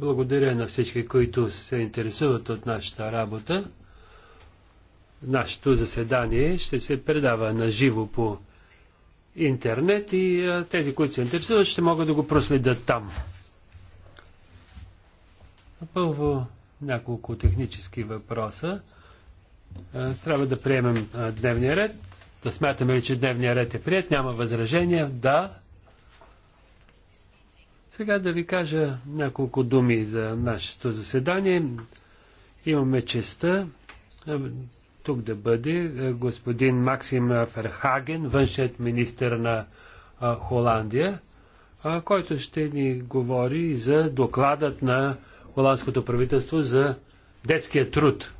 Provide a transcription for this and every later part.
Благодаря на всички, които се интересуват от нашата работа. Нашето заседание ще се предава на живо по интернет и тези, които се интересуват, ще могат да го проследят там. Първо няколко технически въпроса. Трябва да приемем дневния ред. Да смятаме ли, че дневния ред е прият? Няма възражения. Да, сега да ви кажа няколко думи за нашето заседание. Имаме честа тук да бъде господин Максим Ферхаген, външният министр на Холандия, който ще ни говори за докладът на холандското правителство за детския труд.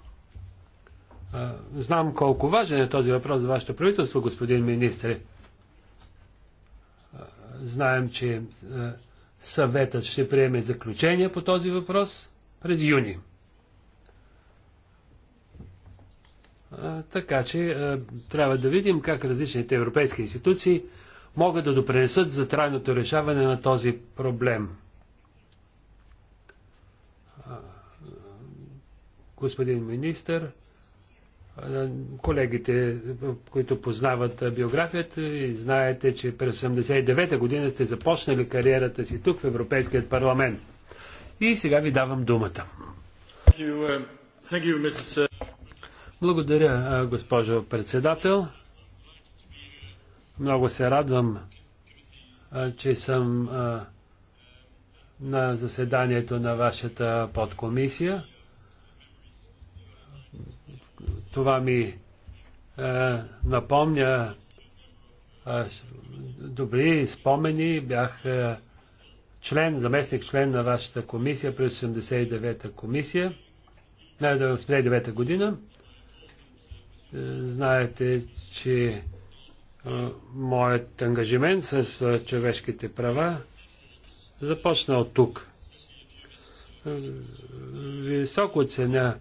Знам колко важен е този въпрос за вашето правителство, господин министре. Знаем, че Съветът ще приеме заключение по този въпрос през юни. така че трябва да видим как различните европейски институции могат да допренесат за трайното решаване на този проблем. господин министър, Колегите, които познават биографията и знаете, че през 1989 година сте започнали кариерата си тук в Европейският парламент. И сега ви давам думата. Благодаря, госпожо председател. Много се радвам, че съм на заседанието на вашата подкомисия. Това ми е, напомня е, добри спомени. Бях е, член, заместник член на вашата комисия през 89-та комисия, не, 89-та година. Е, знаете, че е, моят ангажимент с е, човешките права започна от тук. Е, високо ценя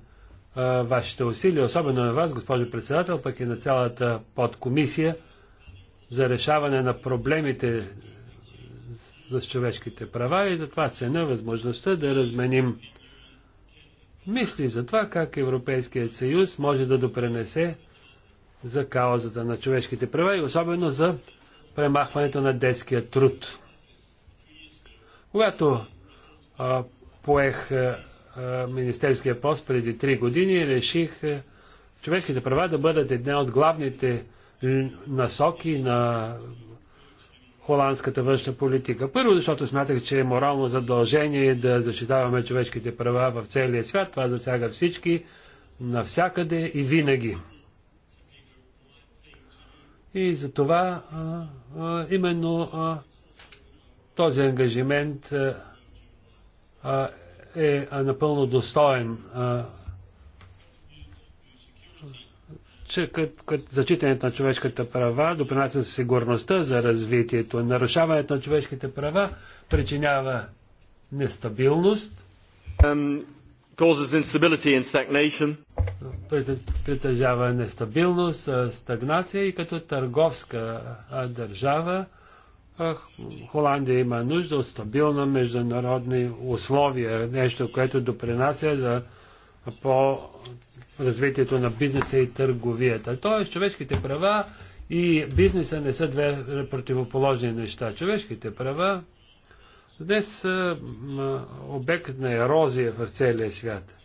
вашите усилия, особено на вас, госпожо председател, пък и на цялата подкомисия за решаване на проблемите за човешките права и затова цена възможността да разменим мисли за това как Европейският съюз може да допренесе за каузата на човешките права и особено за премахването на детския труд. Когато а, поех а, министерския пост преди три години реших човешките права да бъдат една от главните насоки на холандската външна политика. Първо, защото смятах, че е морално задължение да защитаваме човешките права в целия свят. Това засяга всички, навсякъде и винаги. И за това а, а, именно а, този ангажимент а, е, е напълно достоен, че кът, кът, зачитането на човешката права допринася за сигурността, за развитието. Нарушаването на човешките права причинява нестабилност. Um, and Притежава нестабилност, стагнация и като търговска държава Холандия има нужда от стабилна международни условия, нещо, което допринася за по развитието на бизнеса и търговията. Тоест, човешките права и бизнеса не са две противоположни неща. Човешките права днес са обект на ерозия в целия свят.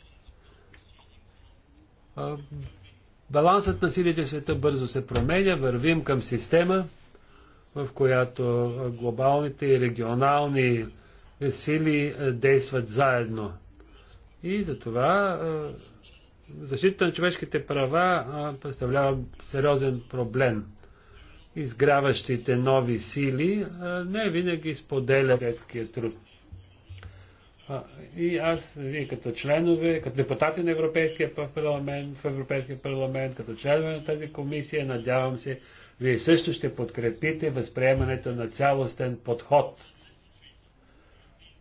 Балансът на силите в света бързо се променя, вървим към система – в която глобалните и регионални сили е, действат заедно. И затова е, защита на човешките права е, представлява сериозен проблем. Изграващите нови сили не винаги споделя детския труд. И аз, вие като членове, като депутати на Европейския парламент, в Европейския парламент, като членове на тази комисия, надявам се, вие също ще подкрепите възприемането на цялостен подход.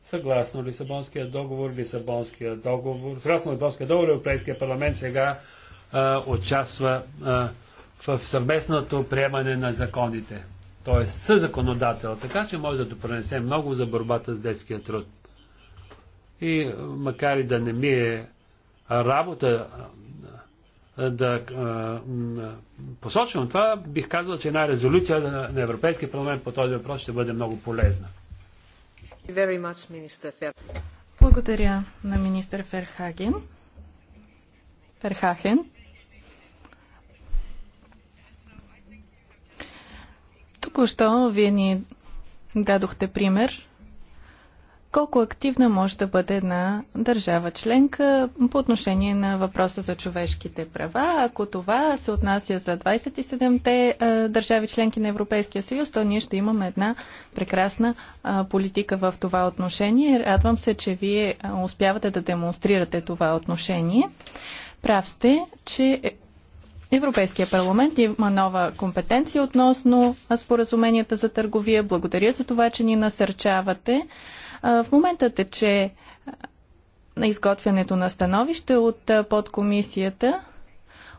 Съгласно Лисабонския договор, Лисабонския договор, съгласно Лисабонския договор, Европейския парламент сега а, участва а, в съвместното приемане на законите, т.е. със законодател, така че може да допренесе много за борбата с детския труд. И макар и да не ми е работа да посочвам това, бих казал, че една резолюция на Европейския парламент по този въпрос ще бъде много полезна. Благодаря на министър Ферхаген. Ферхахен. Току-що вие ни дадохте пример колко активна може да бъде една държава членка по отношение на въпроса за човешките права. Ако това се отнася за 27-те е, държави членки на Европейския съюз, то ние ще имаме една прекрасна е, политика в това отношение. Радвам се, че вие е, успявате да демонстрирате това отношение. Прав сте, че Европейския парламент има нова компетенция относно споразуменията за търговия. Благодаря за това, че ни насърчавате. В момента тече на изготвянето на становище от подкомисията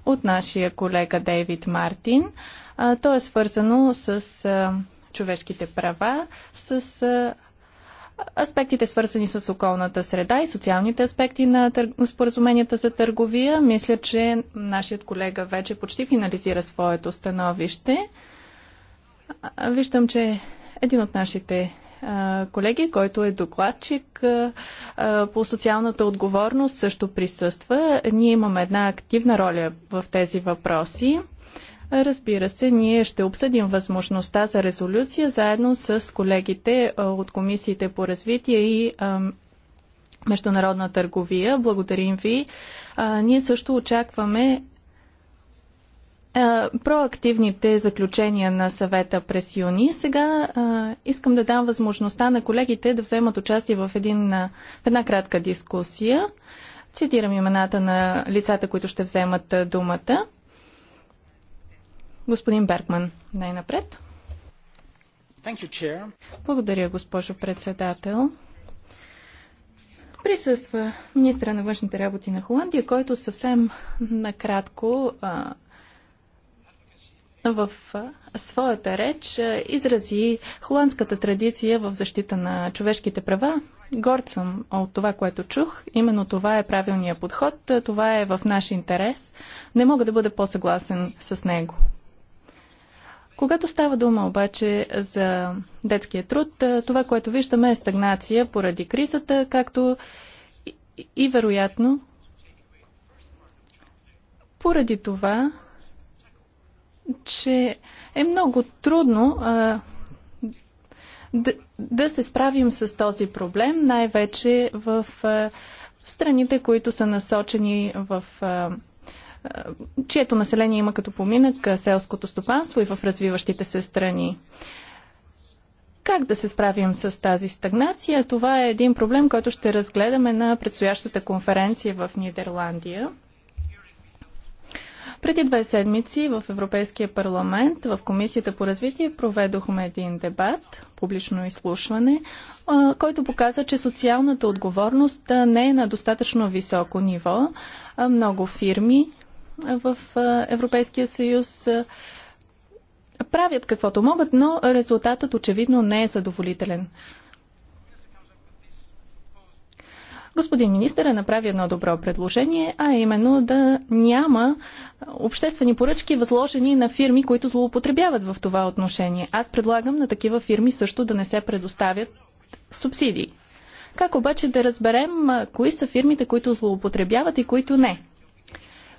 от нашия колега Дейвид Мартин. То е свързано с човешките права, с аспектите свързани с околната среда и социалните аспекти на тър... споразуменията за търговия. Мисля, че нашият колега вече почти финализира своето становище. Виждам, че един от нашите колеги, който е докладчик по социалната отговорност, също присъства. Ние имаме една активна роля в тези въпроси. Разбира се, ние ще обсъдим възможността за резолюция заедно с колегите от комисиите по развитие и международна търговия. Благодарим ви. ние също очакваме проактивните заключения на съвета през юни. Сега а, искам да дам възможността на колегите да вземат участие в, един, в една кратка дискусия. Цитирам имената на лицата, които ще вземат думата. Господин Беркман, най-напред. Благодаря, госпожо председател. Присъства министра на външните работи на Холандия, който съвсем накратко а, в своята реч изрази холандската традиция в защита на човешките права. Горд съм от това, което чух. Именно това е правилният подход. Това е в наш интерес. Не мога да бъда по-съгласен с него. Когато става дума обаче за детския труд, това, което виждаме е стагнация поради кризата, както и, и вероятно поради това, че е много трудно а, да, да се справим с този проблем, най-вече в а, страните, които са насочени в. А, чието население има като поминък селското стопанство и в развиващите се страни. Как да се справим с тази стагнация? Това е един проблем, който ще разгледаме на предстоящата конференция в Нидерландия. Преди две седмици в Европейския парламент, в Комисията по развитие, проведохме един дебат, публично изслушване, който показа, че социалната отговорност не е на достатъчно високо ниво. Много фирми в Европейския съюз правят каквото могат, но резултатът очевидно не е задоволителен. Господин министър е направи едно добро предложение, а именно да няма обществени поръчки възложени на фирми, които злоупотребяват в това отношение. Аз предлагам на такива фирми също да не се предоставят субсидии. Как обаче да разберем кои са фирмите, които злоупотребяват и които не?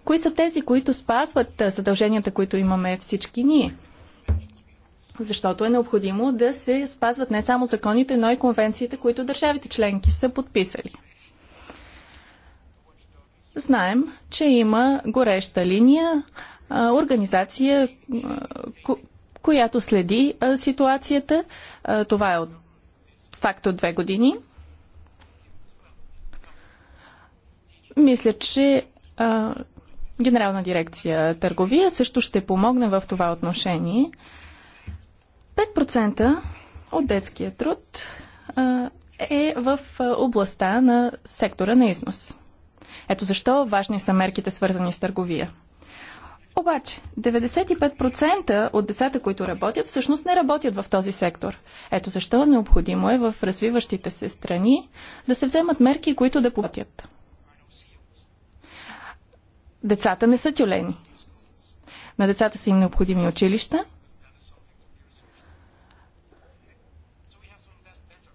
Кои са тези, които спазват задълженията, които имаме всички ние? Защото е необходимо да се спазват не само законите, но и конвенциите, които държавите членки са подписали знаем, че има гореща линия, организация, която следи ситуацията. Това е от факт от две години. Мисля, че Генерална дирекция търговия също ще помогне в това отношение. 5% от детския труд е в областта на сектора на износ. Ето защо важни са мерките свързани с търговия. Обаче, 95% от децата, които работят, всъщност не работят в този сектор. Ето защо необходимо е в развиващите се страни да се вземат мерки, които да платят. Децата не са тюлени. На децата са им необходими училища.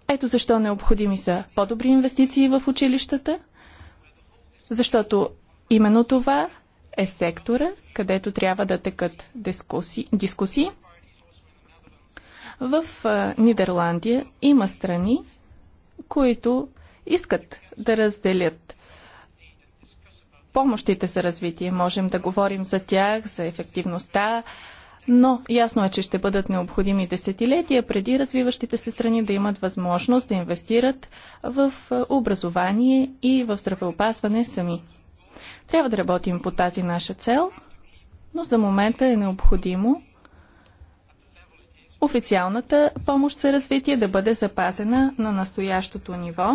Ето защо необходими са по-добри инвестиции в училищата – защото именно това е сектора, където трябва да текат дискусии. дискусии. В Нидерландия има страни, които искат да разделят помощите за развитие. Можем да говорим за тях, за ефективността, но ясно е, че ще бъдат необходими десетилетия преди развиващите се страни да имат възможност да инвестират в образование и в здравеопазване сами. Трябва да работим по тази наша цел, но за момента е необходимо официалната помощ за развитие да бъде запазена на настоящото ниво.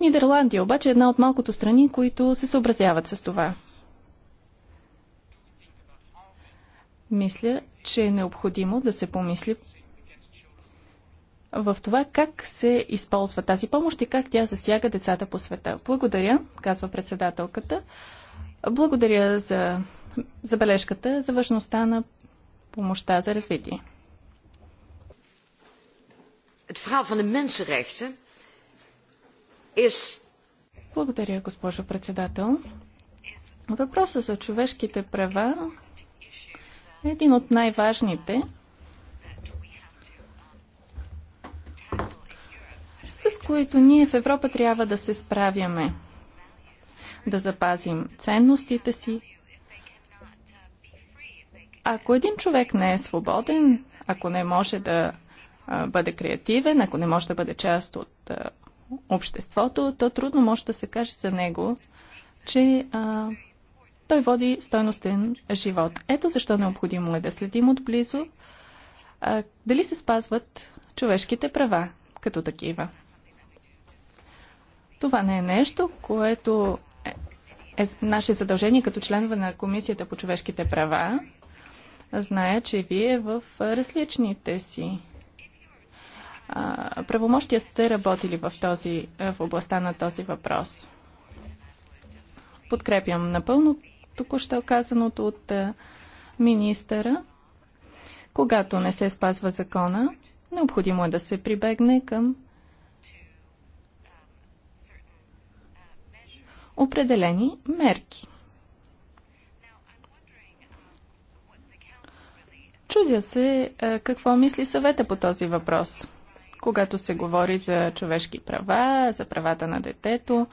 Нидерландия обаче е една от малкото страни, които се съобразяват с това. мисля, че е необходимо да се помисли в това как се използва тази помощ и как тя засяга децата по света. Благодаря, казва председателката. Благодаря за забележката за важността на помощта за развитие. Благодаря, госпожо председател. Въпросът за човешките права един от най-важните, с които ние в Европа трябва да се справяме. Да запазим ценностите си. Ако един човек не е свободен, ако не може да бъде креативен, ако не може да бъде част от обществото, то трудно може да се каже за него, че а, той води стойностен живот. Ето защо необходимо е да следим отблизо а, дали се спазват човешките права като такива. Това не е нещо, което е, е наше задължение като членове на Комисията по човешките права. Зная, че вие в различните си а, правомощия сте работили в, този, в областта на този въпрос. Подкрепям напълно току-що казаното от министъра. Когато не се спазва закона, необходимо е да се прибегне към определени мерки. Чудя се какво мисли съвета по този въпрос, когато се говори за човешки права, за правата на детето.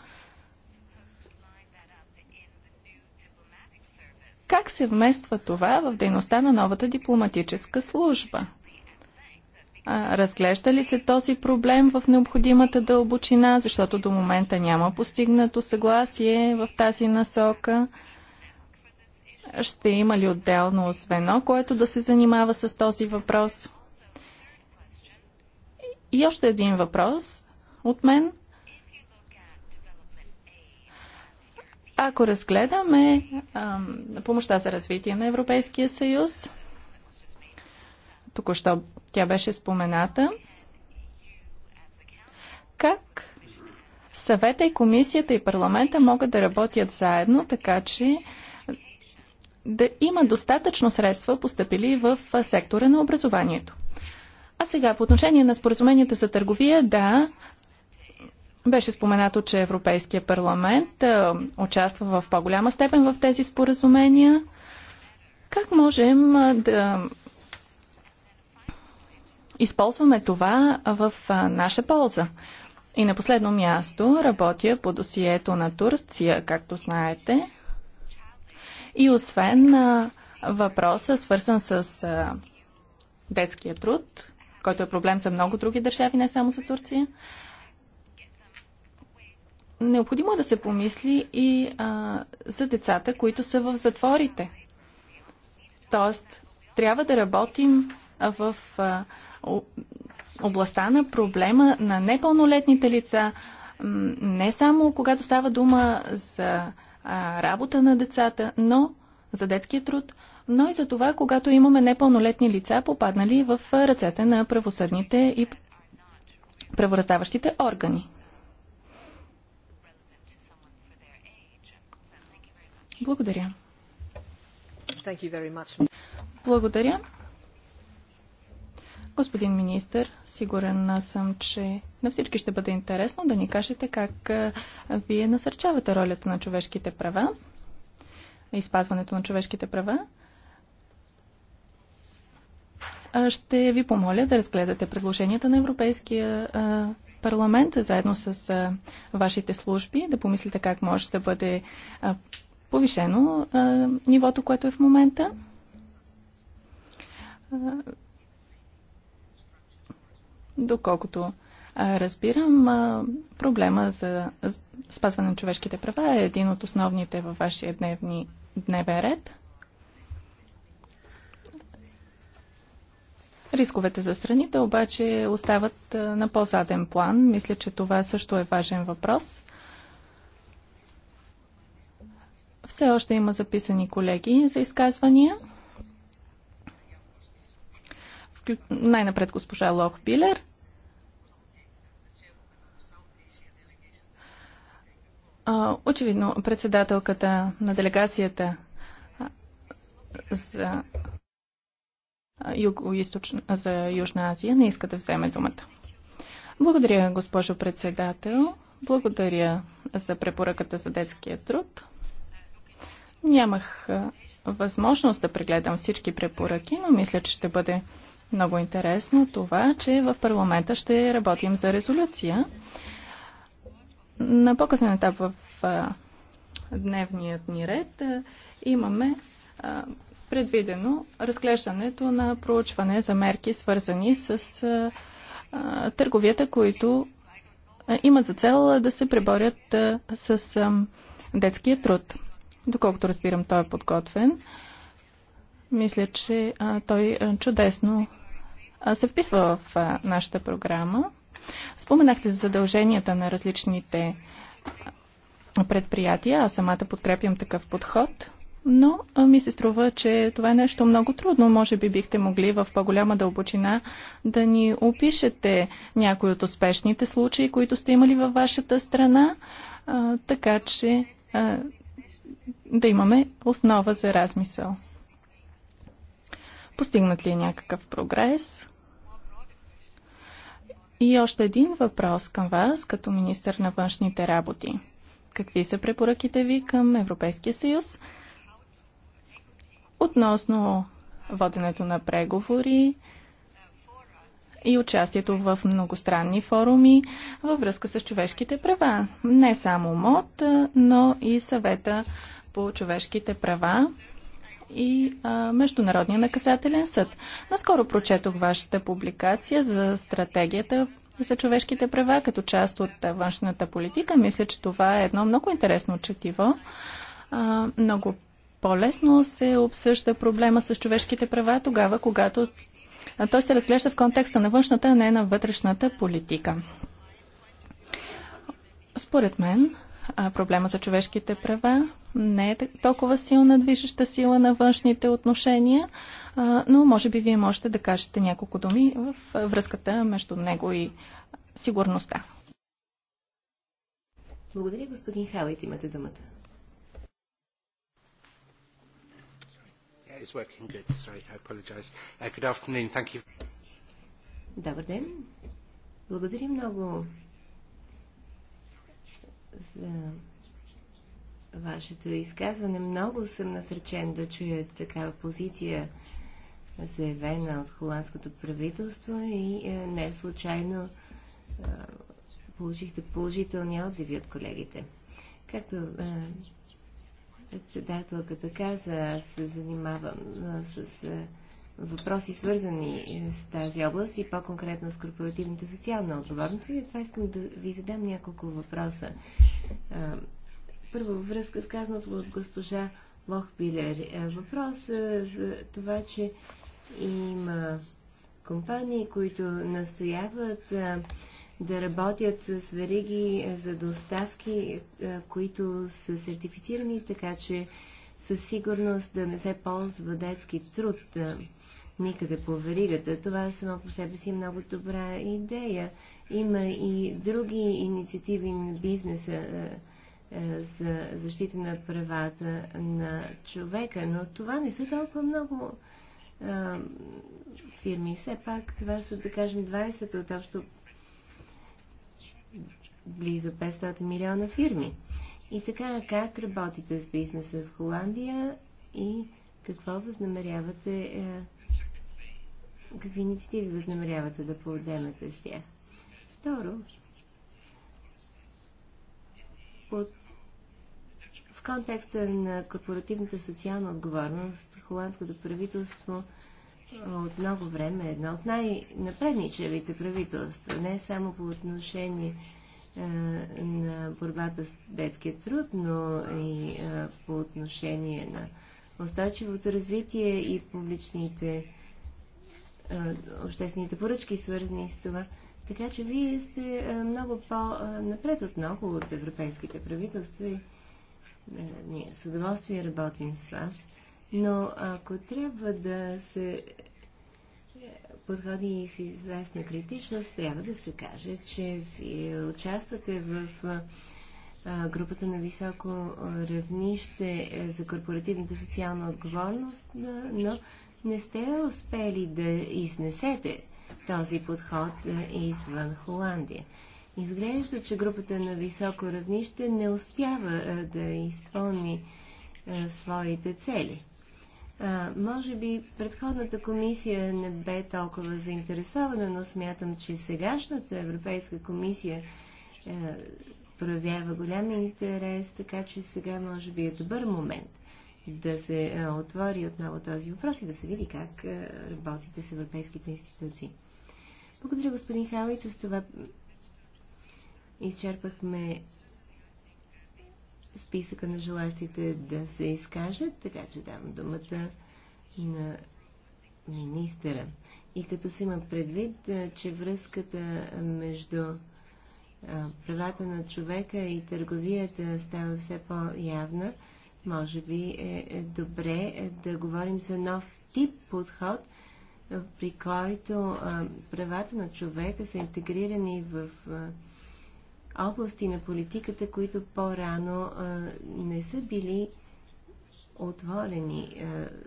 Как се вмества това в дейността на новата дипломатическа служба? Разглежда ли се този проблем в необходимата дълбочина, защото до момента няма постигнато съгласие в тази насока? Ще има ли отделно звено, което да се занимава с този въпрос? И още един въпрос от мен. Ако разгледаме а, помощта за развитие на Европейския съюз, току-що тя беше спомената, как съвета и комисията и парламента могат да работят заедно, така че да има достатъчно средства поступили в сектора на образованието. А сега по отношение на споразуменията за търговия, да, беше споменато, че Европейския парламент участва в по-голяма степен в тези споразумения. Как можем да използваме това в наша полза? И на последно място работя по досието на Турция, както знаете. И освен въпроса, свързан с детския труд, който е проблем за много други държави, не само за Турция, необходимо е да се помисли и а, за децата, които са в затворите. Тоест, трябва да работим в а, областта на проблема на непълнолетните лица, не само когато става дума за а, работа на децата, но за детския труд, но и за това, когато имаме непълнолетни лица, попаднали в ръцете на правосъдните и правораздаващите органи. Благодаря. Благодаря. Господин министр, сигурен съм, че на всички ще бъде интересно да ни кажете как вие насърчавате ролята на човешките права и спазването на човешките права. Ще ви помоля да разгледате предложенията на Европейския парламент заедно с вашите служби, да помислите как може да бъде повишено а, нивото, което е в момента. А, доколкото а, разбирам, а, проблема за спазване на човешките права е един от основните във вашия дневни, дневен ред. Рисковете за страните обаче остават на по-заден план. Мисля, че това също е важен въпрос. Все още има записани колеги за изказвания. Вклю... Най-напред госпожа Лох Билер. Очевидно, председателката на делегацията за, Юг, източна, за Южна Азия не иска да вземе думата. Благодаря, госпожо председател. Благодаря за препоръката за детския труд. Нямах възможност да прегледам всички препоръки, но мисля, че ще бъде много интересно това, че в парламента ще работим за резолюция. На по-късен етап в дневният ни ред имаме предвидено разглеждането на проучване за мерки, свързани с търговията, които имат за цел да се преборят с детския труд. Доколкото разбирам, той е подготвен. Мисля, че а, той чудесно а, се вписва в а, нашата програма. Споменахте за задълженията на различните предприятия. Аз самата подкрепям такъв подход, но а, ми се струва, че това е нещо много трудно. Може би бихте могли в по-голяма дълбочина да ни опишете някои от успешните случаи, които сте имали във вашата страна, а, така че а, да имаме основа за размисъл. Постигнат ли е някакъв прогрес? И още един въпрос към вас, като министър на външните работи. Какви са препоръките ви към Европейския съюз относно воденето на преговори и участието в многостранни форуми във връзка с човешките права? Не само МОД, но и съвета по човешките права и а, Международния наказателен съд. Наскоро прочетох вашата публикация за стратегията за човешките права като част от външната политика. Мисля, че това е едно много интересно четиво. А, много по-лесно се обсъжда проблема с човешките права тогава, когато той се разглежда в контекста на външната, а не на вътрешната политика. Според мен, а, проблема за човешките права не е толкова силна движеща сила на външните отношения, а, но може би вие можете да кажете няколко думи в връзката между него и сигурността. Благодаря, господин Хауит. Имате думата. Uh, Добър ден. Благодаря много, за вашето изказване. Много съм насречен да чуя такава позиция, заявена от холандското правителство и е, не случайно е, получихте положителни отзиви от колегите. Както е, председателката каза, аз се занимавам с въпроси, свързани с тази област и по-конкретно с корпоративната социална отговорност. И това искам да ви задам няколко въпроса. Първо, връзка с казаното от госпожа Лохбилер. Въпрос за това, че има компании, които настояват да работят с вериги за доставки, които са сертифицирани, така че със сигурност да не се ползва детски труд никъде по веригата. Това само по себе си е много добра идея. Има и други инициативи на бизнеса за защита на правата на човека, но това не са толкова много фирми. Все пак това са, да кажем, 20 от общо близо 500 милиона фирми. И така, как работите с бизнеса в Холандия и какво възнамерявате, е, какви инициативи възнамерявате да поотдемете с тях? Второ, от, в контекста на корпоративната социална отговорност, холандското правителство от много време е едно от най-напредничевите правителства, не само по отношение на борбата с детския труд, но и по отношение на устойчивото развитие и публичните обществените поръчки, свързани с това. Така че вие сте много по-напред от много от европейските правителства и ние с удоволствие работим с вас. Но ако трябва да се подходи и с известна критичност, трябва да се каже, че вие участвате в групата на високо равнище за корпоративната социална отговорност, но не сте успели да изнесете този подход извън Холандия. Изглежда, че групата на високо равнище не успява да изпълни своите цели. А, може би предходната комисия не бе толкова заинтересована, но смятам, че сегашната Европейска комисия е, проявява голям интерес, така че сега може би е добър момент да се е, отвори отново този въпрос и да се види как е, работите с европейските институции. Благодаря, господин Хауит. С това изчерпахме списъка на желащите да се изкажат, така че давам думата на министъра. И като се има предвид, че връзката между правата на човека и търговията става все по-явна, може би е, е добре е, да говорим за нов тип подход, при който правата на човека са интегрирани в области на политиката, които по-рано не са били отворени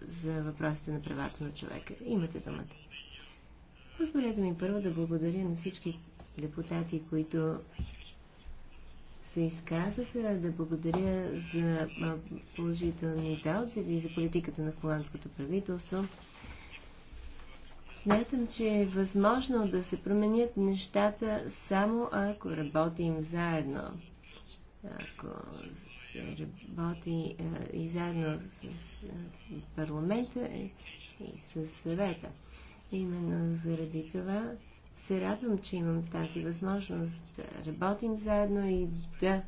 за въпросите на правата на човека. Имате думата. Позволете ми първо да благодаря на всички депутати, които се изказаха, да благодаря за положителните отзиви за политиката на холандското правителство. Смятам, че е възможно да се променят нещата само ако работим заедно. Ако се работи е, и заедно с е, парламента е, и, и с съвета. Именно заради това се радвам, че имам тази възможност да работим заедно и да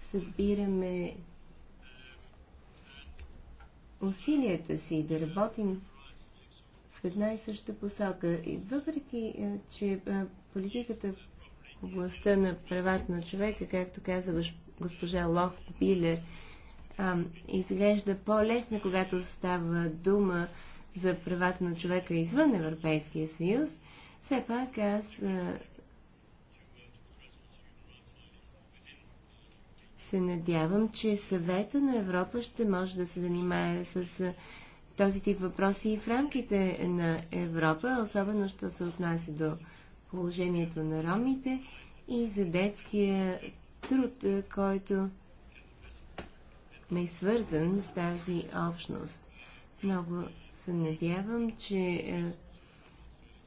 събираме усилията си, да работим една и съща посока. И въпреки, е, че е, политиката в областта на правата на човека, както каза госпожа Лох Билер, изглежда по-лесна, когато става дума за правата на човека извън Европейския съюз, все пак аз е, се надявам, че съвета на Европа ще може да се занимае с този тип въпроси и в рамките на Европа, особено що се отнася до положението на ромите и за детския труд, е, който не е свързан с тази общност. Много се надявам, че е,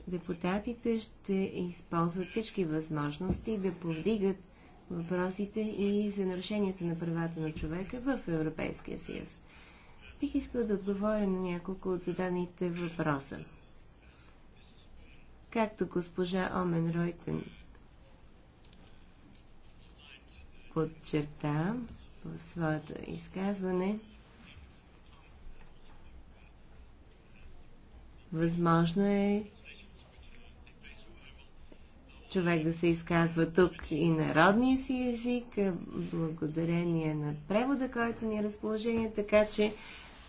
депутатите ще използват всички възможности да повдигат въпросите и за нарушенията на правата на човека в Европейския съюз. Бих искал да отговоря на няколко от зададените въпроса. Както госпожа Омен Ройтен подчерта в своето изказване, възможно е човек да се изказва тук и народния си език, благодарение на превода, който ни е разположение, така че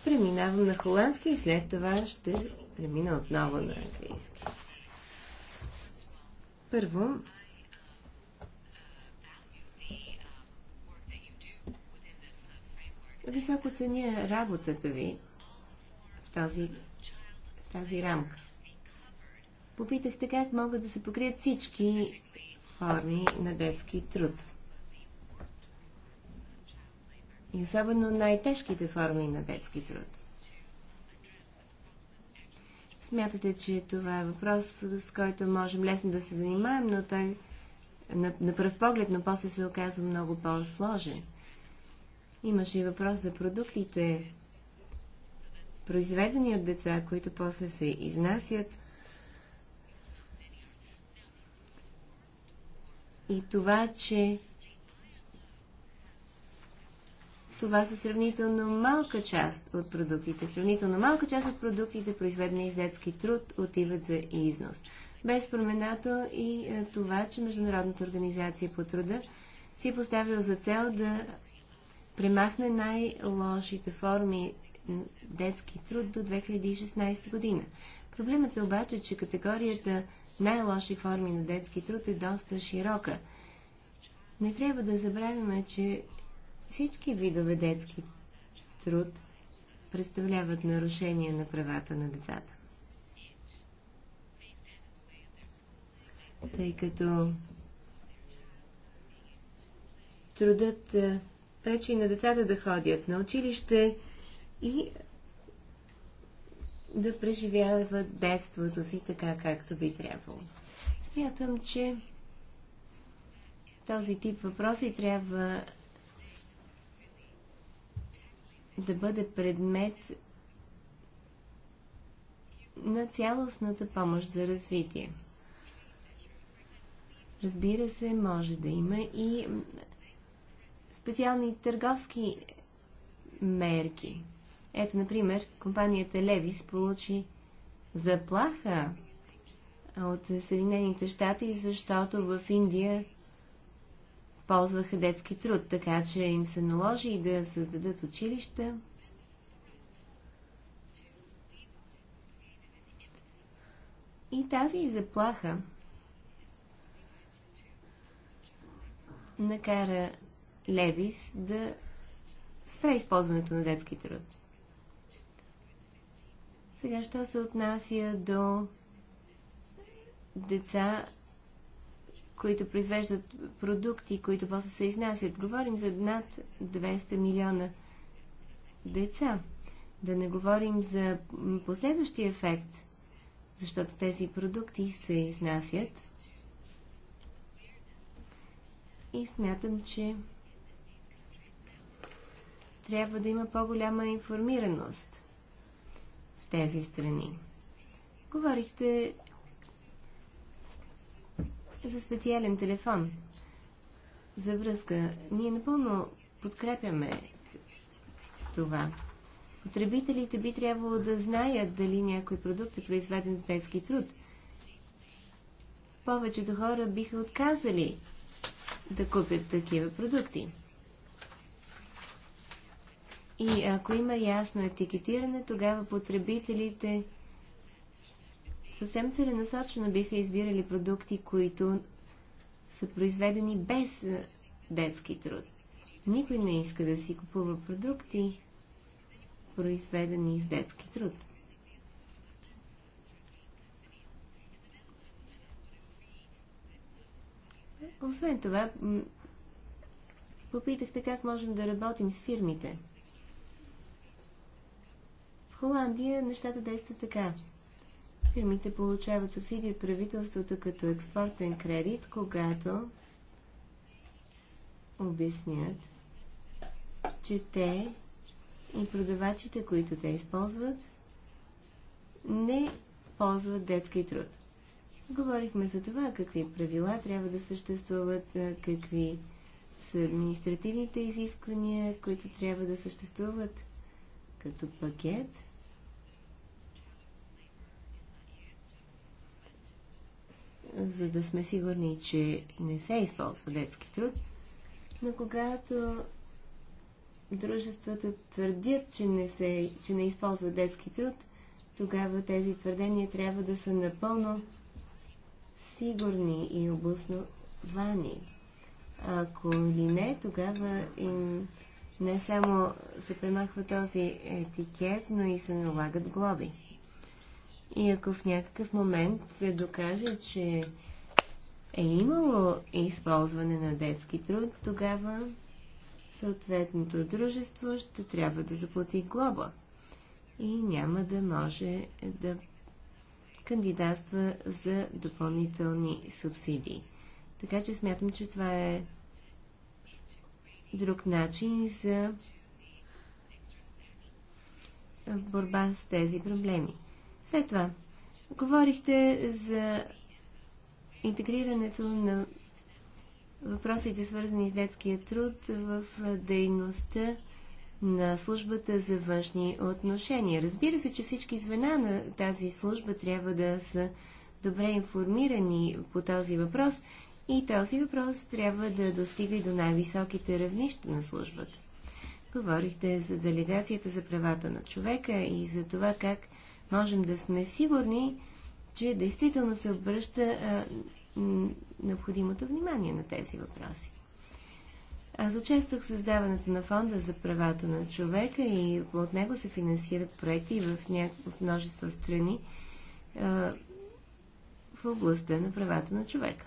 преминавам на холандски и след това ще премина отново на английски. Първо, високо ценя работата ви в, тази, в тази рамка. Попитахте как могат да се покрият всички форми на детски труд и особено най-тежките форми на детски труд. Смятате, че това е въпрос, с който можем лесно да се занимаем, но той на, на пръв поглед, но после се оказва много по-сложен. Имаше и въпрос за продуктите, произведени от деца, които после се изнасят. И това, че това са сравнително малка част от продуктите. Сравнително малка част от продуктите, произведени из детски труд, отиват за износ. Без променато и е, това, че Международната организация по труда си е поставила за цел да премахне най-лошите форми детски труд до 2016 година. Проблемът е обаче, че категорията най-лоши форми на детски труд е доста широка. Не трябва да забравяме, че всички видове детски труд представляват нарушение на правата на децата. Тъй като трудът е, пречи на децата да ходят на училище и да преживяват детството си така, както би трябвало. Смятам, че този тип въпроси трябва да бъде предмет на цялостната помощ за развитие. Разбира се, може да има и специални търговски мерки. Ето, например, компанията Левис получи заплаха от Съединените щати, защото в Индия ползваха детски труд, така че им се наложи и да създадат училища. И тази заплаха накара Левис да спре използването на детски труд. Сега, що се отнася до деца които произвеждат продукти, които после се изнасят. Говорим за над 200 милиона деца. Да не говорим за последващия ефект, защото тези продукти се изнасят. И смятам, че трябва да има по-голяма информираност в тези страни. Говорихте за специален телефон за връзка. Ние напълно подкрепяме това. Потребителите би трябвало да знаят дали някой продукт е произведен за тайски труд. Повечето хора биха отказали да купят такива продукти. И ако има ясно етикетиране, тогава потребителите съвсем целенасочено биха избирали продукти, които са произведени без детски труд. Никой не иска да си купува продукти, произведени с детски труд. Освен това, попитахте как можем да работим с фирмите. В Холандия нещата действат така фирмите получават субсидии от правителството като експортен кредит, когато обяснят, че те и продавачите, които те използват, не ползват детски труд. Говорихме за това какви правила трябва да съществуват, какви са административните изисквания, които трябва да съществуват като пакет – за да сме сигурни, че не се използва детски труд. Но когато дружествата твърдят, че не, се, че не използва детски труд, тогава тези твърдения трябва да са напълно сигурни и обосновани. Ако ли не, тогава им не само се премахва този етикет, но и се налагат глоби. И ако в някакъв момент се докаже, че е имало използване на детски труд, тогава съответното дружество ще трябва да заплати глоба и няма да може да кандидатства за допълнителни субсидии. Така че смятам, че това е друг начин за борба с тези проблеми. След това, говорихте за интегрирането на въпросите, свързани с детския труд в дейността на службата за външни отношения. Разбира се, че всички звена на тази служба трябва да са добре информирани по този въпрос и този въпрос трябва да достига и до най-високите равнища на службата. Говорихте за делегацията за правата на човека и за това как можем да сме сигурни, че действително се обръща а, необходимото внимание на тези въпроси. Аз участвах в създаването на фонда за правата на човека и от него се финансират проекти в, ня... в множество страни а, в областта на правата на човека.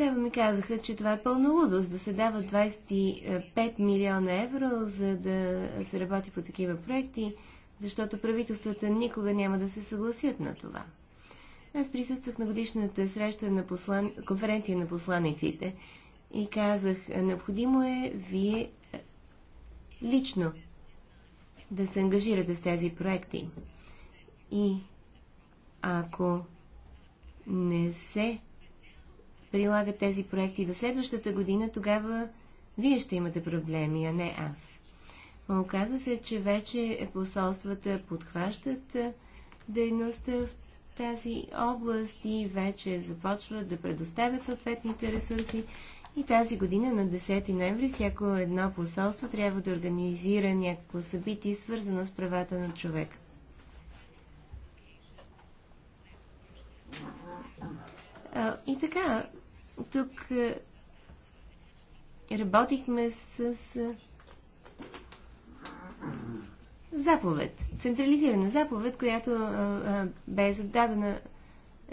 Тогава ми казаха, че това е пълна лудост да се дава 25 милиона евро, за да се работи по такива проекти, защото правителствата никога няма да се съгласят на това. Аз присъствах на годишната среща на послан... конференция на посланиците и казах, необходимо е вие лично да се ангажирате с тези проекти. И ако не се прилагат тези проекти до следващата година, тогава вие ще имате проблеми, а не аз. Но Оказва се, че вече посолствата подхващат дейността в тази област и вече започват да предоставят съответните ресурси. И тази година на 10 ноември всяко едно посолство трябва да организира някакво събитие, свързано с правата на човек. И така, тук е, работихме с, с е, заповед, централизирана заповед, която а, е, а, бе зададена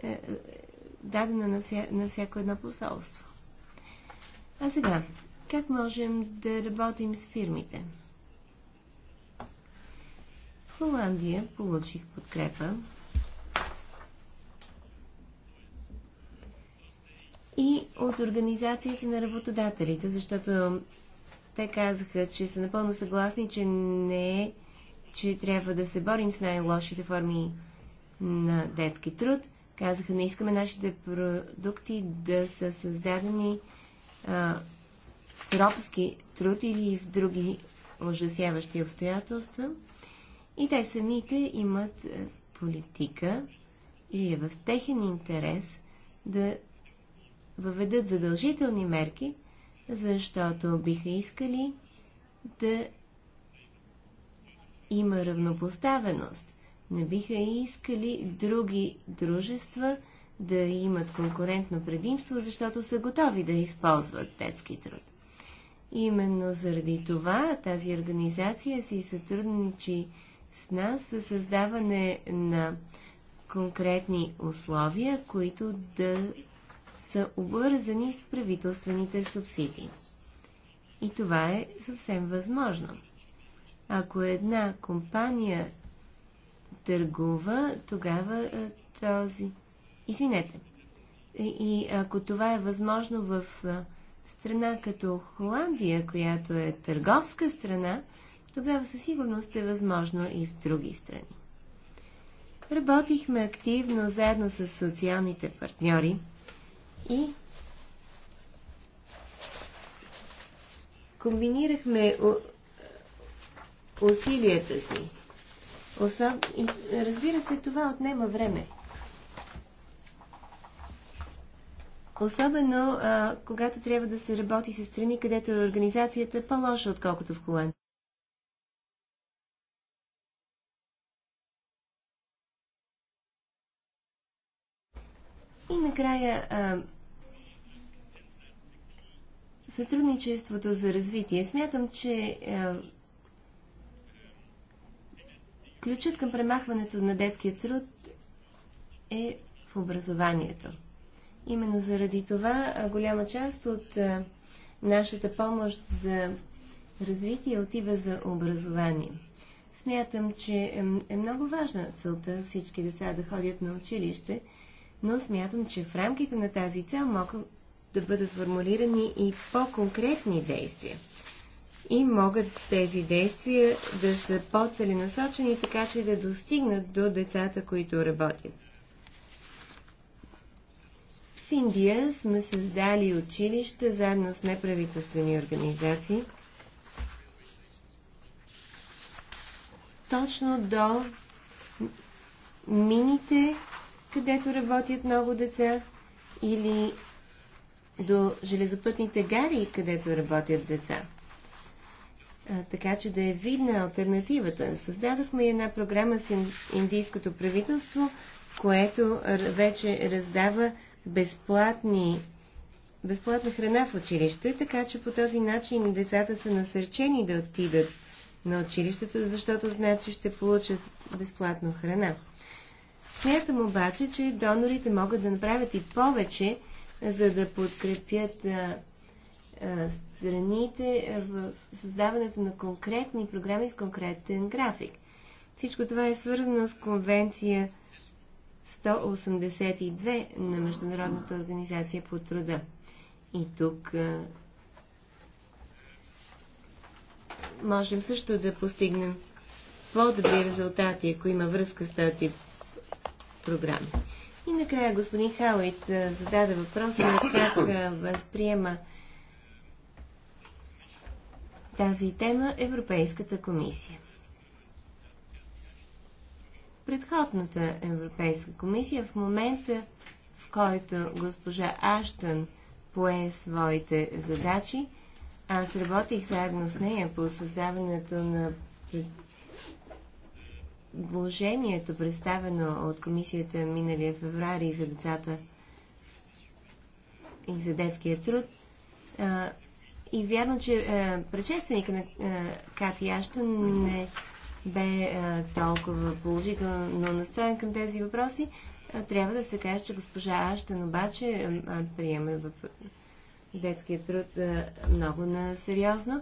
а, дадена на, вся, на всяко едно посолство. А сега, как можем да работим с фирмите? В Холандия получих подкрепа и от организациите на работодателите, защото те казаха, че са напълно съгласни, че не е, че трябва да се борим с най-лошите форми на детски труд. Казаха, не искаме нашите продукти да са създадени а, с робски труд или в други ужасяващи обстоятелства. И те самите имат политика и е в техен интерес да въведат задължителни мерки, защото биха искали да има равнопоставеност. Не биха искали други дружества да имат конкурентно предимство, защото са готови да използват детски труд. Именно заради това тази организация си сътрудничи с нас за създаване на конкретни условия, които да са обвързани с правителствените субсидии. И това е съвсем възможно. Ако една компания търгува, тогава е, този... Извинете. Е, и ако това е възможно в е, страна като Холандия, която е търговска страна, тогава със сигурност е възможно и в други страни. Работихме активно заедно с социалните партньори, и комбинирахме усилията си. Особ... И, разбира се, това отнема време. Особено а, когато трябва да се работи с страни, където е организацията по-лоша, отколкото в колен. И накрая а, сътрудничеството за развитие. Смятам, че е, ключът към премахването на детския труд е в образованието. Именно заради това е, голяма част от е, нашата помощ за развитие отива за образование. Смятам, че е, е много важна целта всички деца да ходят на училище, но смятам, че в рамките на тази цел могат да бъдат формулирани и по-конкретни действия. И могат тези действия да са по-целенасочени, така че да достигнат до децата, които работят. В Индия сме създали училища заедно с неправителствени организации – точно до мините, където работят много деца, или до железопътните гари, където работят деца. А, така че да е видна альтернативата. Създадохме една програма с индийското правителство, което вече раздава безплатни, безплатна храна в училище, така че по този начин децата са насърчени да отидат на училището, защото знаят, че ще получат безплатно храна. Смятам обаче, че донорите могат да направят и повече, за да подкрепят а, а, страните в създаването на конкретни програми с конкретен график. Всичко това е свързано с конвенция 182 на Международната организация по труда. И тук а, можем също да постигнем по-добри резултати, ако има връзка с тази програма. И накрая господин Хауит зададе въпроса как възприема тази тема Европейската комисия. Предходната Европейска комисия в момента, в който госпожа Аштън пое своите задачи, аз работих заедно с нея по създаването на предложението, представено от комисията миналия феврари за децата и за детския труд. А, и вярно, че а, предшественика на а, Кати Аштън не бе а, толкова положително настроен към тези въпроси. А, трябва да се каже, че госпожа Аштън обаче а, приема в детския труд а, много на сериозно. А,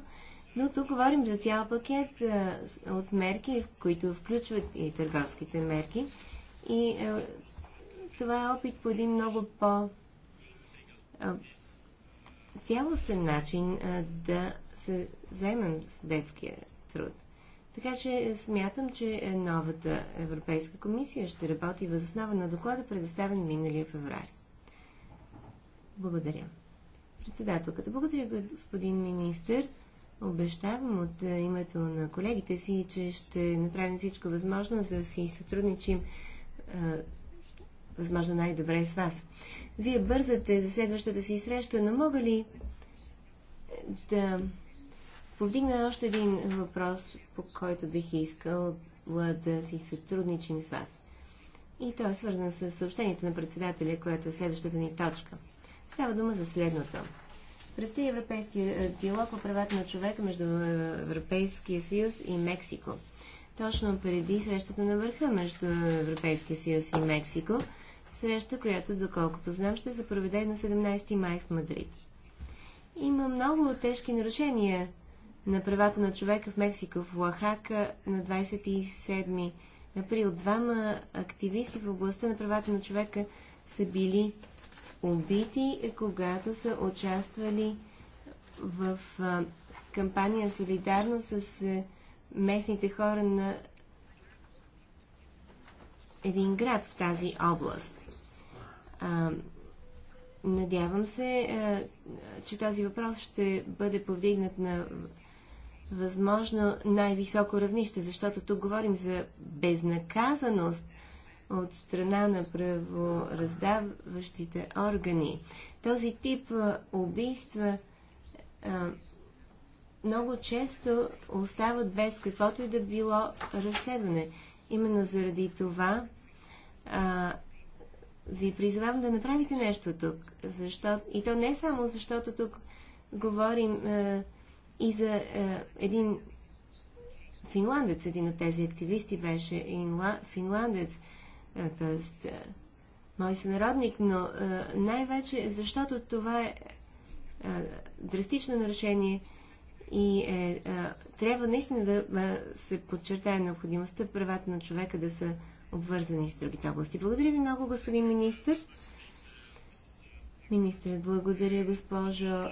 но тук говорим за цял пакет а, от мерки, които включват и търговските мерки. И а, това е опит по един много по- а, цялостен начин а, да се вземем с детския труд. Така че смятам, че новата Европейска комисия ще работи въз основа на доклада, предоставен миналия феврари. Благодаря. Председателката, благодаря господин министр. Обещавам от е, името на колегите си, че ще направим всичко възможно да си сътрудничим е, възможно най-добре с вас. Вие бързате за следващата си среща, но мога ли е, да повдигна още един въпрос, по който бих искал да си сътрудничим с вас. И то е свързан с съобщението на председателя, което е следващата ни точка. Става дума за следното. Предстои европейския е, диалог по правата на човека между е, Европейския съюз и Мексико. Точно преди срещата на върха между Европейския съюз и Мексико, среща, която, доколкото знам, ще се проведе на 17 май в Мадрид. Има много тежки нарушения на правата на човека в Мексико, в Оахака на 27 април. Двама активисти в областта на правата на човека са били убити, когато са участвали в а, кампания солидарно с а, местните хора на един град в тази област. А, надявам се, а, че този въпрос ще бъде повдигнат на възможно най-високо равнище, защото тук говорим за безнаказаност от страна на правораздаващите органи. Този тип убийства много често остават без каквото и да било разследване. Именно заради това а, ви призвавам да направите нещо тук. Защо... И то не само защото тук говорим а, и за а, един финландец, един от тези активисти беше финландец, т.е. Е, мой сънародник, но е, най-вече защото това е, е драстично нарушение и е, трябва наистина да се подчертае необходимостта правата на човека да са обвързани с другите области. Благодаря ви много, господин министр. Министр, благодаря, госпожо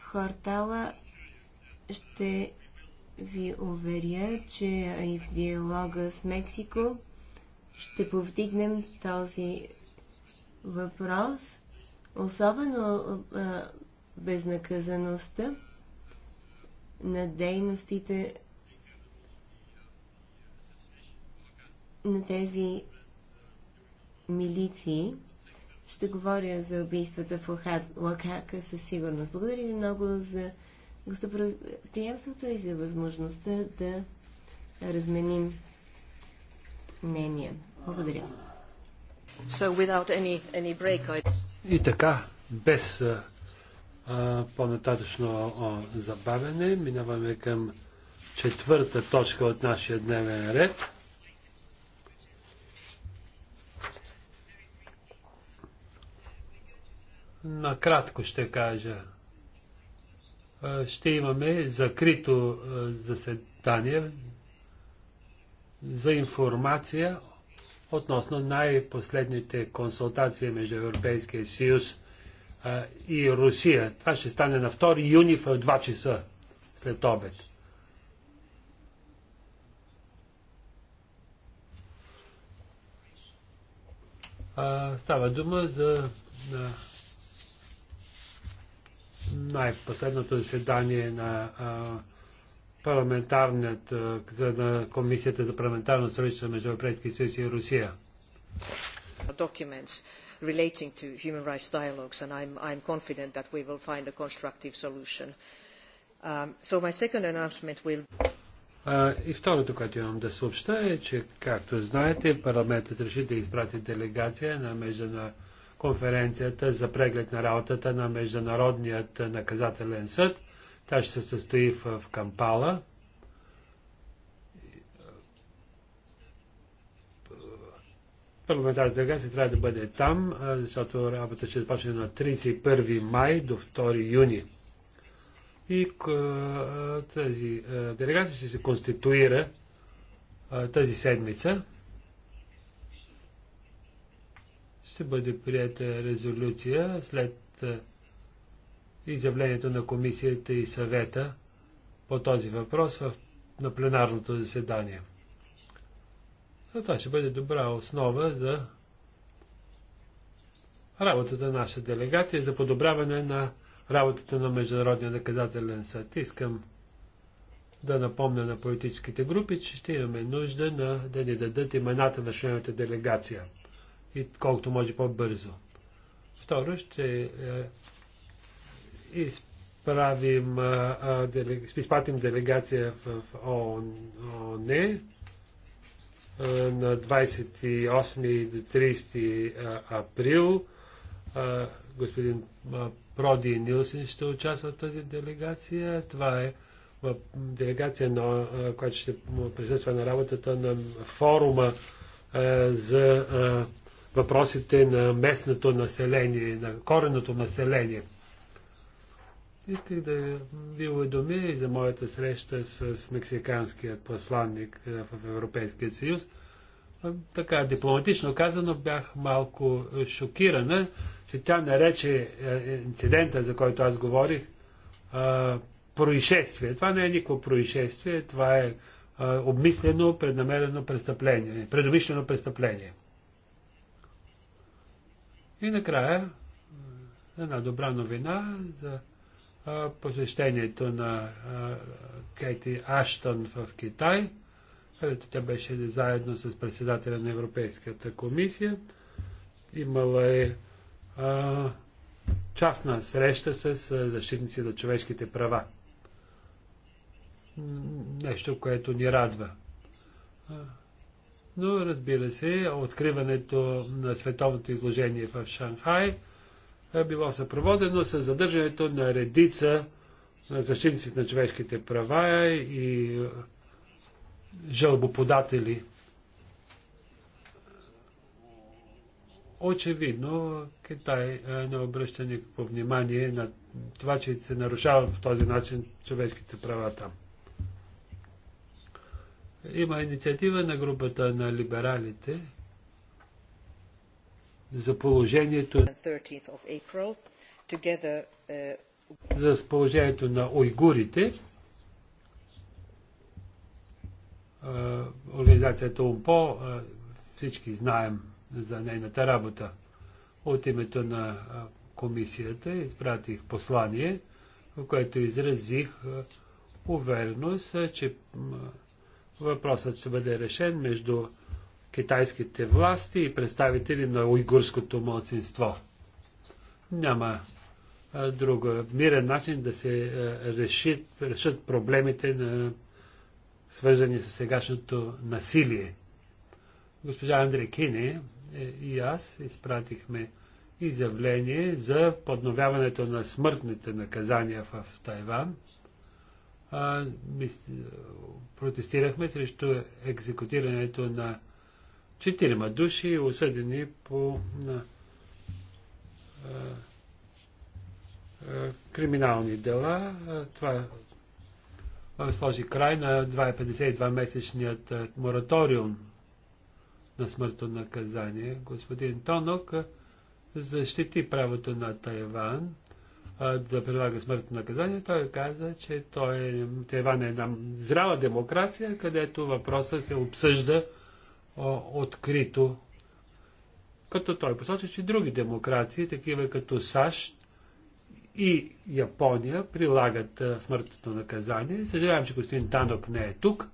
Хортала. Ще ви уверя, че и в диалога с Мексико ще повдигнем този въпрос, особено а, безнаказаността на дейностите на тези милиции. Ще говоря за убийствата в Лакака със сигурност. Благодаря ви много за гостоприемството и за възможността да разменим мнения. Благодаря. So without any, any break, I... И така, без по-нататъчно забавяне, минаваме към четвърта точка от нашия дневен ред. Накратко ще кажа. Ще имаме закрито заседание за информация относно най-последните консултации между Европейския съюз а, и Русия. Това ще стане на 2 юни в 2 часа след обед. А, става дума за най-последното заседание на а, парламентарният, за на Комисията за парламентарно сътрудничество между Европейски съюз и Русия. Documents relating to human rights dialogues, and I'm, I'm confident that we will find a constructive solution. Um, so my second announcement will... А, и второто, което имам да съобща е, че, както знаете, парламентът реши да изпрати делегация на междуна конференцията за преглед на работата на Международният наказателен съд – тя ще се състои в Кампала. Парламентарната делегация трябва да бъде там, защото работа ще започне на 31 май до 2 юни. И тази делегация ще се конституира тази седмица. Ще бъде прията резолюция след изявлението на комисията и съвета по този въпрос в, на пленарното заседание. Но това ще бъде добра основа за работата на наша делегация, за подобряване на работата на Международния наказателен съд. Искам да напомня на политическите групи, че ще имаме нужда на, да ни дадат имената на членовете делегация и колкото може по-бързо. Второ, ще е, изправим, а, делег... изпратим делегация в ООН, е, на 28 до 30 април. А, господин Проди Нилсен ще участва в тази делегация. Това е делегация, на, която ще присъства на работата на форума за въпросите на местното население, на кореното население. Исках да ви уведомя и за моята среща с мексиканският посланник е, в Европейския съюз. Така дипломатично казано бях малко шокирана, че тя нарече е, инцидента, за който аз говорих, происшествие. Това не е никакво происшествие, това е обмислено, преднамерено престъпление, предумишлено престъпление. И накрая е, една добра новина за посещението на Кейти Аштон в Китай, където тя беше заедно с председателя на Европейската комисия. Имала е а, частна среща с защитници на човешките права. Нещо, което ни радва. Но разбира се, откриването на световното изложение в Шанхай – е било съпроводено с задържането на редица защитници на човешките права и жалбоподатели. Очевидно, Китай е, не обръща никакво внимание на това, че се нарушава по този начин човешките права там. Има инициатива на групата на либералите – за положението uh, за положението на уйгурите. Организацията УМПО, всички знаем за нейната работа. От името на комисията изпратих послание, в което изразих увереност, че въпросът ще бъде решен между китайските власти и представители на уйгурското младсинство. Няма друг мирен начин да се решит, решат проблемите, на, свързани с сегашното насилие. Госпожа Андре Кине и аз изпратихме изявление за подновяването на смъртните наказания в Тайван. протестирахме срещу екзекутирането на четирима души, осъдени по на, а, а, криминални дела. А, това сложи край на 52-месечният мораториум на смъртно наказание. Господин Тонок защити правото на Тайван да прилага смъртно наказание. Той каза, че той, е, Тайван е една здрава демокрация, където въпросът се обсъжда открито, като той посочи, че други демокрации, такива като САЩ и Япония, прилагат смъртното наказание. Съжалявам, че господин Танок не е тук,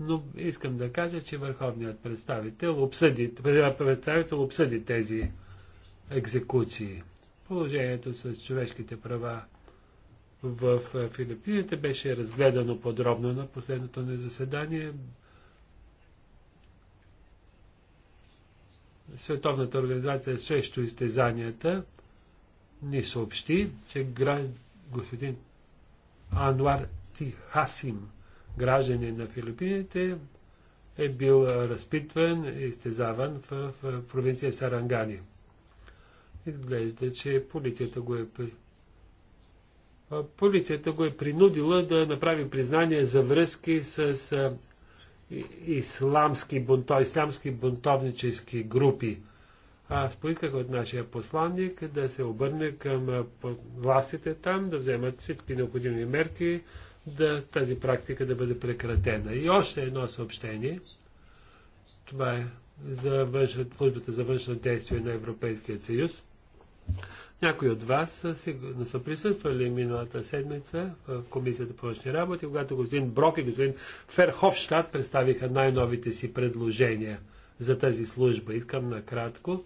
но искам да кажа, че върховният представител обсъди, представител обсъди тези екзекуции. Положението с човешките права в Филипините беше разгледано подробно на последното ни заседание. Световната организация срещу изтезанията ни съобщи, че господин Ануар Тихасим, гражданин на Филипините, е бил разпитван и изтезаван в, в провинция Сарангани. Изглежда, че полицията го е полицията го е принудила да направи признание за връзки с исламски, бунто, исламски бунтовнически групи. Аз поисках от нашия посланник да се обърне към властите там, да вземат всички необходими мерки, да тази практика да бъде прекратена. И още едно съобщение. Това е за външна, службата за външно действие на Европейския съюз. Някои от вас сигурно са присъствали миналата седмица в Комисията по външни работи, когато господин Брок и господин Ферховщад представиха най-новите си предложения за тази служба. Искам накратко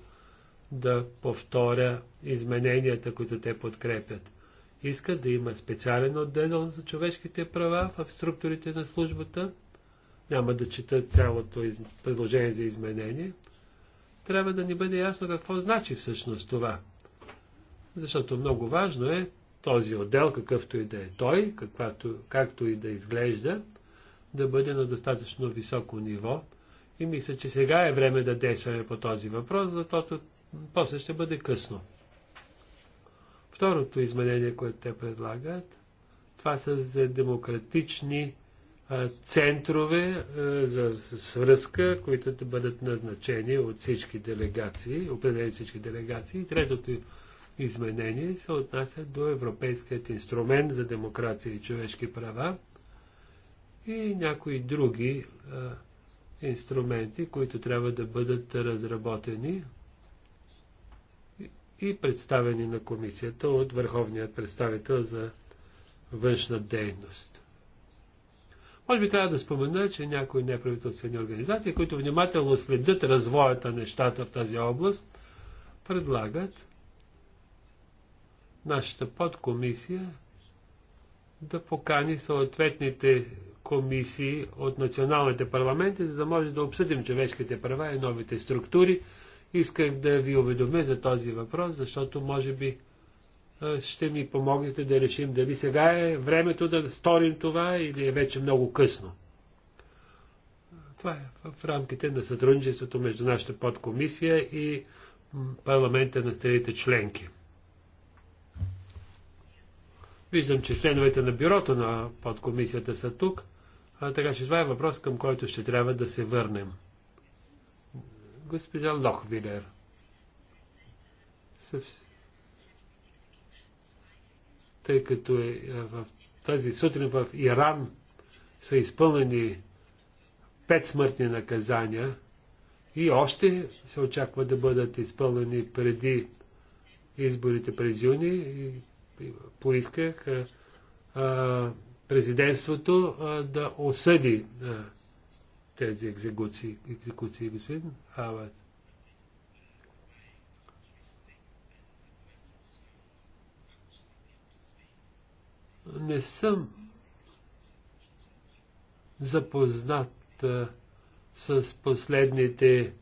да повторя измененията, които те подкрепят. Искат да има специален отдел за човешките права в структурите на службата. Няма да чета цялото из... предложение за изменение. Трябва да ни бъде ясно какво значи всъщност това – защото много важно е този отдел, какъвто и да е той, каквато, както и да изглежда, да бъде на достатъчно високо ниво. И мисля, че сега е време да действаме по този въпрос, защото после ще бъде късно. Второто изменение, което те предлагат, това са за демократични а, центрове а, за свръзка, които да бъдат назначени от всички делегации, определени всички делегации. И третото изменение се отнася до Европейският инструмент за демокрация и човешки права и някои други а, инструменти, които трябва да бъдат разработени и представени на комисията от върховният представител за външна дейност. Може би трябва да спомена, че някои неправителствени организации, които внимателно следят развоята нещата в тази област, предлагат нашата подкомисия да покани съответните комисии от националните парламенти, за да може да обсъдим човешките права и новите структури. Исках да ви уведомя за този въпрос, защото може би ще ми помогнете да решим дали сега е времето да сторим това или е вече много късно. Това е в рамките на сътрудничеството между нашата подкомисия и парламента на страните членки. Виждам, че членовете на бюрото на подкомисията са тук, а така че това е въпрос, към който ще трябва да се върнем. Госпожа Лохвилер. Тъй като е, е в тази сутрин в Иран са изпълнени пет смъртни наказания и още се очаква да бъдат изпълнени преди изборите през юни поисках президентството да осъди тези екзекуции, екзекуции господин Хавард. не съм запознат с последните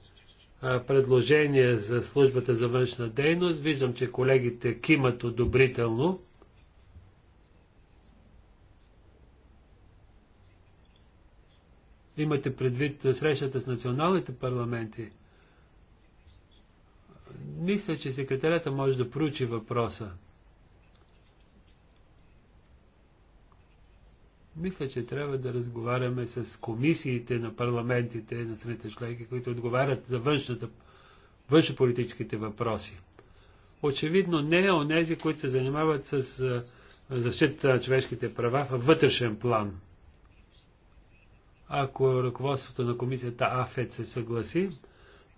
предложение за службата за външна дейност. Виждам, че колегите кимат одобрително. Имате предвид срещата с националните парламенти. Мисля, че секретарята може да проучи въпроса. Мисля, че трябва да разговаряме с комисиите на парламентите на страните членки, които отговарят за външната, външнополитическите въпроси. Очевидно не е онези, които се занимават с защита на човешките права в вътрешен план. Ако ръководството на комисията АФЕД се съгласи,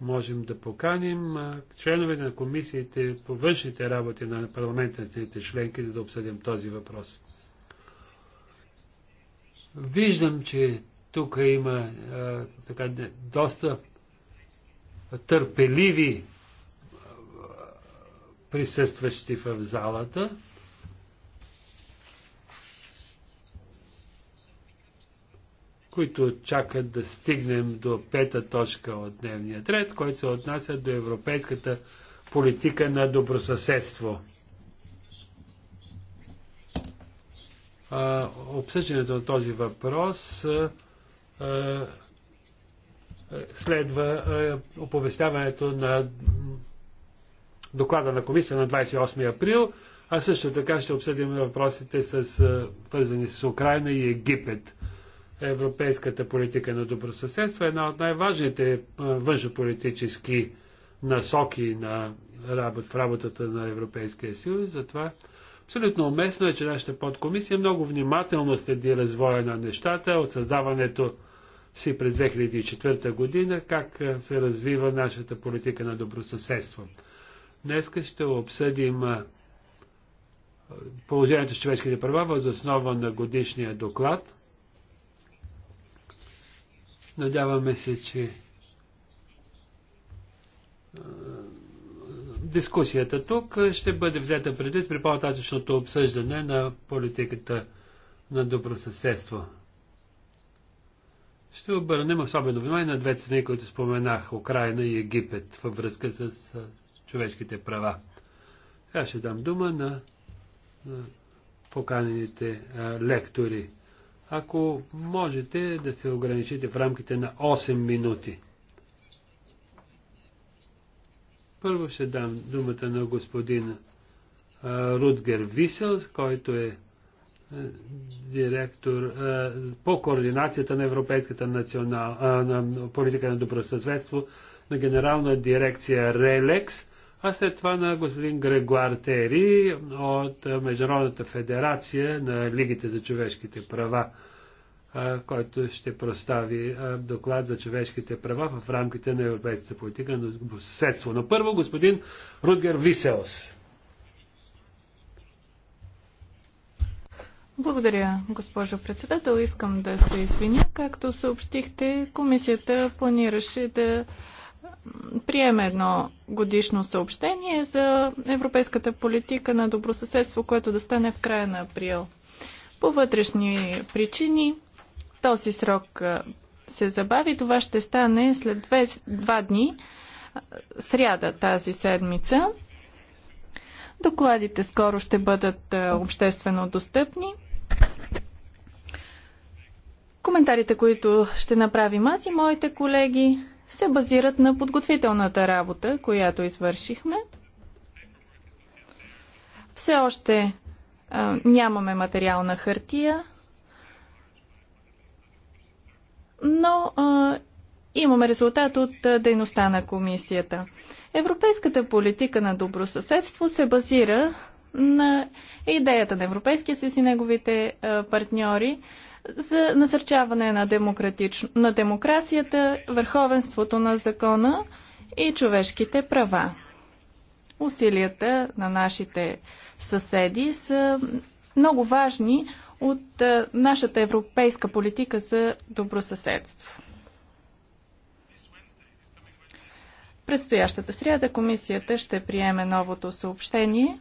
можем да поканим членовете на комисиите по външните работи на парламентите членки, за да обсъдим този въпрос. Виждам, че тук има а, така, доста търпеливи присъстващи в залата. които чакат да стигнем до пета точка от дневния ред, който се отнася до европейската политика на добросъседство. обсъждането на този въпрос следва оповестяването на доклада на комисия на 28 април, а също така ще обсъдим въпросите с, свързани с Украина и Египет. Европейската политика на добросъседство е една от най-важните външнополитически насоки на работ, в работата на Европейския съюз. Затова Абсолютно уместно е, че нашата подкомисия много внимателно следи развоя на нещата от създаването си през 2004 година, как се развива нашата политика на добросъседство. Днес ще обсъдим положението с човешките права въз основа на годишния доклад. Надяваме се, че Дискусията тук ще бъде взета предвид при по-нататъчното обсъждане на политиката на добросъседство. Ще обърнем особено внимание на две страни, които споменах Украина и Египет във връзка с човешките права. Сега ще дам дума на, на поканените а, лектори. Ако можете да се ограничите в рамките на 8 минути. Първо ще дам думата на господин Рудгер Висел, който е, е директор по координацията на Европейската национал, на политика на добросъседство на генерална дирекция РЕЛЕКС, а след това на господин Грегуар Тери от Международната федерация на Лигите за човешките права който ще представи доклад за човешките права в рамките на европейската политика на съседство. Но първо господин Рудгер Виселс. Благодаря, госпожо председател. Искам да се извиня. Както съобщихте, комисията планираше да приеме едно годишно съобщение за европейската политика на добросъседство, което да стане в края на април. По вътрешни причини този срок се забави. Това ще стане след две, два дни, сряда тази седмица. Докладите скоро ще бъдат обществено достъпни. Коментарите, които ще направим аз и моите колеги, се базират на подготвителната работа, която извършихме. Все още а, нямаме материална хартия, но а, имаме резултат от а, дейността на комисията. Европейската политика на добросъседство се базира на идеята на Европейския съюз и неговите а, партньори за насърчаване на, демократич... на демокрацията, върховенството на закона и човешките права. Усилията на нашите съседи са много важни от е, нашата европейска политика за добросъседство. Предстоящата сряда комисията ще приеме новото съобщение,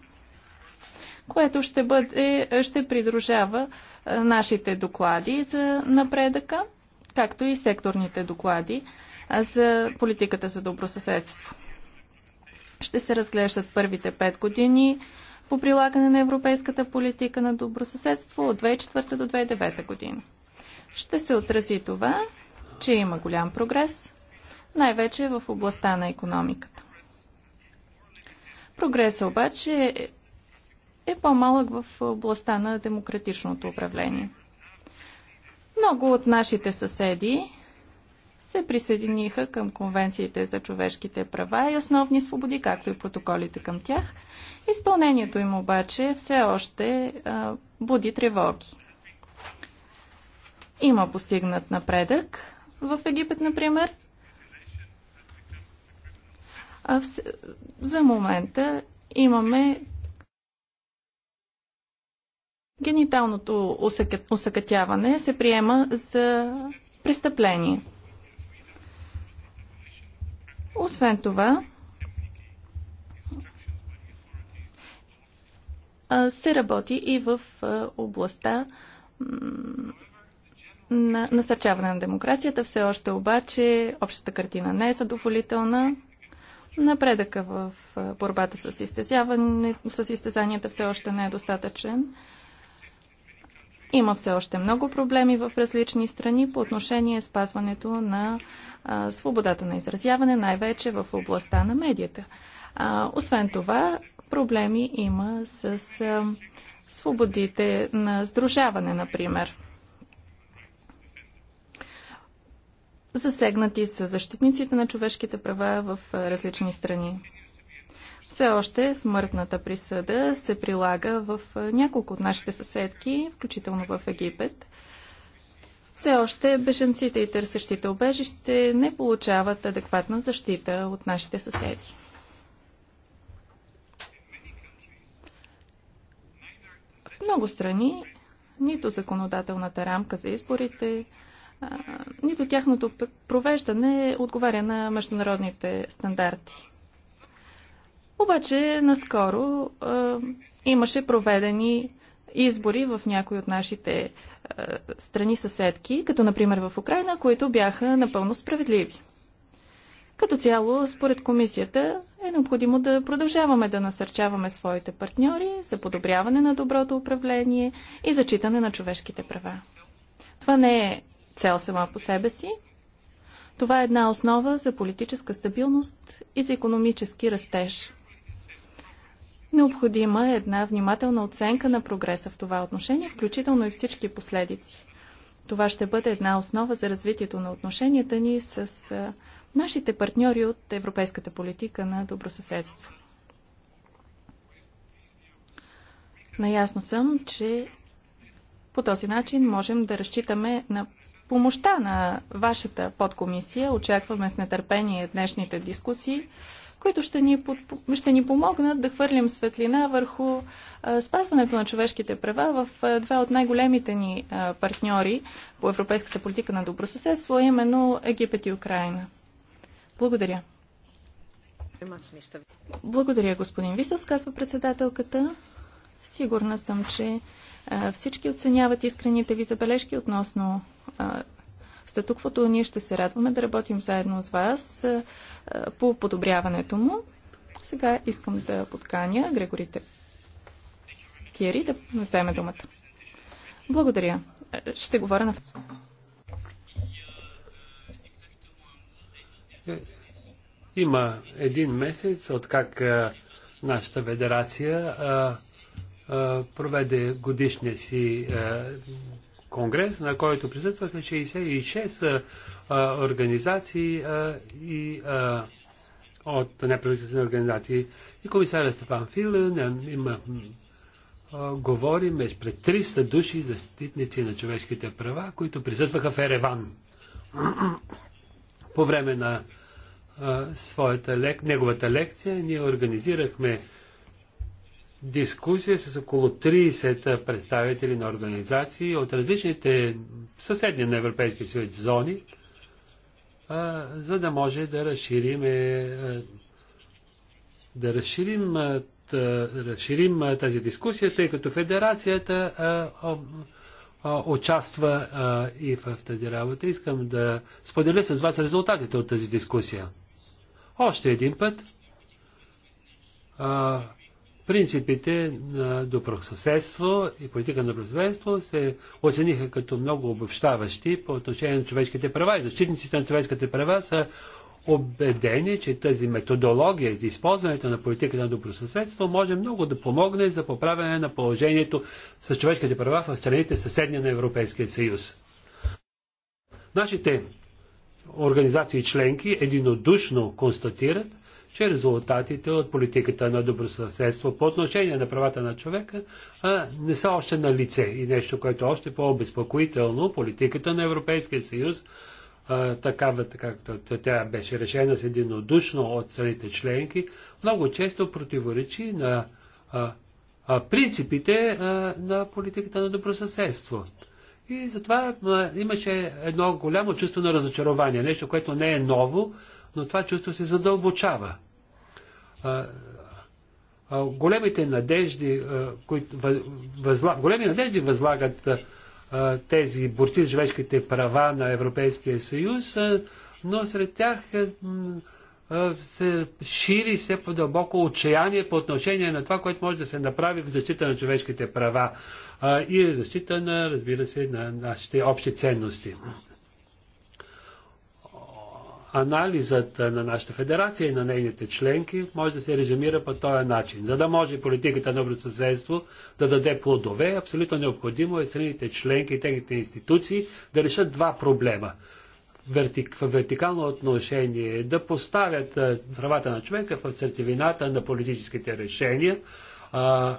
което ще, бъде, ще придружава е, нашите доклади за напредъка, както и секторните доклади за политиката за добросъседство. Ще се разглеждат първите пет години по прилагане на европейската политика на добросъседство от 2004 до 2009 година. Ще се отрази това, че има голям прогрес, най-вече в областта на економиката. Прогресът обаче е по-малък в областта на демократичното управление. Много от нашите съседи се присъединиха към конвенциите за човешките права и основни свободи, както и протоколите към тях. Изпълнението им обаче все още а, буди тревоги. Има постигнат напредък в Египет, например. А в... За момента имаме гениталното усъкътяване се приема за престъпление. Освен това, се работи и в областта на насърчаване на демокрацията. Все още обаче общата картина не е задоволителна. Напредъка в борбата с, с изтезанията все още не е достатъчен. Има все още много проблеми в различни страни по отношение спазването на а, свободата на изразяване, най-вече в областта на медията. А, освен това, проблеми има с а, свободите на сдружаване, например. Засегнати са защитниците на човешките права в различни страни. Все още смъртната присъда се прилага в няколко от нашите съседки, включително в Египет. Все още беженците и търсещите обежище не получават адекватна защита от нашите съседи. В много страни нито законодателната рамка за изборите, нито тяхното провеждане отговаря на международните стандарти. Обаче наскоро а, имаше проведени избори в някои от нашите е, страни съседки, като например в Украина, които бяха напълно справедливи. Като цяло, според комисията, е необходимо да продължаваме да насърчаваме своите партньори за подобряване на доброто управление и зачитане на човешките права. Това не е цел сама по себе си. Това е една основа за политическа стабилност и за економически растеж. Необходима е една внимателна оценка на прогреса в това отношение, включително и всички последици. Това ще бъде една основа за развитието на отношенията ни с нашите партньори от европейската политика на добросъседство. Наясно съм, че по този начин можем да разчитаме на помощта на вашата подкомисия. Очакваме с нетърпение днешните дискусии които ще ни, подпо... ще ни помогнат да хвърлим светлина върху спазването на човешките права в два от най-големите ни партньори по европейската политика на добросъседство, именно Египет и Украина. Благодаря. Благодаря, господин Висос, казва председателката. Сигурна съм, че всички оценяват искрените ви забележки относно статуквото. Ние ще се радваме да работим заедно с вас е, по подобряването му. Сега искам да подканя Грегорите Кири да вземе думата. Благодаря. Ще говоря на... Има един месец, откак е, нашата федерация е, проведе годишния си конгрес, на който присъстваха 66 а, организации а, и а, от неправителствени организации. И комисаря Стефан Филен има между пред 300 души защитници на човешките права, които присъстваха в Ереван по време на а, своята лек... неговата лекция ние организирахме дискусия с около 30 представители на организации от различните съседни на Европейския съюз зони, а, за да може да разширим е, да разширим, да разширим тази дискусия, тъй като федерацията участва и в тази работа. Искам да споделя с вас резултатите от тази дискусия. Още един път Принципите на добросъседство и политика на добросъседство се оцениха като много обобщаващи по отношение на човешките права. И защитниците на човешките права са убедени, че тази методология за използването на политика на добросъседство може много да помогне за поправяне на положението с човешките права в страните съседни на Европейския съюз. Нашите организации членки единодушно констатират, че резултатите от политиката на добросъседство по отношение на правата на човека а, не са още на лице. И нещо, което още по-обезпокоително, политиката на Европейския съюз, а, такава, както тя беше решена с единодушно от страните членки, много често противоречи на а, а, принципите а, на политиката на добросъседство. И затова а, имаше едно голямо чувство на разочарование, нещо, което не е ново, но това чувство се задълбочава. А, а, големите надежди, а, които, възла, големи надежди възлагат тези борци с човешките права на Европейския съюз, но сред тях се шири все по-дълбоко отчаяние по отношение на това, което може да се направи в защита на човешките права и защита на, разбира се, на нашите общи ценности анализът на нашата федерация и на нейните членки може да се режимира по този начин. За да може политиката на добросъседство да даде плодове, абсолютно необходимо е страните членки и техните институции да решат два проблема. Вертик, в вертикално отношение е да поставят правата на човека в сърцевината на политическите решения, а,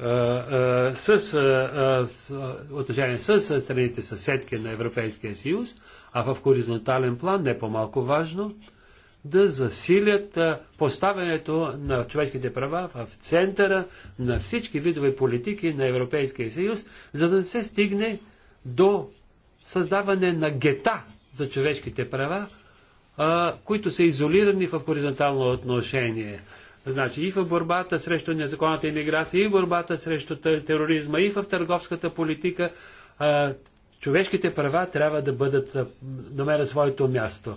а, а, с, а, с, отношение с страните съседки на Европейския съюз, а в хоризонтален план, не по-малко важно, да засилят поставянето на човешките права в центъра на всички видове политики на Европейския съюз, за да се стигне до създаване на гета за човешките права, които са изолирани в хоризонтално отношение. Значи и в борбата срещу незаконната иммиграция, и в борбата срещу тероризма, и в търговската политика човешките права трябва да бъдат намерят своето място.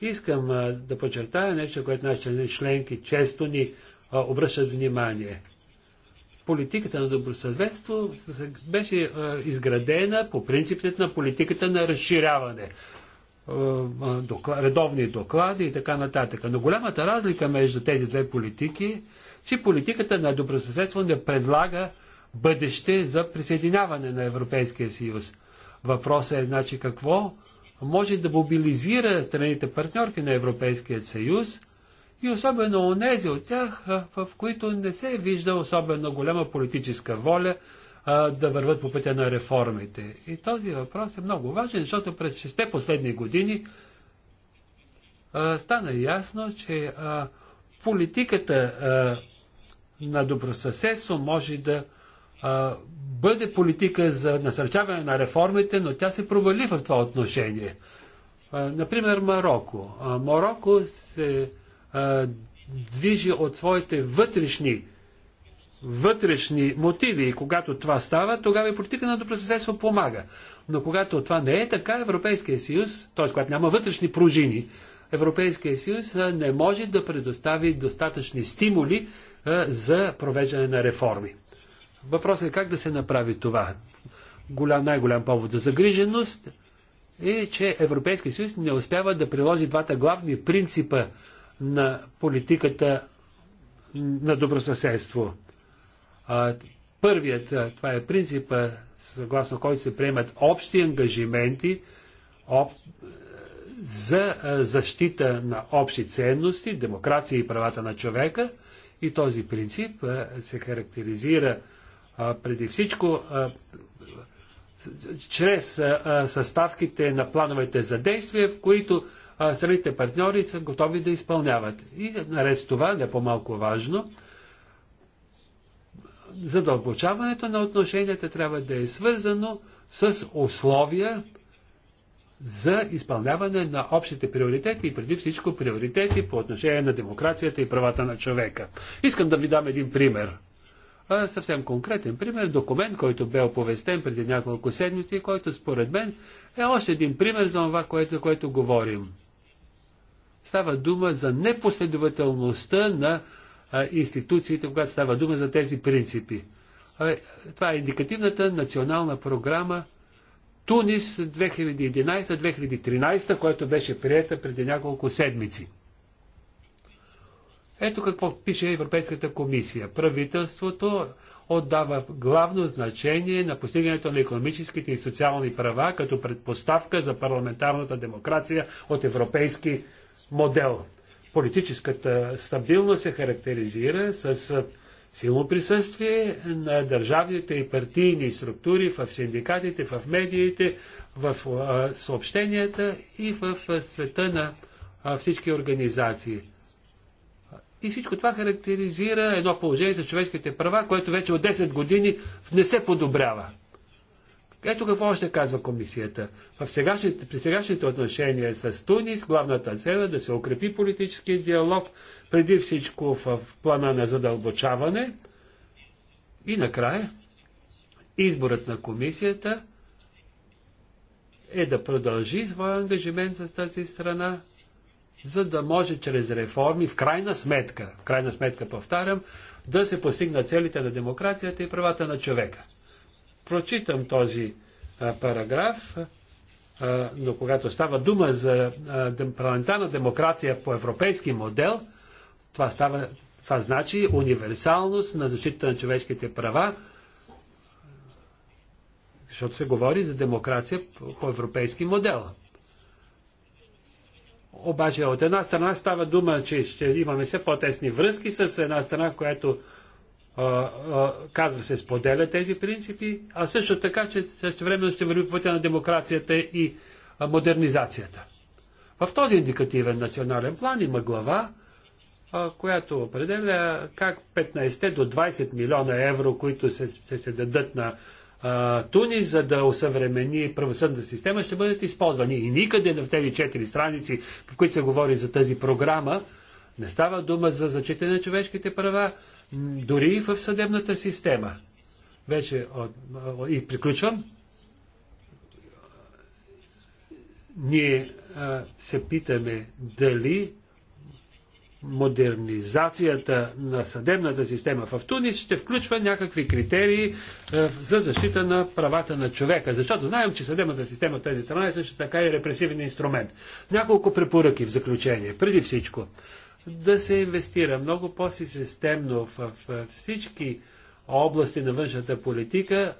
Искам а, да подчертая нещо, което нашите членки често ни а, обръщат внимание. Политиката на добросъветство беше а, изградена по принципите на политиката на разширяване. докла, редовни доклади и така нататък. Но голямата разлика между тези две политики, че политиката на добросъседство не предлага бъдеще за присъединяване на Европейския съюз. Въпросът е, значи, какво може да мобилизира страните партньорки на Европейския съюз и особено онези от тях, в които не се вижда особено голяма политическа воля а, да върват по пътя на реформите. И този въпрос е много важен, защото през 6 последни години а, стана ясно, че а, политиката на добросъседство може да бъде политика за насърчаване на реформите, но тя се провали в това отношение. Например, Марокко. Марокко се движи от своите вътрешни вътрешни мотиви и когато това става, тогава и политика на добросъседство помага. Но когато това не е така, Европейския съюз, т.е. когато няма вътрешни пружини, Европейския съюз не може да предостави достатъчни стимули за провеждане на реформи. Въпросът е как да се направи това. Голям, най-голям повод за загриженост е, че Европейския съюз не успява да приложи двата главни принципа на политиката на добросъседство. Първият, това е принципа, съгласно който се приемат общи ангажименти об... за защита на общи ценности, демокрация и правата на човека. И този принцип се характеризира преди всичко чрез съставките на плановете за действие, които страните партньори са готови да изпълняват. И наред с това, не по-малко важно, задълбочаването на отношенията трябва да е свързано с условия за изпълняване на общите приоритети и преди всичко приоритети по отношение на демокрацията и правата на човека. Искам да ви дам един пример съвсем конкретен пример, документ, който бе оповестен преди няколко седмици, който според мен е още един пример за това, което, за което говорим. Става дума за непоследователността на а, институциите, когато става дума за тези принципи. А, това е индикативната национална програма Тунис 2011-2013, която беше приета преди няколко седмици. Ето какво пише Европейската комисия. Правителството отдава главно значение на постигането на економическите и социални права като предпоставка за парламентарната демокрация от европейски модел. Политическата стабилност се характеризира с силно присъствие на държавните и партийни структури в синдикатите, в медиите, в съобщенията и в света на всички организации. И всичко това характеризира едно положение за човешките права, което вече от 10 години не се подобрява. Ето какво още казва комисията. В сегашните, при сегашните отношения с Тунис, главната цел е да се укрепи политически диалог, преди всичко в плана на задълбочаване. И накрая, изборът на комисията е да продължи своя ангажимент с тази страна за да може чрез реформи, в крайна сметка, в крайна сметка повтарям, да се постигнат целите на демокрацията и правата на човека. Прочитам този а, параграф, а, но когато става дума за парламентарна демокрация по европейски модел, това, става, това значи универсалност на защита на човешките права, защото се говори за демокрация по, по европейски модел. Обаче от една страна става дума, че ще имаме все по-тесни връзки с една страна, която а, а, казва се споделя тези принципи, а също така, че също време ще върви пътя на демокрацията и а, модернизацията. В този индикативен национален план има глава, която определя как 15 до 20 милиона евро, които се, се, се дадат на Тунис, за да усъвремени правосъдната система, ще бъдат използвани. И никъде на тези четири страници, в които се говори за тази програма, не става дума за зачитане на човешките права, дори и в съдебната система. Вече от, и приключвам. Ние а, се питаме дали модернизацията на съдебната система в Тунис ще включва някакви критерии е, за защита на правата на човека. Защото знаем, че съдебната система в тази страна е също така и репресивен инструмент. Няколко препоръки в заключение. Преди всичко, да се инвестира много по-системно в всички области на външната политика,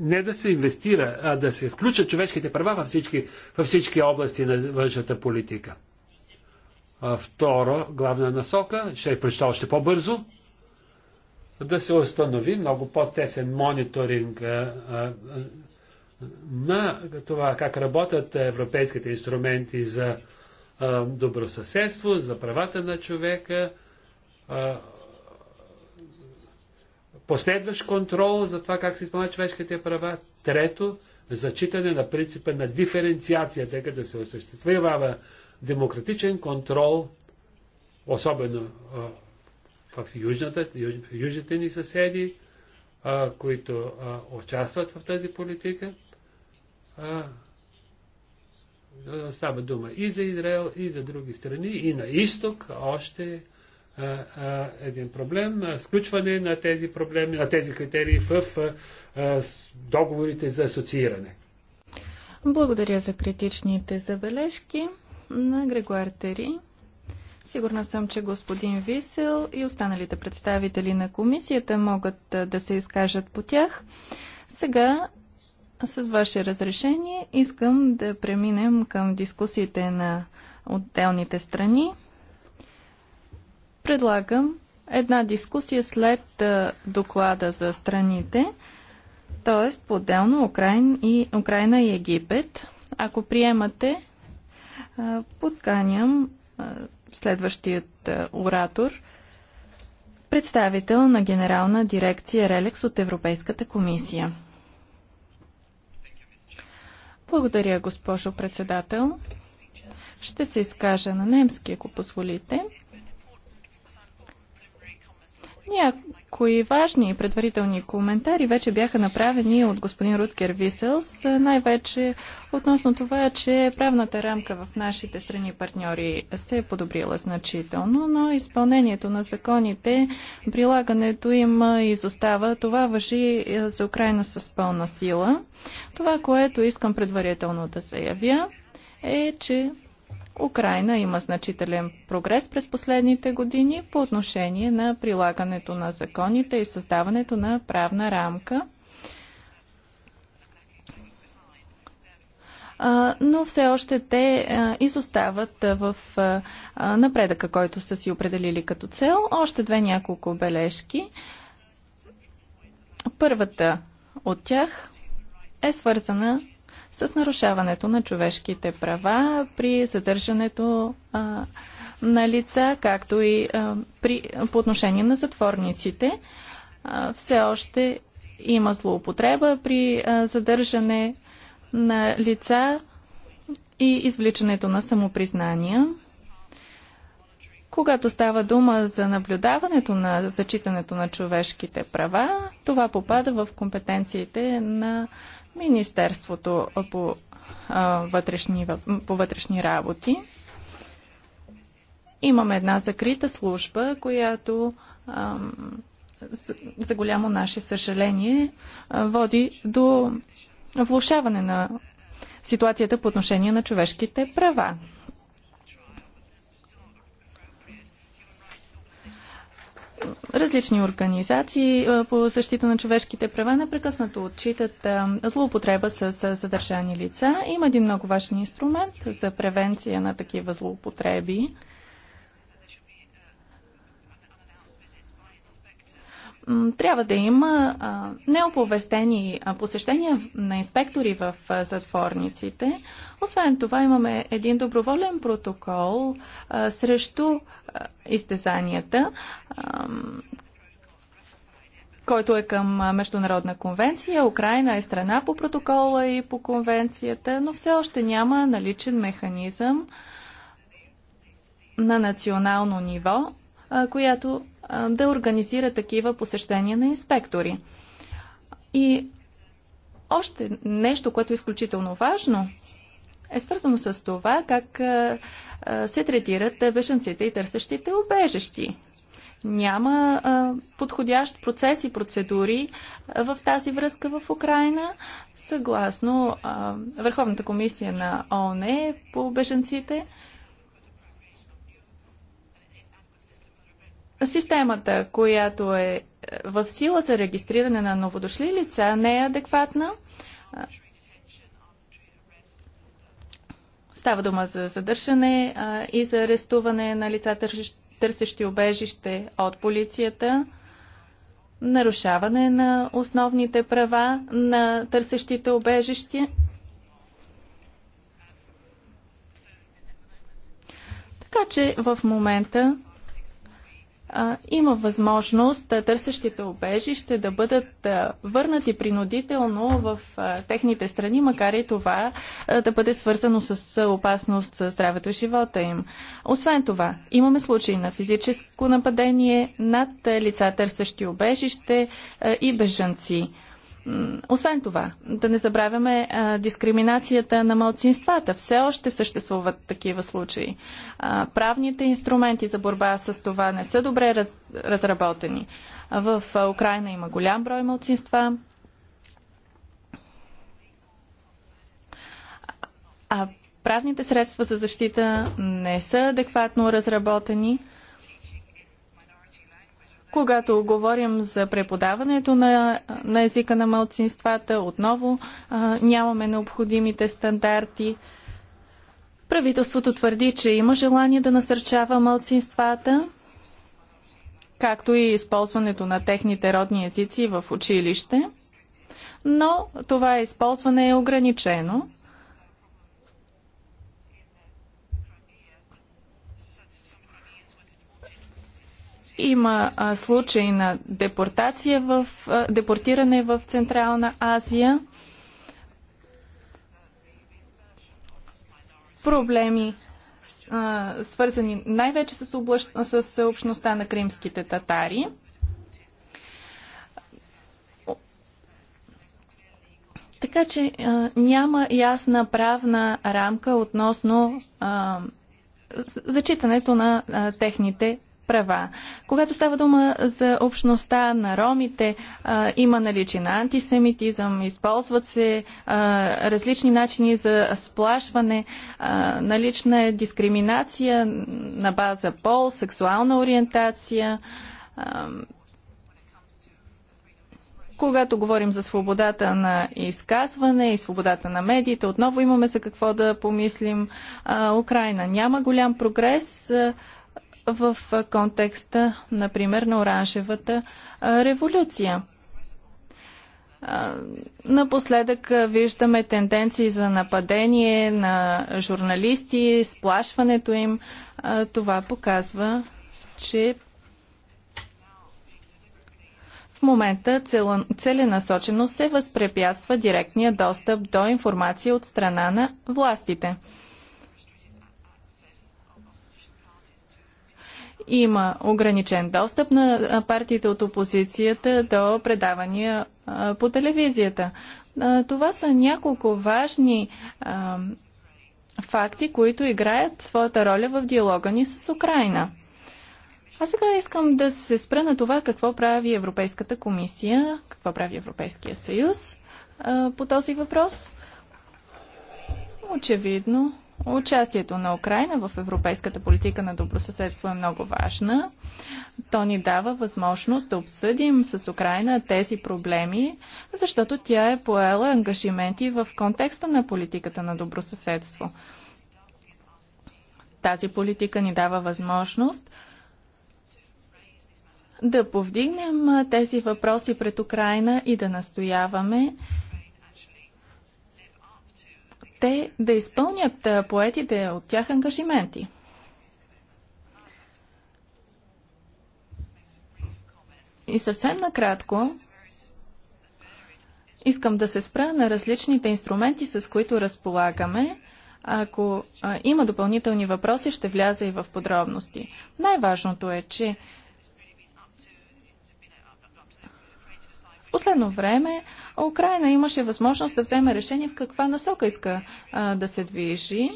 не да се инвестира, а да се включат човешките права във всички, във всички области на външната политика втора главна насока, ще я прочета още по-бързо, да се установи много по-тесен мониторинг а, а, на това как работят европейските инструменти за добросъседство, за правата на човека, последващ контрол за това как се изпълняват човешките права. Трето, зачитане на принципа на диференциация, тъй като се осъществява демократичен контрол, особено в, южната, южните ни съседи, които участват в тази политика. става дума и за Израел, и за други страни, и на изток още един проблем. Сключване на тези проблеми, на тези критерии в договорите за асоцииране. Благодаря за критичните забележки на Грегуар Тери. Сигурна съм, че господин Висел и останалите представители на комисията могат да се изкажат по тях. Сега, с ваше разрешение, искам да преминем към дискусиите на отделните страни. Предлагам една дискусия след доклада за страните, т.е. по-отделно Украин и, Украина и Египет. Ако приемате, подканям следващият оратор, представител на Генерална дирекция Релекс от Европейската комисия. Благодаря, госпожо председател. Ще се изкажа на немски, ако позволите. Някои важни предварителни коментари вече бяха направени от господин Руткер Виселс, най-вече относно това, че правната рамка в нашите страни партньори се е подобрила значително, но изпълнението на законите, прилагането им изостава. Това въжи за Украина с пълна сила. Това, което искам предварително да заявя, е, че Украина има значителен прогрес през последните години по отношение на прилагането на законите и създаването на правна рамка. но все още те изостават в напредъка, който са си определили като цел. Още две няколко бележки. Първата от тях е свързана с нарушаването на човешките права при задържането а, на лица, както и а, при, по отношение на затворниците. А, все още има злоупотреба при а, задържане на лица и извличането на самопризнания. Когато става дума за наблюдаването на зачитането на човешките права, това попада в компетенциите на Министерството по, а, вътрешни, по вътрешни работи. Имаме една закрита служба, която а, за, голямо наше съжаление а, води до влушаване на ситуацията по отношение на човешките права. различни организации по защита на човешките права непрекъснато отчитат злоупотреба с задържани лица. Има един много важен инструмент за превенция на такива злоупотреби трябва да има неоповестени посещения на инспектори в затворниците. Освен това имаме един доброволен протокол срещу изтезанията, който е към Международна конвенция. Украина е страна по протокола и по конвенцията, но все още няма наличен механизъм на национално ниво която да организира такива посещения на инспектори. И още нещо, което е изключително важно, е свързано с това как се третират беженците и търсещите обежещи. Няма подходящ процес и процедури в тази връзка в Украина. Съгласно Върховната комисия на ООН е по беженците, Системата, която е, е в сила за регистриране на новодошли лица, не е адекватна. Става дума за задържане и за арестуване на лица, търсещи обежище от полицията, нарушаване на основните права на търсещите обежище. Така че в момента има възможност търсещите обежище да бъдат върнати принудително в техните страни, макар и това да бъде свързано с опасност за здравето и живота им. Освен това, имаме случаи на физическо нападение над лица търсещи обежище и бежанци. Освен това, да не забравяме дискриминацията на малцинствата. Все още съществуват такива случаи. правните инструменти за борба с това не са добре раз, разработени. В Украина има голям брой малцинства. А правните средства за защита не са адекватно разработени. Когато говорим за преподаването на, на езика на малцинствата, отново а, нямаме необходимите стандарти. Правителството твърди, че има желание да насърчава малцинствата, както и използването на техните родни езици в училище, но това използване е ограничено Има а, случаи на депортация в, а, депортиране в Централна Азия. Проблеми а, свързани най-вече с, облъщ... с общността на кримските татари. Така че а, няма ясна правна рамка относно а, зачитането на а, техните права. Когато става дума за общността на ромите, а, има наличие на антисемитизъм, използват се а, различни начини за сплашване, а, налична е дискриминация на база пол, сексуална ориентация. А, когато говорим за свободата на изказване и свободата на медиите, отново имаме за какво да помислим. А, Украина няма голям прогрес. А, в контекста, например, на оранжевата революция. Напоследък виждаме тенденции за нападение на журналисти, сплашването им. Това показва, че в момента целенасочено се възпрепятства директния достъп до информация от страна на властите. Има ограничен достъп на партиите от опозицията до предавания по телевизията. Това са няколко важни факти, които играят своята роля в диалога ни с Украина. А сега искам да се спра на това какво прави Европейската комисия, какво прави Европейския съюз по този въпрос. Очевидно, Участието на Украина в европейската политика на добросъседство е много важна. То ни дава възможност да обсъдим с Украина тези проблеми, защото тя е поела ангажименти в контекста на политиката на добросъседство. Тази политика ни дава възможност да повдигнем тези въпроси пред Украина и да настояваме те да изпълнят поетите от тях ангажименти. И съвсем накратко искам да се спра на различните инструменти, с които разполагаме. Ако а, има допълнителни въпроси, ще вляза и в подробности. Най-важното е, че последно време Украина имаше възможност да вземе решение в каква насока иска а, да се движи.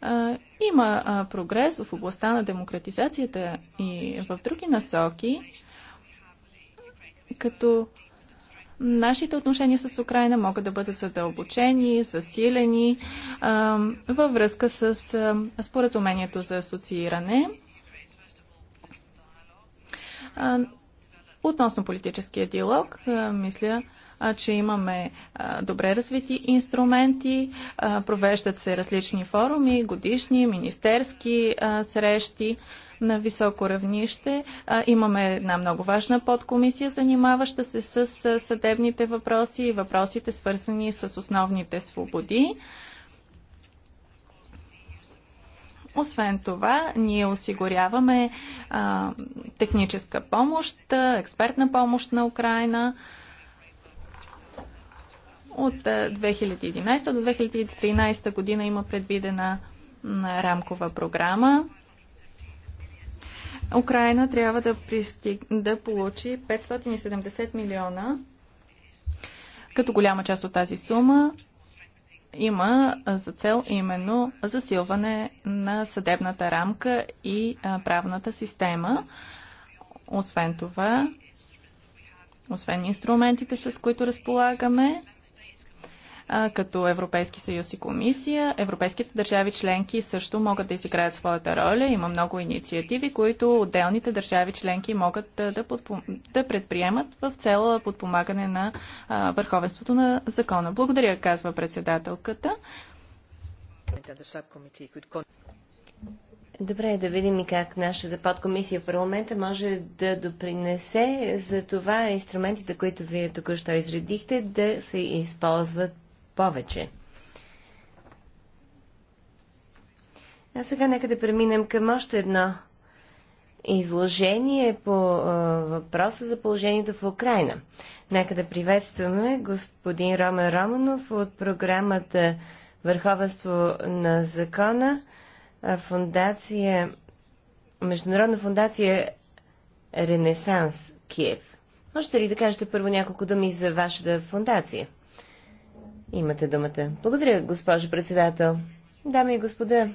А, има а, прогрес в областта на демократизацията и в други насоки, като нашите отношения с Украина могат да бъдат задълбочени, засилени а, във връзка с а, споразумението за асоцииране. А, Относно политическия диалог, мисля, че имаме добре развити инструменти, провеждат се различни форуми, годишни, министерски срещи на високо равнище. Имаме една много важна подкомисия, занимаваща се с съдебните въпроси и въпросите свързани с основните свободи. Освен това, ние осигуряваме а, техническа помощ, експертна помощ на Украина от 2011 до 2013 година има предвидена рамкова програма. Украина трябва да, пристиг... да получи 570 милиона, като голяма част от тази сума има за цел именно засилване на съдебната рамка и правната система. Освен това, освен инструментите, с които разполагаме, като Европейски съюз и комисия. Европейските държави членки също могат да изиграят своята роля. Има много инициативи, които отделните държави членки могат да, подпом... да предприемат в цела подпомагане на върховенството на закона. Благодаря, казва председателката. Добре, да видим и как нашата подкомисия в парламента може да допринесе за това инструментите, които вие току-що изредихте, да се използват повече. А сега нека да преминем към още едно изложение по а, въпроса за положението в Украина. Нека да приветстваме господин Ромен Романов от програмата Върховенство на закона, фундация, Международна фундация Ренесанс Киев. Можете ли да кажете първо няколко думи за вашата фундация? Имате думата. Благодаря, госпожо председател. Дами и господа,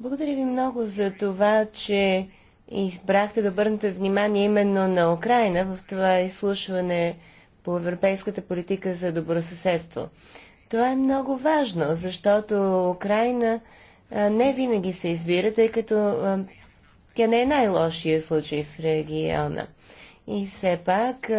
благодаря ви много за това, че избрахте да обърнете внимание именно на Украина в това изслушване по европейската политика за добросъседство. Това е много важно, защото Украина не винаги се избира, тъй като тя не е най-лошия случай в региона. И все пак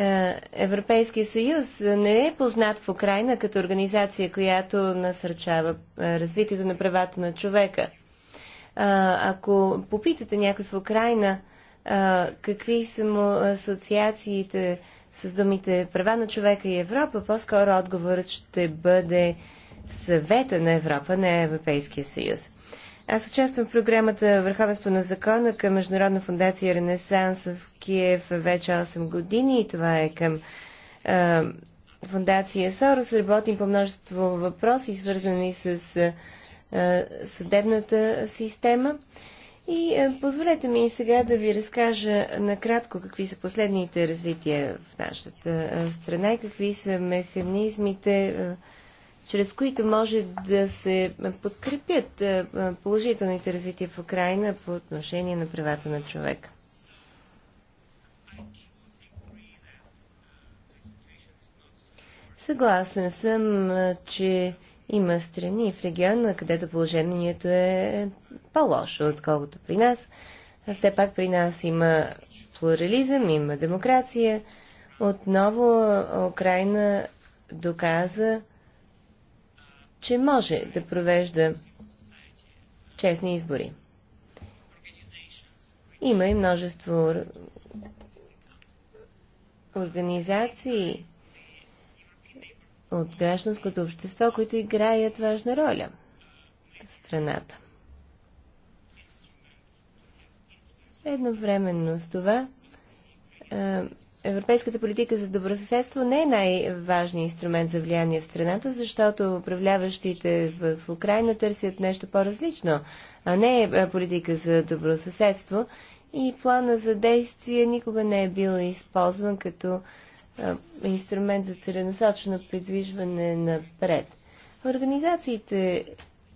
Е, Европейския съюз не е познат в Украина като организация, която насърчава е, развитието на правата на човека. Е, ако попитате някой в Украина какви са му асоциациите с думите права на човека и Европа, по-скоро отговорът ще бъде съвета на Европа, не Европейския съюз. Аз участвам в програмата Върховенство на закона към Международна фундация Ренесанс в Киев вече 8 години и това е към а, фундация Сорос. Работим по множество въпроси, свързани с а, съдебната система. И а, позволете ми сега да ви разкажа накратко какви са последните развития в нашата страна и какви са механизмите. А, чрез които може да се подкрепят положителните развития в Украина по отношение на правата на човек. Съгласен съм, че има страни в региона, където положението е по-лошо, отколкото при нас. Все пак при нас има плурализъм, има демокрация. Отново Украина доказа че може да провежда честни избори. Има и множество организации от гражданското общество, които играят важна роля в страната. Едновременно с това Европейската политика за добросъседство не е най-важният инструмент за влияние в страната, защото управляващите в Украина търсят нещо по-различно, а не е, политика за добросъседство. И плана за действие никога не е бил използван като инструмент за целенасочено придвижване напред. Организациите,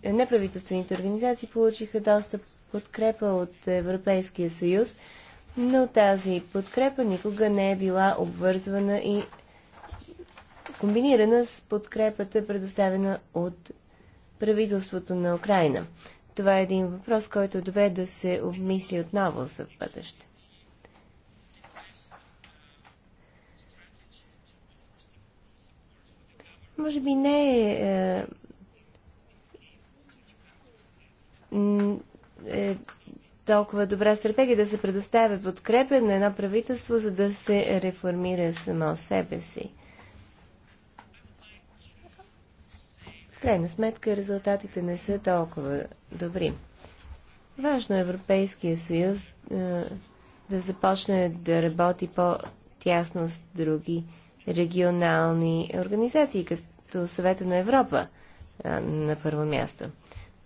неправителствените организации получиха доста подкрепа от Европейския съюз – но тази подкрепа никога не е била обвързвана и комбинирана с подкрепата, предоставена от правителството на Украина. Това е един въпрос, който е добре да се обмисли отново за бъдеще. Може би не е, е, е толкова добра стратегия да се предоставя подкрепя на едно правителство, за да се реформира само себе си. В крайна сметка резултатите не са толкова добри. Важно е Европейския съюз е, да започне да работи по-тясно с други регионални организации, като Съвета на Европа е, на първо място.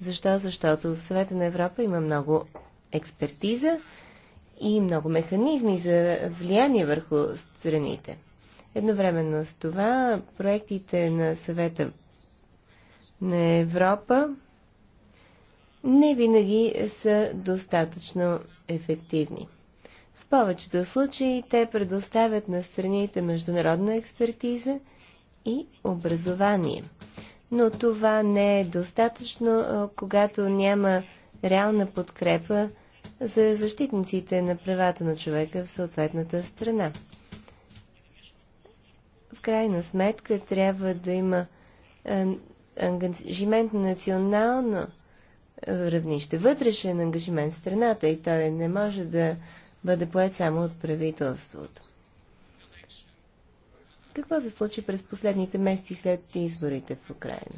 Защо? Защото в Съвета на Европа има много експертиза и много механизми за влияние върху страните. Едновременно с това проектите на съвета на Европа не винаги са достатъчно ефективни. В повечето случаи те предоставят на страните международна експертиза и образование. Но това не е достатъчно, когато няма реална подкрепа за защитниците на правата на човека в съответната страна. В крайна сметка трябва да има е, ангажимент на национално равнище, вътрешен ангажимент в страната и той не може да бъде поет само от правителството. Какво се случи през последните месеци след изборите в Украина?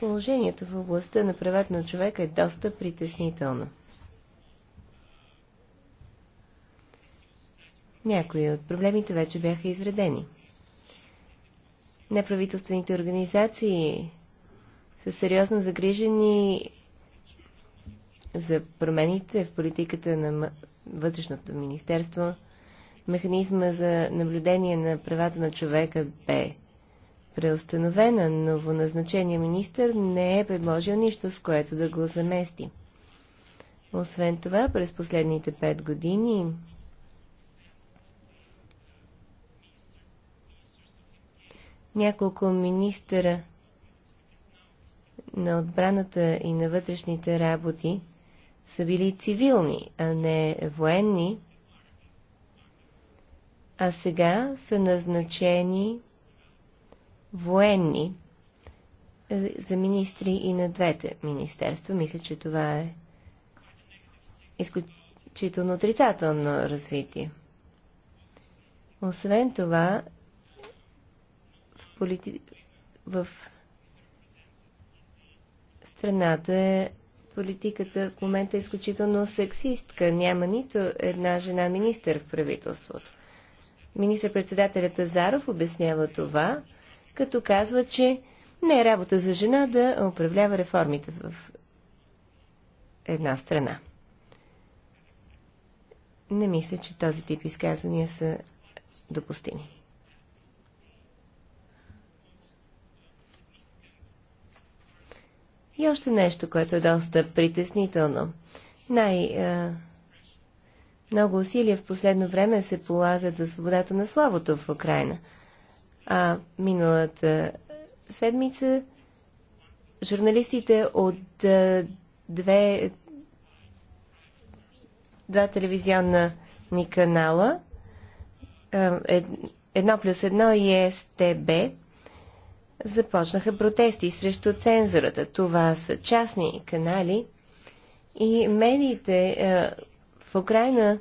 Положението в областта на правата на човека е доста притеснително. Някои от проблемите вече бяха изредени. Неправителствените организации са сериозно загрижени за промените в политиката на Вътрешното министерство. Механизма за наблюдение на правата на човека бе преустановена. Новоназначения министр не е предложил нищо, с което да го замести. Освен това, през последните пет години няколко министъра на отбраната и на вътрешните работи са били цивилни, а не военни, а сега са назначени военни е, за министри и на двете министерства. Мисля, че това е изключително отрицателно развитие. Освен това, в, полити... в страната е политиката в момента е изключително сексистка. Няма нито една жена министър в правителството. Министър-председателят Азаров обяснява това като казва, че не е работа за жена да управлява реформите в една страна. Не мисля, че този тип изказвания са допустими. И още нещо, което е доста притеснително. Най- много усилия в последно време се полагат за свободата на славото в Украина – а миналата седмица журналистите от а, две, два телевизионна ни канала, а, ед, едно плюс едно и СТБ, започнаха протести срещу цензурата. Това са частни канали и медиите а, в Украина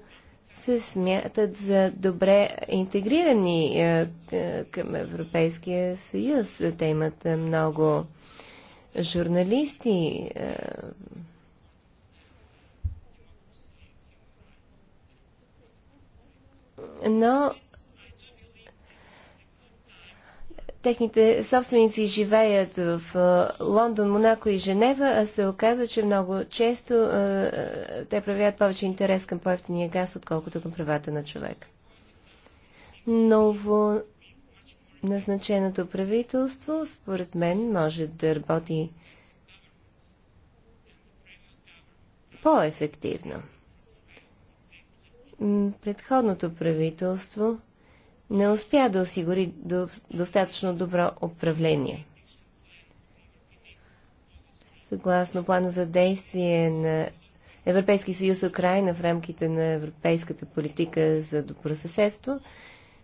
се смятат за добре интегрирани е, е към Европейския съюз. Те имат е, много журналисти. Е, но техните собственици живеят в Лондон, Монако и Женева, а се оказва, че много често те проявяват повече интерес към поевтения газ, отколкото към правата на човек. Ново назначеното правителство, според мен, може да работи по-ефективно. Предходното правителство – не успя да осигури до, достатъчно добро управление. Съгласно плана за действие на Европейски съюз Украина в рамките на европейската политика за добро съседство,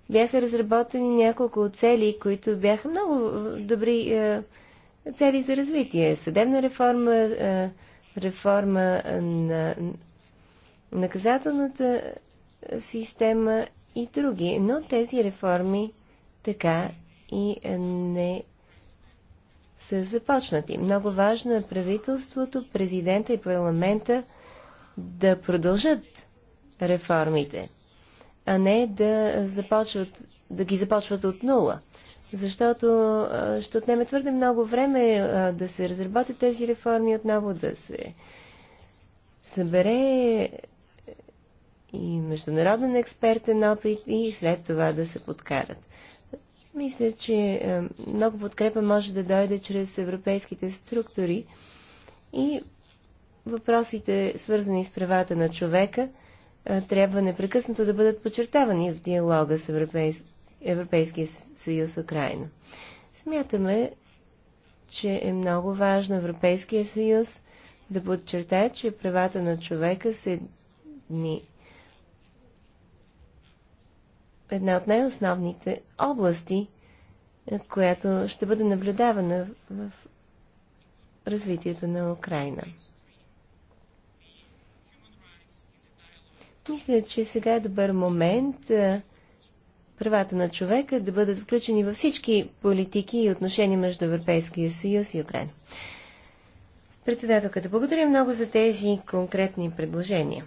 бяха разработени няколко цели, които бяха много добри е, цели за развитие. Съдебна реформа, е, реформа на наказателната система и други. Но тези реформи така и е, не са започнати. Много важно е правителството, президента и парламента да продължат реформите, а не да, започват, да ги започват от нула. Защото е, ще отнеме твърде много време е, да се разработят тези реформи отново, да се събере и международен експертен опит и след това да се подкарат. Мисля, че е, много подкрепа може да дойде чрез европейските структури и въпросите, свързани с правата на човека, е, трябва непрекъснато да бъдат подчертавани в диалога с Европейс... Европейския съюз Украина. Смятаме, че е много важно Европейския съюз да подчертае, че правата на човека са ни една от най-основните области, е, която ще бъде наблюдавана в развитието на Украина. Мисля, че сега е добър момент е, правата на човека да бъдат включени във всички политики и отношения между Европейския съюз и Украина. Председателката, благодаря много за тези конкретни предложения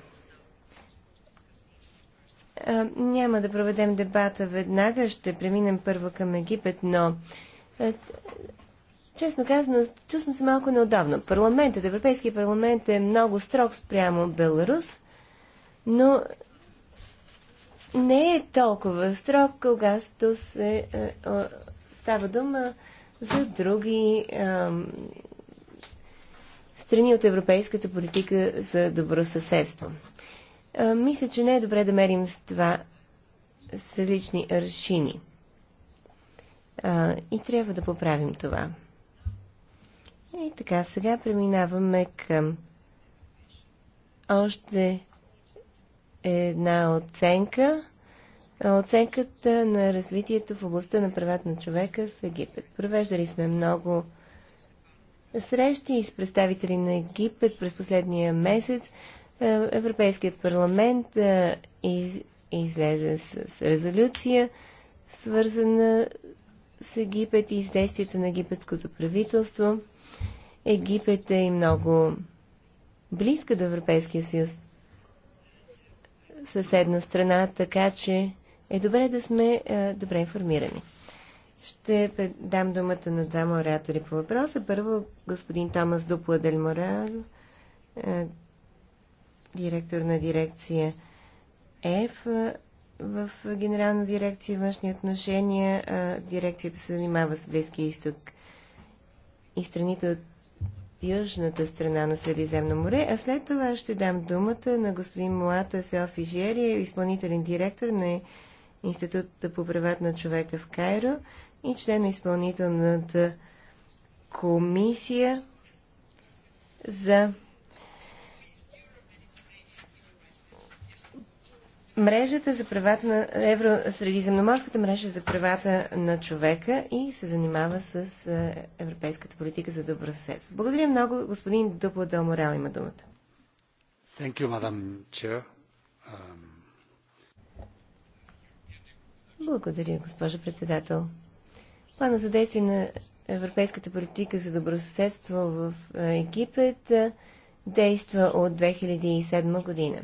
няма да проведем дебата веднага, ще преминем първо към Египет, но честно казано, чувствам се малко неудобно. Парламентът, Европейския парламент е много строг спрямо Беларус, но не е толкова строг, когато се е, е, става дума за други е, страни от европейската политика за добро съседство а, е, мисля, че не е добре да мерим с това с различни аршини. А, е, и трябва да поправим това. И така, сега преминаваме към още една оценка. Оценката на развитието в областта на правата на човека в Египет. Провеждали сме много срещи с представители на Египет през последния месец. Е, Европейският парламент е, излезе с резолюция, свързана с Египет и с действията на египетското правителство. Египет е и много близка до Европейския съюз съседна страна, така че е добре да сме е, добре информирани. Ще дам думата на двама оратори по въпроса. Първо господин Томас Дупла Дель Морал, е, директор на дирекция F в Генерална дирекция външни отношения. Дирекцията се занимава с Близкия изток и страните от южната страна на Средиземно море, а след това ще дам думата на господин Муата Селфи Жери, изпълнителен директор на Института по правата на човека в Кайро и член на изпълнителната комисия за мрежата за правата на Евросредиземноморската мрежа за правата на човека и се занимава с е, европейската политика за добро съседство. Благодаря много. Господин Дупла Далморел Морал има думата. Thank you, Madam Chair. Um... Благодаря, госпожа председател. Плана за действие на европейската политика за добросъседство в е, Египет е, действа от 2007 година.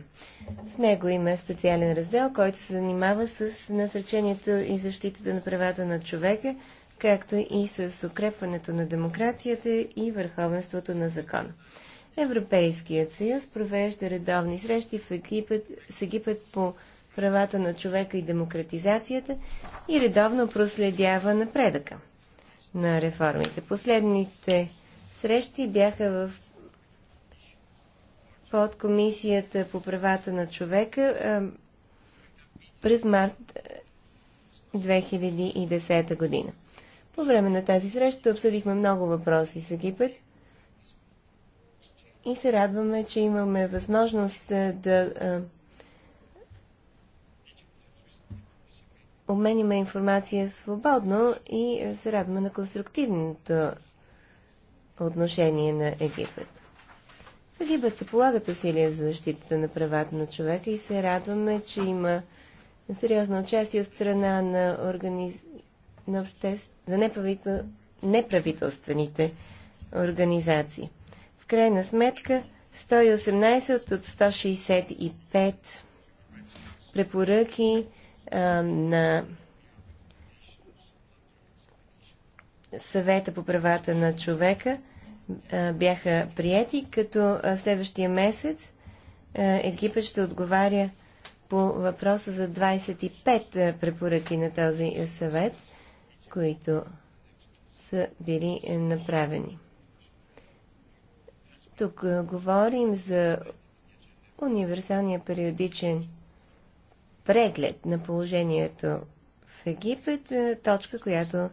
В него има специален раздел, който се занимава с насречението и защитата на правата на човека, както и с укрепването на демокрацията и върховенството на закона. Европейският съюз провежда редовни срещи в Египет, с Египет по правата на човека и демократизацията и редовно проследява напредъка на реформите. Последните срещи бяха в под Комисията по правата на човека през март 2010 година. По време на тази среща обсъдихме много въпроси с Египет и се радваме, че имаме възможност да обменяме информация свободно и се радваме на конструктивното отношение на Египет. В Египет се полагат усилия за защитата на правата на човека и се радваме, че има сериозно участие от страна на, организ... на, обществ... за неправител... неправителствените организации. В крайна сметка 118 от 165 препоръки а, на съвета по правата на човека – бяха прияти, като следващия месец Египет ще отговаря по въпроса за 25 препоръки на този съвет, които са били е, направени. Тук говорим за универсалния периодичен преглед на положението в Египет, точка, която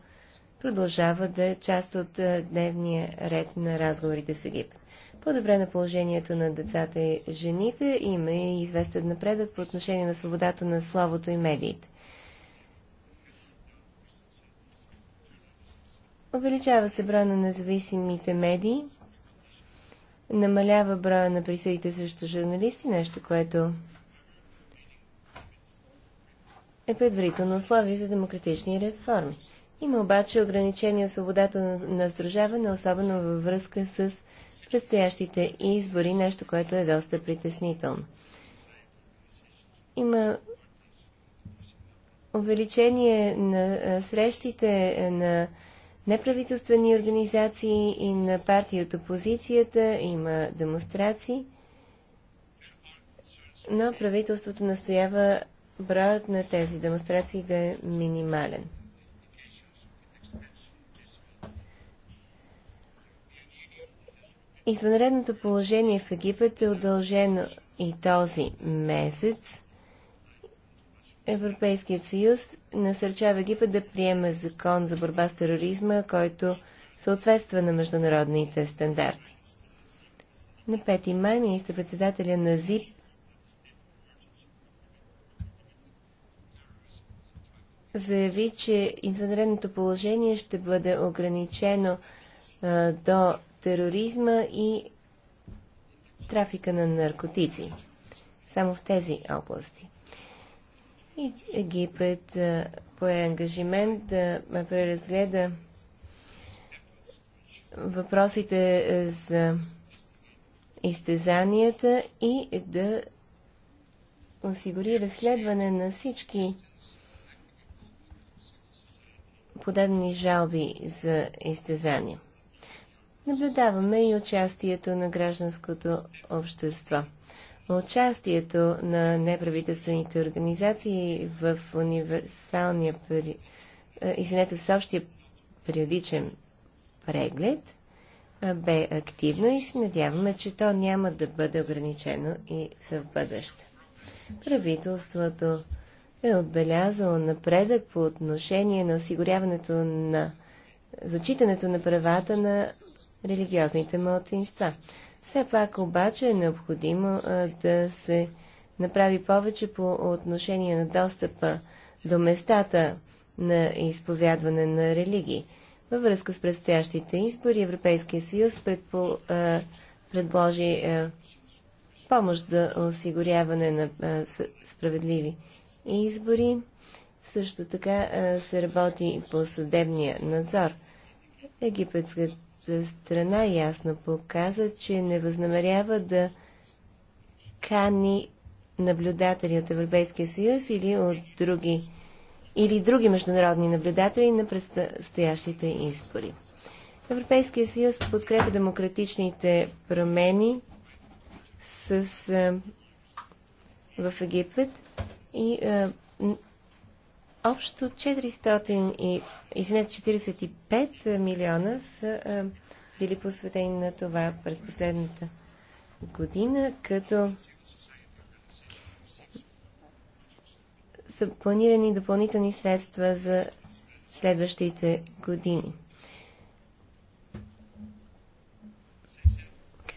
продължава да е част от дневния ред на разговорите с Египет. Подобре на положението на децата и жените има и известен напредък по отношение на свободата на словото и медиите. Увеличава се броя на независимите медии, намалява броя на присъдите срещу журналисти, нещо, което е предварително условие за демократични реформи. Има обаче ограничения свободата на сдружаване, особено във връзка с предстоящите избори, нещо, което е доста притеснително. Има увеличение на срещите на неправителствени организации и на партии от опозицията, има демонстрации, но правителството настоява броят на тези демонстрации да е минимален. Извънредното положение в Египет е удължено и този месец. Европейският съюз насърчава Египет да приема закон за борба с тероризма, който съответства на международните стандарти. На 5 май министър-председателя на ЗИП заяви, че извънредното положение ще бъде ограничено а, до тероризма и трафика на наркотици. Само в тези области. И Египет пое ангажимент да преразгледа въпросите за изтезанията и да осигури разследване на всички подадени жалби за изтезания наблюдаваме и участието на гражданското общество. Участието на неправителствените организации в универсалния пери... Е, извинете, с общия периодичен преглед бе активно и се надяваме, че то няма да бъде ограничено и за в бъдеще. Правителството е отбелязало напредък по отношение на осигуряването на зачитането на правата на религиозните мълцинства. Все пак обаче е необходимо а, да се направи повече по отношение на достъпа до местата на изповядване на религии. Във връзка с предстоящите избори Европейския съюз предпо, а, предложи а, помощ за да осигуряване на а, справедливи избори. Също така а, се работи по съдебния надзор. Египетската страна ясно показа, че не възнамерява да кани наблюдатели от Европейския съюз или от други или други международни наблюдатели на предстоящите избори. Европейския съюз подкрепя демократичните промени с, в Египет и Общо 400 и, извинете, 45 милиона са а, били посветени на това през последната година, като са планирани допълнителни средства за следващите години.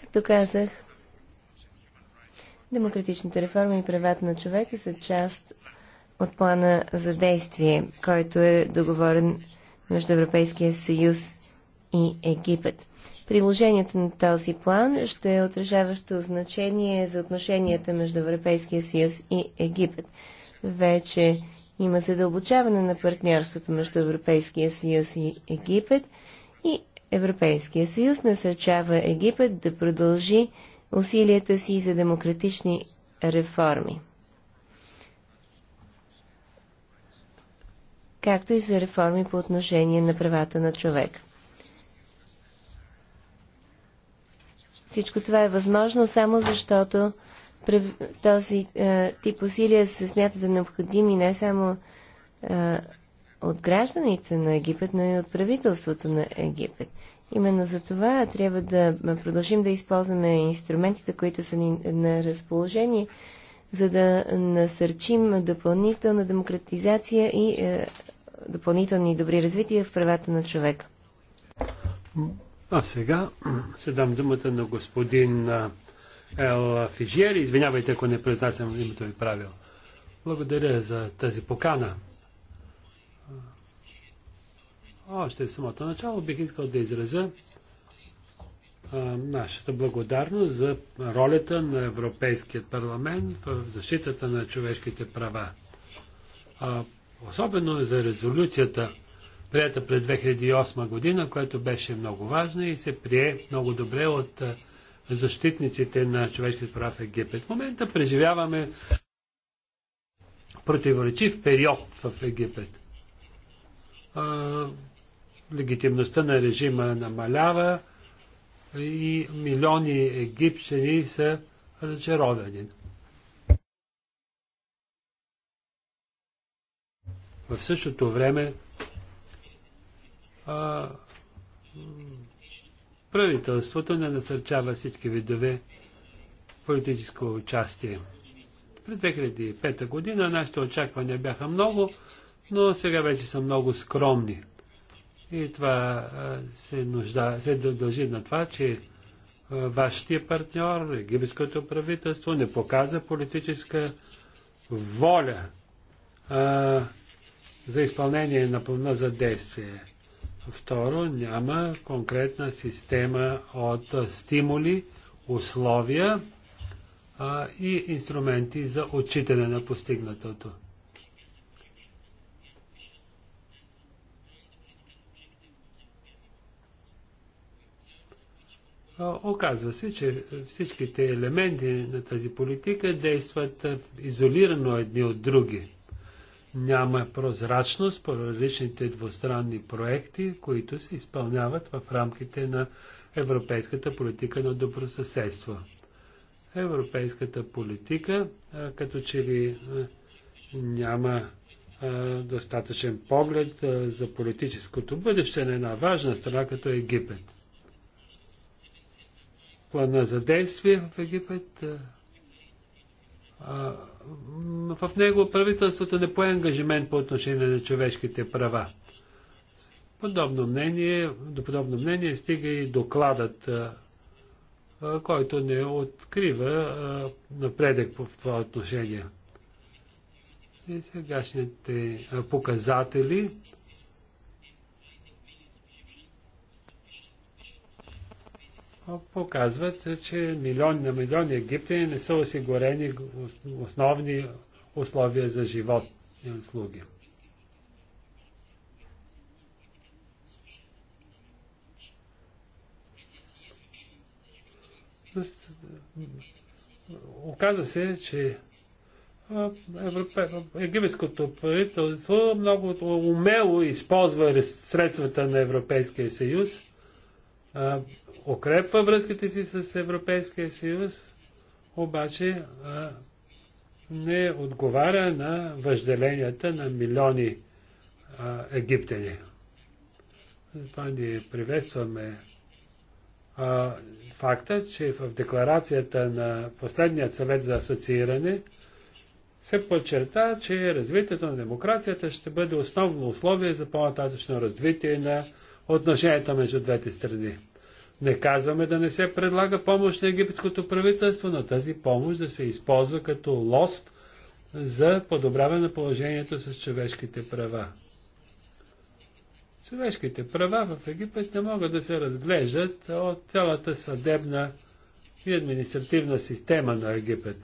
Както казах, демократичните реформи и правата на човека са част от плана за действие, който е договорен между Европейския съюз и Египет. Приложението на този план ще е отражаващо значение за отношенията между Европейския съюз и Египет. Вече има задълбочаване на партньорството между Европейския съюз и Египет и Европейския съюз насърчава Египет да продължи усилията си за демократични реформи. както и за реформи по отношение на правата на човек. Всичко това е възможно само защото този е, тип усилия се смята за необходими не само е, от гражданите на Египет, но и от правителството на Египет. Именно за това трябва да продължим да използваме инструментите, които са ни на разположение, за да насърчим допълнителна демократизация и е, допълнителни добри развития в правата на човека. А сега ще дам думата на господин Ел Фижиер. Извинявайте, ако не произнасям името ви правил. Благодаря за тази покана. Още в самото начало бих искал да изразя нашата благодарност за ролята на Европейският парламент в защитата на човешките права особено за резолюцията, прията през 2008 година, която беше много важна и се прие много добре от защитниците на човешките права в Египет. В момента преживяваме противоречив период в Египет. А, легитимността на режима намалява и милиони египтяни са разочаровани. В същото време а, правителството не насърчава всички видове политическо участие. През 2005 година нашите очаквания бяха много, но сега вече са много скромни. И това се, нужда, се дължи на това, че вашия партньор, египетското правителство, не показа политическа воля а, за изпълнение на плана за действие. Второ, няма конкретна система от стимули, условия а, и инструменти за отчитане на постигнатото. Оказва се, че всичките елементи на тази политика действат изолирано едни от други няма прозрачност по различните двустранни проекти, които се изпълняват в рамките на европейската политика на добросъседство. Европейската политика като че ли няма достатъчен поглед за политическото бъдеще на една важна страна като Египет. Плана за действие в Египет в него правителството не пое ангажимент по отношение на човешките права. Подобно мнение, до подобно мнение стига и докладът, който не открива напредък в това отношение. И сегашните показатели показват, че милион, на милиони египтяни не са осигурени основни условия за живот и услуги. Оказва се, че египетското правителство много умело използва средствата на Европейския съюз укрепва връзките си с Европейския съюз, обаче а, не отговаря на въжделенията на милиони а, египтяни. Затова ние приветстваме а, факта, че в декларацията на последният съвет за асоцииране се подчерта, че развитието на демокрацията ще бъде основно условие за по-нататъчно развитие на отношенията между двете страни. Не казваме да не се предлага помощ на египетското правителство, но тази помощ да се използва като лост за подобряване на положението с човешките права. Човешките права в Египет не могат да се разглеждат от цялата съдебна и административна система на Египет.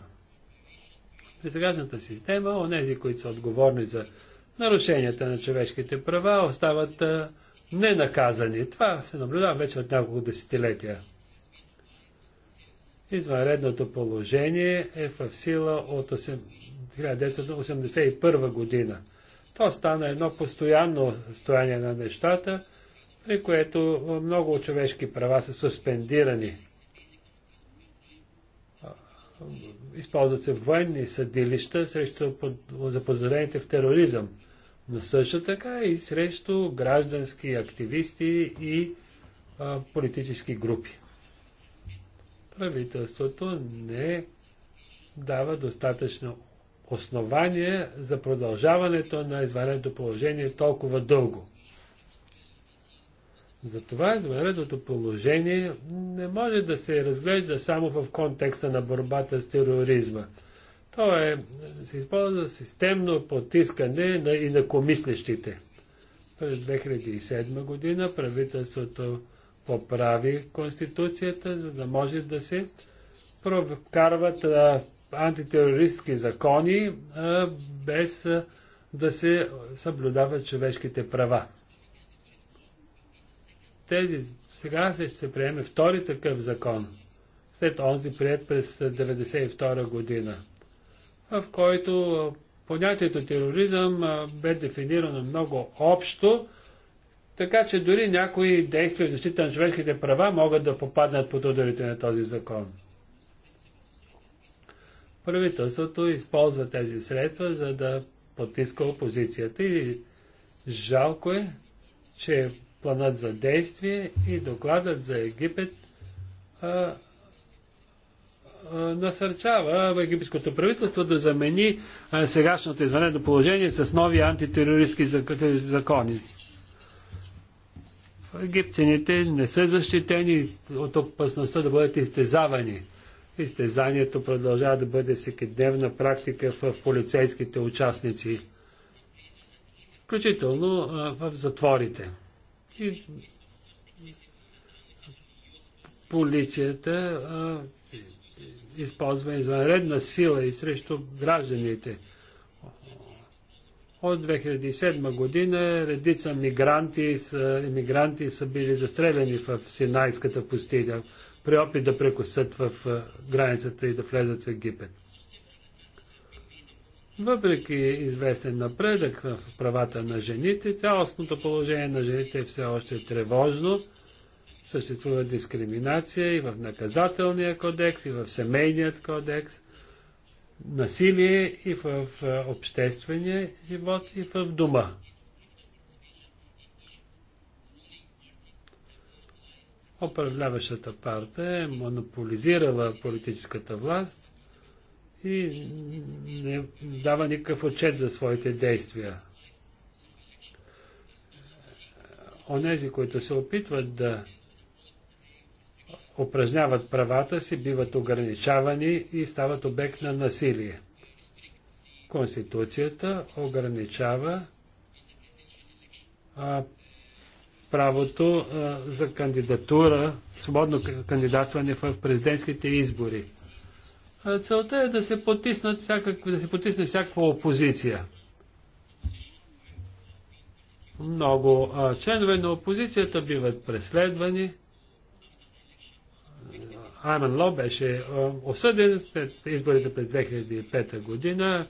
При сегашната система, онези, които са отговорни за нарушенията на човешките права, остават ненаказани. Това се наблюдава вече от няколко десетилетия. Извънредното положение е в сила от 1981 година. То стана едно постоянно състояние на нещата, при което много човешки права са суспендирани. Използват се военни съдилища срещу заподозрените в тероризъм но също така и срещу граждански активисти и а, политически групи. Правителството не дава достатъчно основание за продължаването на извънредното положение толкова дълго. Затова извънредното положение не може да се разглежда само в контекста на борбата с тероризма – то е, се използва системно потискане на и на комислещите. През 2007 година правителството поправи Конституцията, за да може да се прокарват а, антитерористски закони а, без а, да се съблюдават човешките права. Тези, сега се ще приеме втори такъв закон, след онзи прият през 1992 година в който понятието тероризъм бе дефинирано много общо, така че дори някои действия в защита на човешките права могат да попаднат под ударите на този закон. Правителството използва тези средства, за да потиска опозицията и жалко е, че планът за действие и докладът за Египет а, насърчава египетското правителство да замени сегашното извънредно положение с нови антитерористски закони. Египтяните не са защитени от опасността да бъдат изтезавани. Изтезанието продължава да бъде всекидневна практика в полицейските участници, включително в затворите. И полицията използва извънредна сила и срещу гражданите. От 2007 година редица мигранти, емигранти са били застреляни в Синайската пустиня при опит да прекусат в границата и да влезат в Египет. Въпреки известен напредък в правата на жените, цялостното положение на жените е все още тревожно Съществува дискриминация и в наказателния кодекс, и в семейният кодекс, насилие и в обществения живот, и в дома. Управляващата партия е монополизирала политическата власт и не дава никакъв отчет за своите действия. Онези, които се опитват да упражняват правата си, биват ограничавани и стават обект на насилие. Конституцията ограничава а, правото а, за кандидатура, свободно кандидатстване в президентските избори. А, целта е да се, потиснат всякакво, да се потисне всякаква опозиция. Много а, членове на опозицията биват преследвани Айман Ло беше осъден след изборите през 2005 година.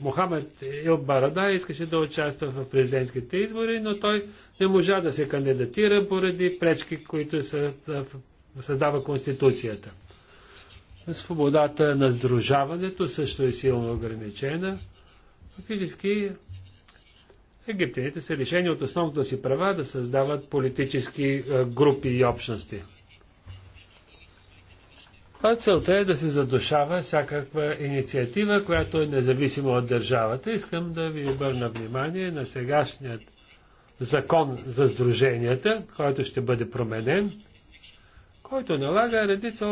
Мохамед Ил Барада искаше да участва в президентските избори, но той не можа да се кандидатира поради пречки, които създава Конституцията. Свободата на сдружаването също е силно ограничена. Фактически египтяните са лишени от основното си права да създават политически групи и общности а целта е да се задушава всякаква инициатива, която е независима от държавата. Искам да ви обърна внимание на сегашният закон за сдруженията, който ще бъде променен, който налага редица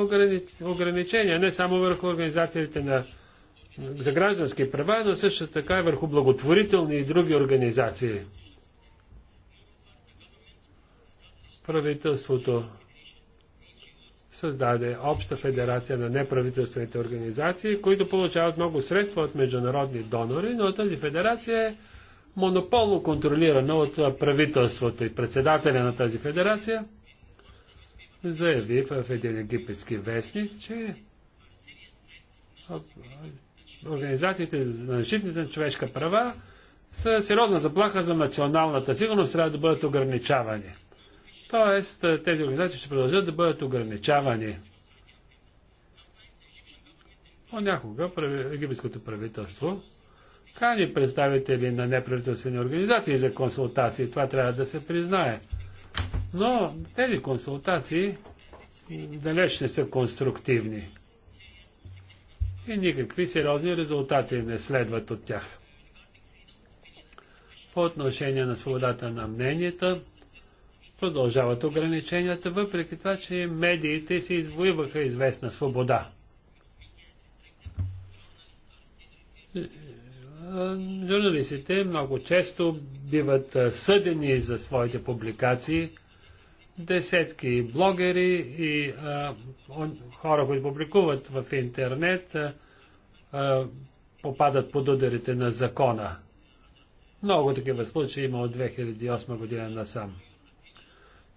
ограничения, не само върху организациите на за граждански права, но също така и върху благотворителни и други организации. Правителството създаде обща федерация на неправителствените организации, които получават много средства от международни донори, но тази федерация е монополно контролирана от правителството и председателя на тази федерация заяви в един египетски вестник, че организациите за защитите на човешка права са сериозна заплаха за националната сигурност, трябва да бъдат ограничавани. Тоест, тези организации ще продължат да бъдат ограничавани. Понякога египетското правителство кани представители на неправителствени организации за консултации. Това трябва да се признае. Но тези консултации далеч не са конструктивни. И никакви сериозни резултати не следват от тях. По отношение на свободата на мненията, Продължават ограниченията, въпреки това, че медиите се извоюваха известна свобода. Журналистите много често биват съдени за своите публикации. Десетки блогери и а, хора, които публикуват в интернет, а, а, попадат под ударите на закона. Много такива случаи има от 2008 година насам.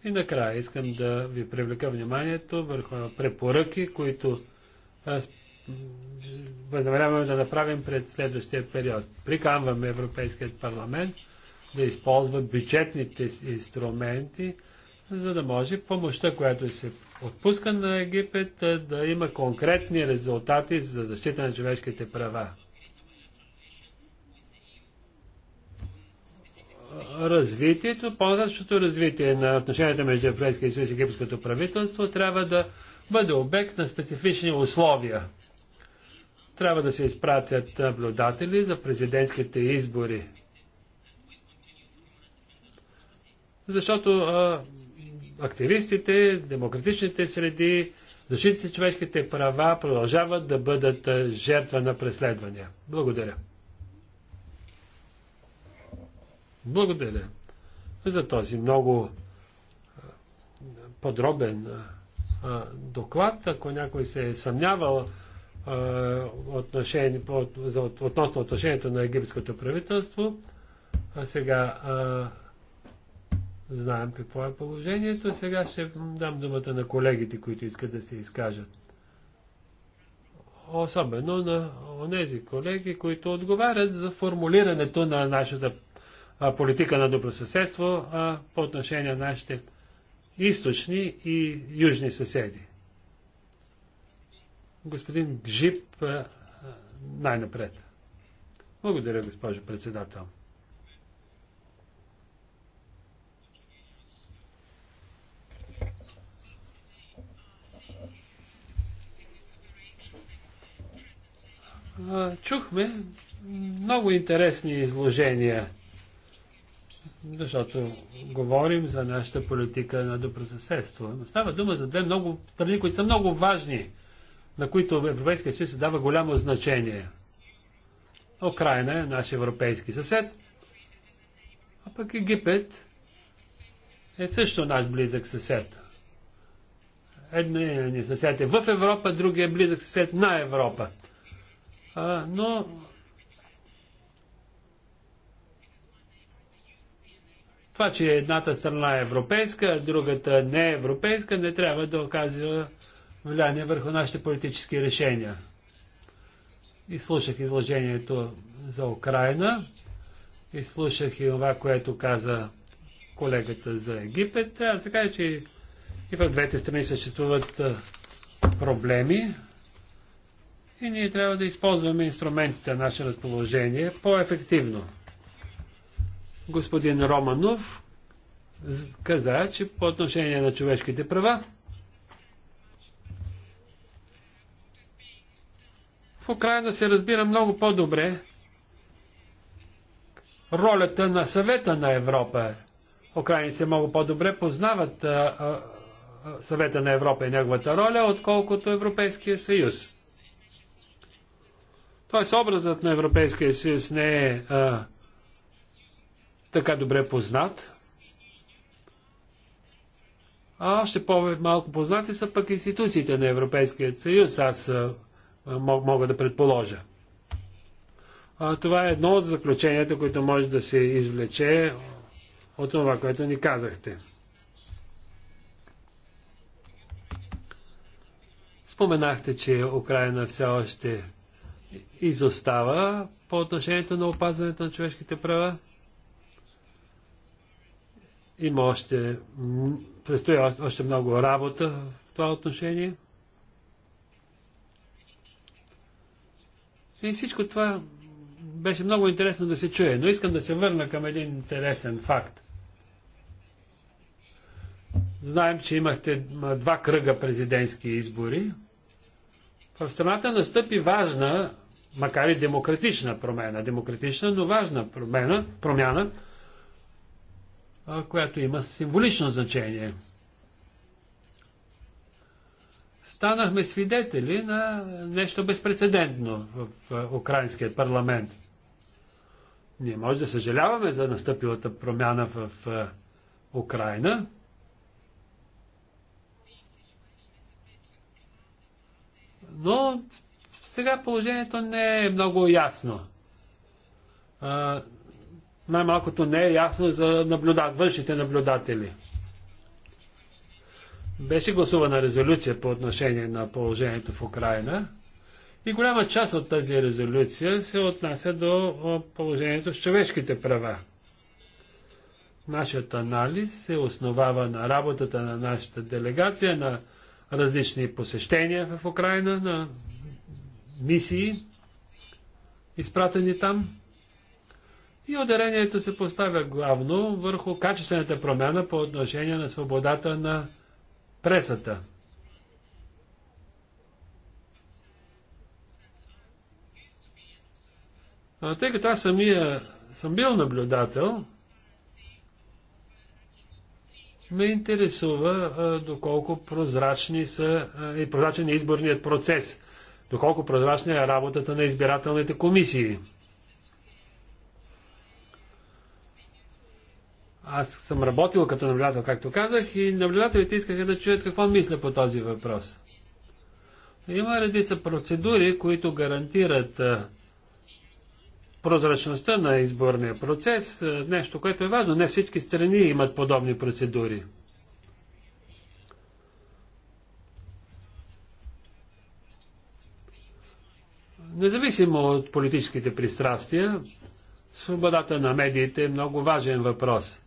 И накрая искам да ви привлека вниманието върху препоръки, които аз възнамеряваме да направим пред следващия период. Приканваме Европейският парламент да използва бюджетните инструменти, за да може помощта, която се отпуска на Египет, да има конкретни резултати за защита на човешките права. развитието, по-нататъчното развитие на отношенията между Европейския съюз и египетското правителство трябва да бъде обект на специфични условия. Трябва да се изпратят наблюдатели за президентските избори. Защото а, активистите, демократичните среди, защитите човешките права продължават да бъдат жертва на преследвания. Благодаря. Благодаря за този много подробен доклад. Ако някой се е съмнявал относно отношението на египетското правителство, а сега а, знаем какво е положението. Сега ще дам думата на колегите, които искат да се изкажат. Особено на онези колеги, които отговарят за формулирането на нашата политика на добросъседство по отношение на нашите източни и южни съседи. Господин Гжип най-напред. Благодаря, госпожо председател. Чухме много интересни изложения защото говорим за нашата политика на добросъседство. Но става дума за две много страни, които са много важни, на които Европейския съюз дава голямо значение. Украина е наш европейски съсед, а пък Египет е също наш близък съсед. Едният ни съсед е в Европа, другият е близък съсед на Европа. А, но Това, че едната страна е европейска, другата не е европейска, не трябва да оказва влияние върху нашите политически решения. И слушах изложението за Украина, и слушах и това, което каза колегата за Египет. Трябва да се каже, че и в двете страни съществуват проблеми и ние трябва да използваме инструментите на наше разположение по-ефективно господин Романов каза, че по отношение на човешките права в Украина се разбира много по-добре ролята на съвета на Европа. Украинци много по-добре познават а, а, съвета на Европа и неговата роля, отколкото Европейския съюз. Тоест образът на Европейския съюз не е а, така добре познат. А още по-малко познати са пък институциите на Европейския съюз, аз мога да предположа. А, това е едно от заключенията, които може да се извлече от това, което ни казахте. Споменахте, че Украина все още изостава по отношението на опазването на човешките права. Има още, предстои още много работа в това отношение. И всичко това беше много интересно да се чуе, но искам да се върна към един интересен факт. Знаем, че имахте два кръга президентски избори. В страната настъпи важна, макар и демократична промена, демократична, но важна промена, промяна която има символично значение. Станахме свидетели на нещо безпредседентно в Украинския парламент. Ние може да съжаляваме за настъпилата промяна в Украина, но сега положението не е много ясно най-малкото не е ясно за наблюда... външните наблюдатели. Беше гласувана резолюция по отношение на положението в Украина и голяма част от тази резолюция се отнася до положението с човешките права. Нашият анализ се основава на работата на нашата делегация, на различни посещения в Украина, на мисии, изпратени там. И ударението се поставя главно върху качествената промяна по отношение на свободата на пресата. А, тъй като аз самия съм бил наблюдател, ме интересува а, доколко прозрачни са а, и прозрачен е изборният процес, доколко прозрачна е работата на избирателните комисии. аз съм работил като наблюдател, както казах, и наблюдателите искаха да чуят какво мисля по този въпрос. Има редица процедури, които гарантират прозрачността на изборния процес, нещо, което е важно. Не всички страни имат подобни процедури. Независимо от политическите пристрастия, свободата на медиите е много важен въпрос.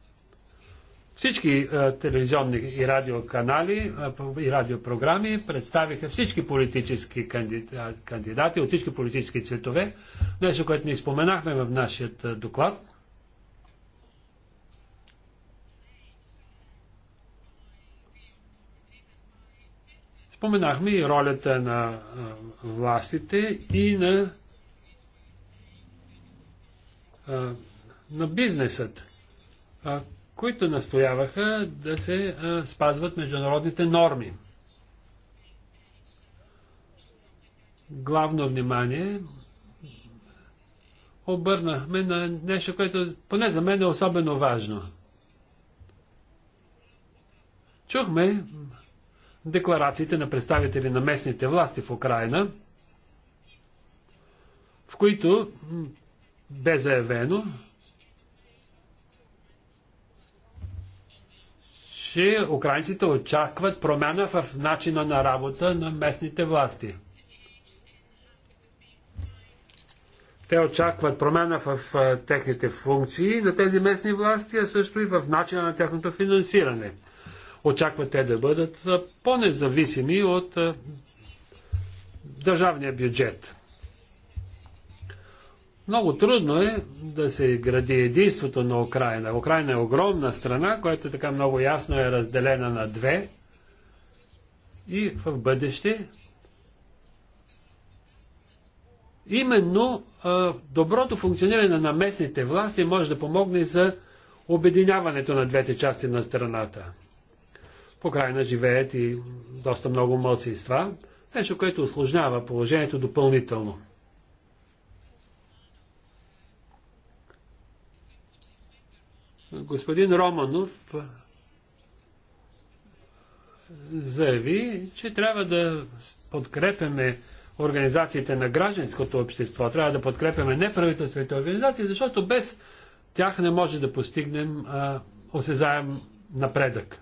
Всички телевизионни и радиоканали и радиопрограми представиха всички политически кандидати от всички политически цветове. Нещо, което ни споменахме в нашия доклад. Споменахме и ролята на властите и на, на бизнесът които настояваха да се а, спазват международните норми. Главно внимание обърнахме на нещо, което поне за мен е особено важно. Чухме декларациите на представители на местните власти в Украина, в които бе заявено, че украинците очакват промяна в начина на работа на местните власти. Те очакват промяна в техните функции на тези местни власти, а също и в начина на тяхното финансиране. Очакват те да бъдат по-независими от държавния бюджет. Много трудно е да се гради единството на Украина. Украина е огромна страна, която така много ясно е разделена на две. И в бъдеще именно доброто функциониране на местните власти може да помогне за обединяването на двете части на страната. В Украина живеят и доста много мълцинства, нещо, което осложнява положението допълнително. господин Романов заяви, че трябва да подкрепяме организациите на гражданското общество, трябва да подкрепяме неправителствените организации, защото без тях не може да постигнем а, осезаем напредък.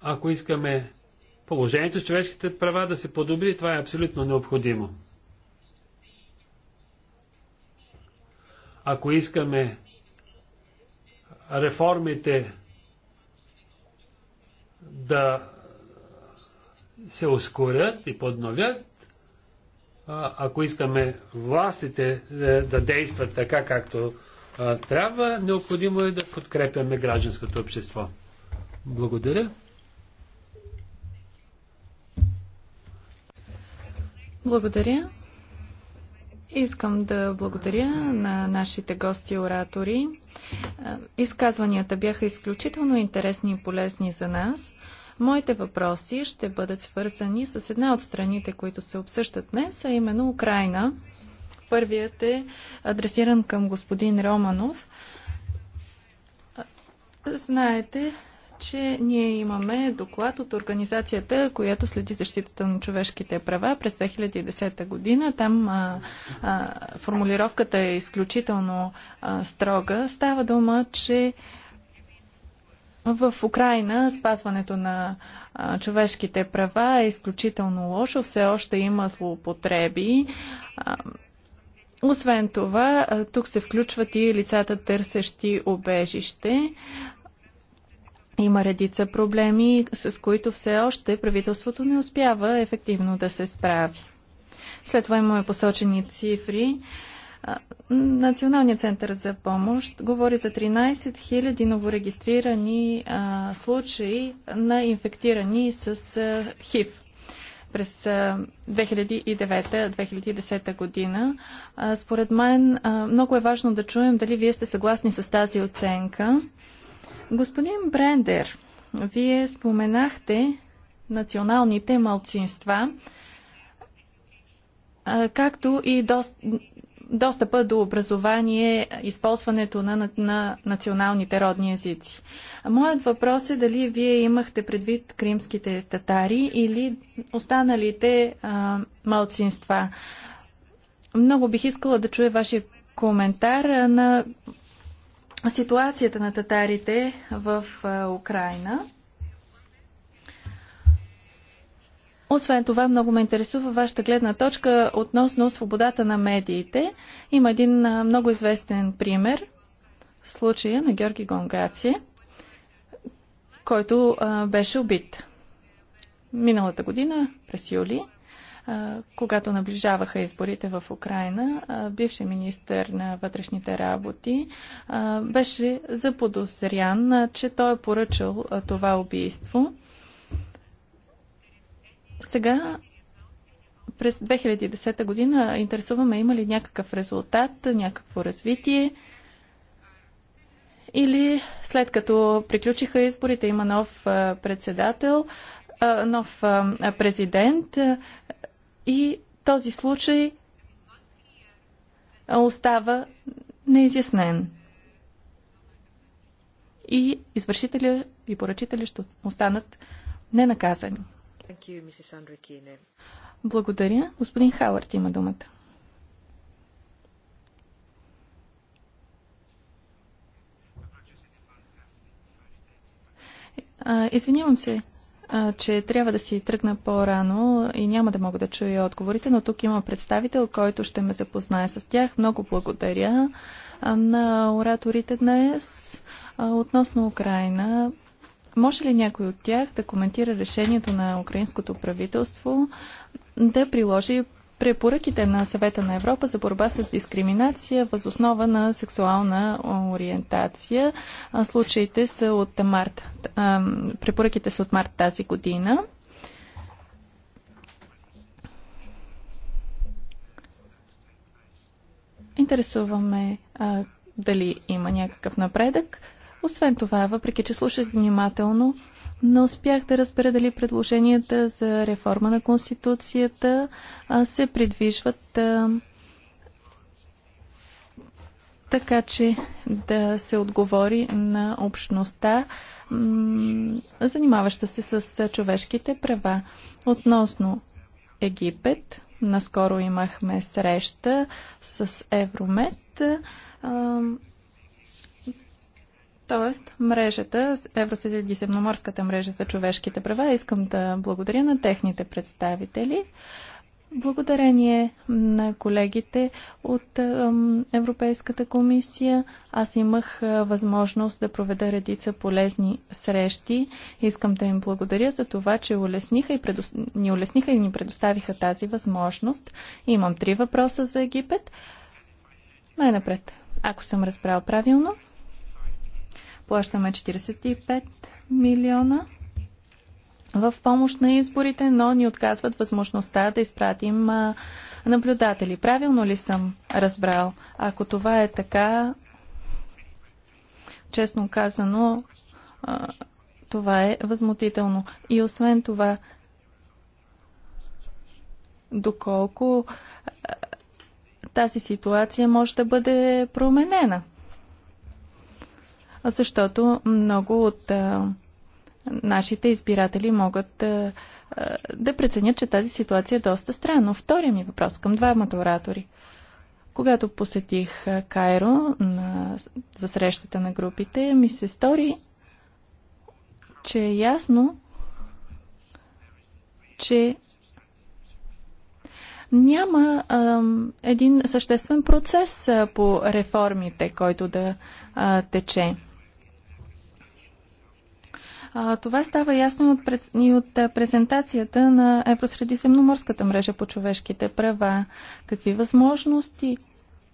Ако искаме положението с човешките права да се подобри, това е абсолютно необходимо. Ако искаме реформите да се ускорят и подновят, ако искаме властите е, да действат така, както трябва, необходимо е да подкрепяме гражданското общество. Благодаря. Благодаря. Искам да благодаря на нашите гости и оратори. Е, изказванията бяха изключително интересни и полезни за нас. Моите въпроси ще бъдат свързани с една от страните, които се обсъщат днес, а именно Украина. Първият е адресиран към господин Романов. Знаете, че ние имаме доклад от организацията, която следи защитата на човешките права през 2010 година. Там а, а, формулировката е изключително а, строга. Става дума, че в Украина спазването на а, човешките права е изключително лошо. Все още има злоупотреби. А, освен това, тук се включват и лицата търсещи обежище. Има редица проблеми, с които все още правителството не успява ефективно да се справи. След това имаме посочени цифри. Националният център за помощ говори за 13 000 новорегистрирани а, случаи на инфектирани с а, ХИВ през 2009-2010 година. А, според мен много е важно да чуем дали вие сте съгласни с тази оценка. Господин Брендер, вие споменахте националните малцинства, както и доста, достъпа до образование, използването на, на, на националните родни езици. Моят въпрос е дали вие имахте предвид кримските татари или останалите а, малцинства. Много бих искала да чуя вашия коментар на ситуацията на татарите в Украина. Освен това, много ме интересува вашата гледна точка относно свободата на медиите. Има един много известен пример в случая на Георги Гонгаци, който беше убит. Миналата година, през юли, когато наближаваха изборите в Украина, бивши министр на вътрешните работи беше заподозрян, че той е поръчал това убийство. Сега през 2010 година интересуваме има ли някакъв резултат, някакво развитие или след като приключиха изборите, има нов председател, нов президент, и този случай остава неизяснен. И извършителя и поръчителя ще останат ненаказани. Благодаря. Господин Хауърт има думата. Извинявам се, че трябва да си тръгна по-рано и няма да мога да чуя отговорите, но тук има представител, който ще ме запознае с тях. Много благодаря на ораторите днес. Относно Украина, може ли някой от тях да коментира решението на украинското правителство да приложи препоръките на съвета на Европа за борба с дискриминация възоснова на сексуална ориентация. Случаите са от март, препоръките са от март тази година. Интересуваме дали има някакъв напредък. Освен това, въпреки че слушах внимателно, не успях да разбера дали предложенията за реформа на Конституцията се придвижват така, че да се отговори на общността, занимаваща се с човешките права. Относно Египет, наскоро имахме среща с Евромед Тоест, мрежата, евросъюзно мрежа за човешките права, искам да благодаря на техните представители. Благодарение на колегите от Европейската комисия, аз имах възможност да проведа редица полезни срещи. Искам да им благодаря за това, че улесниха и предо... ни улесниха и ни предоставиха тази възможност. Имам три въпроса за Египет. Най-напред, ако съм разбрал правилно – Плащаме 45 милиона в помощ на изборите, но ни отказват възможността да изпратим наблюдатели. Правилно ли съм разбрал? Ако това е така, честно казано, това е възмутително. И освен това, доколко тази ситуация може да бъде променена? защото много от нашите избиратели могат да преценят, че тази ситуация е доста странна. Втория ми въпрос към двамата оратори. Когато посетих Кайро на, за срещата на групите, ми се стори, че е ясно, че няма а, един съществен процес а, по реформите, който да а, тече. А, това става ясно от и от презентацията на Евросредиземноморската мрежа по човешките права. Какви възможности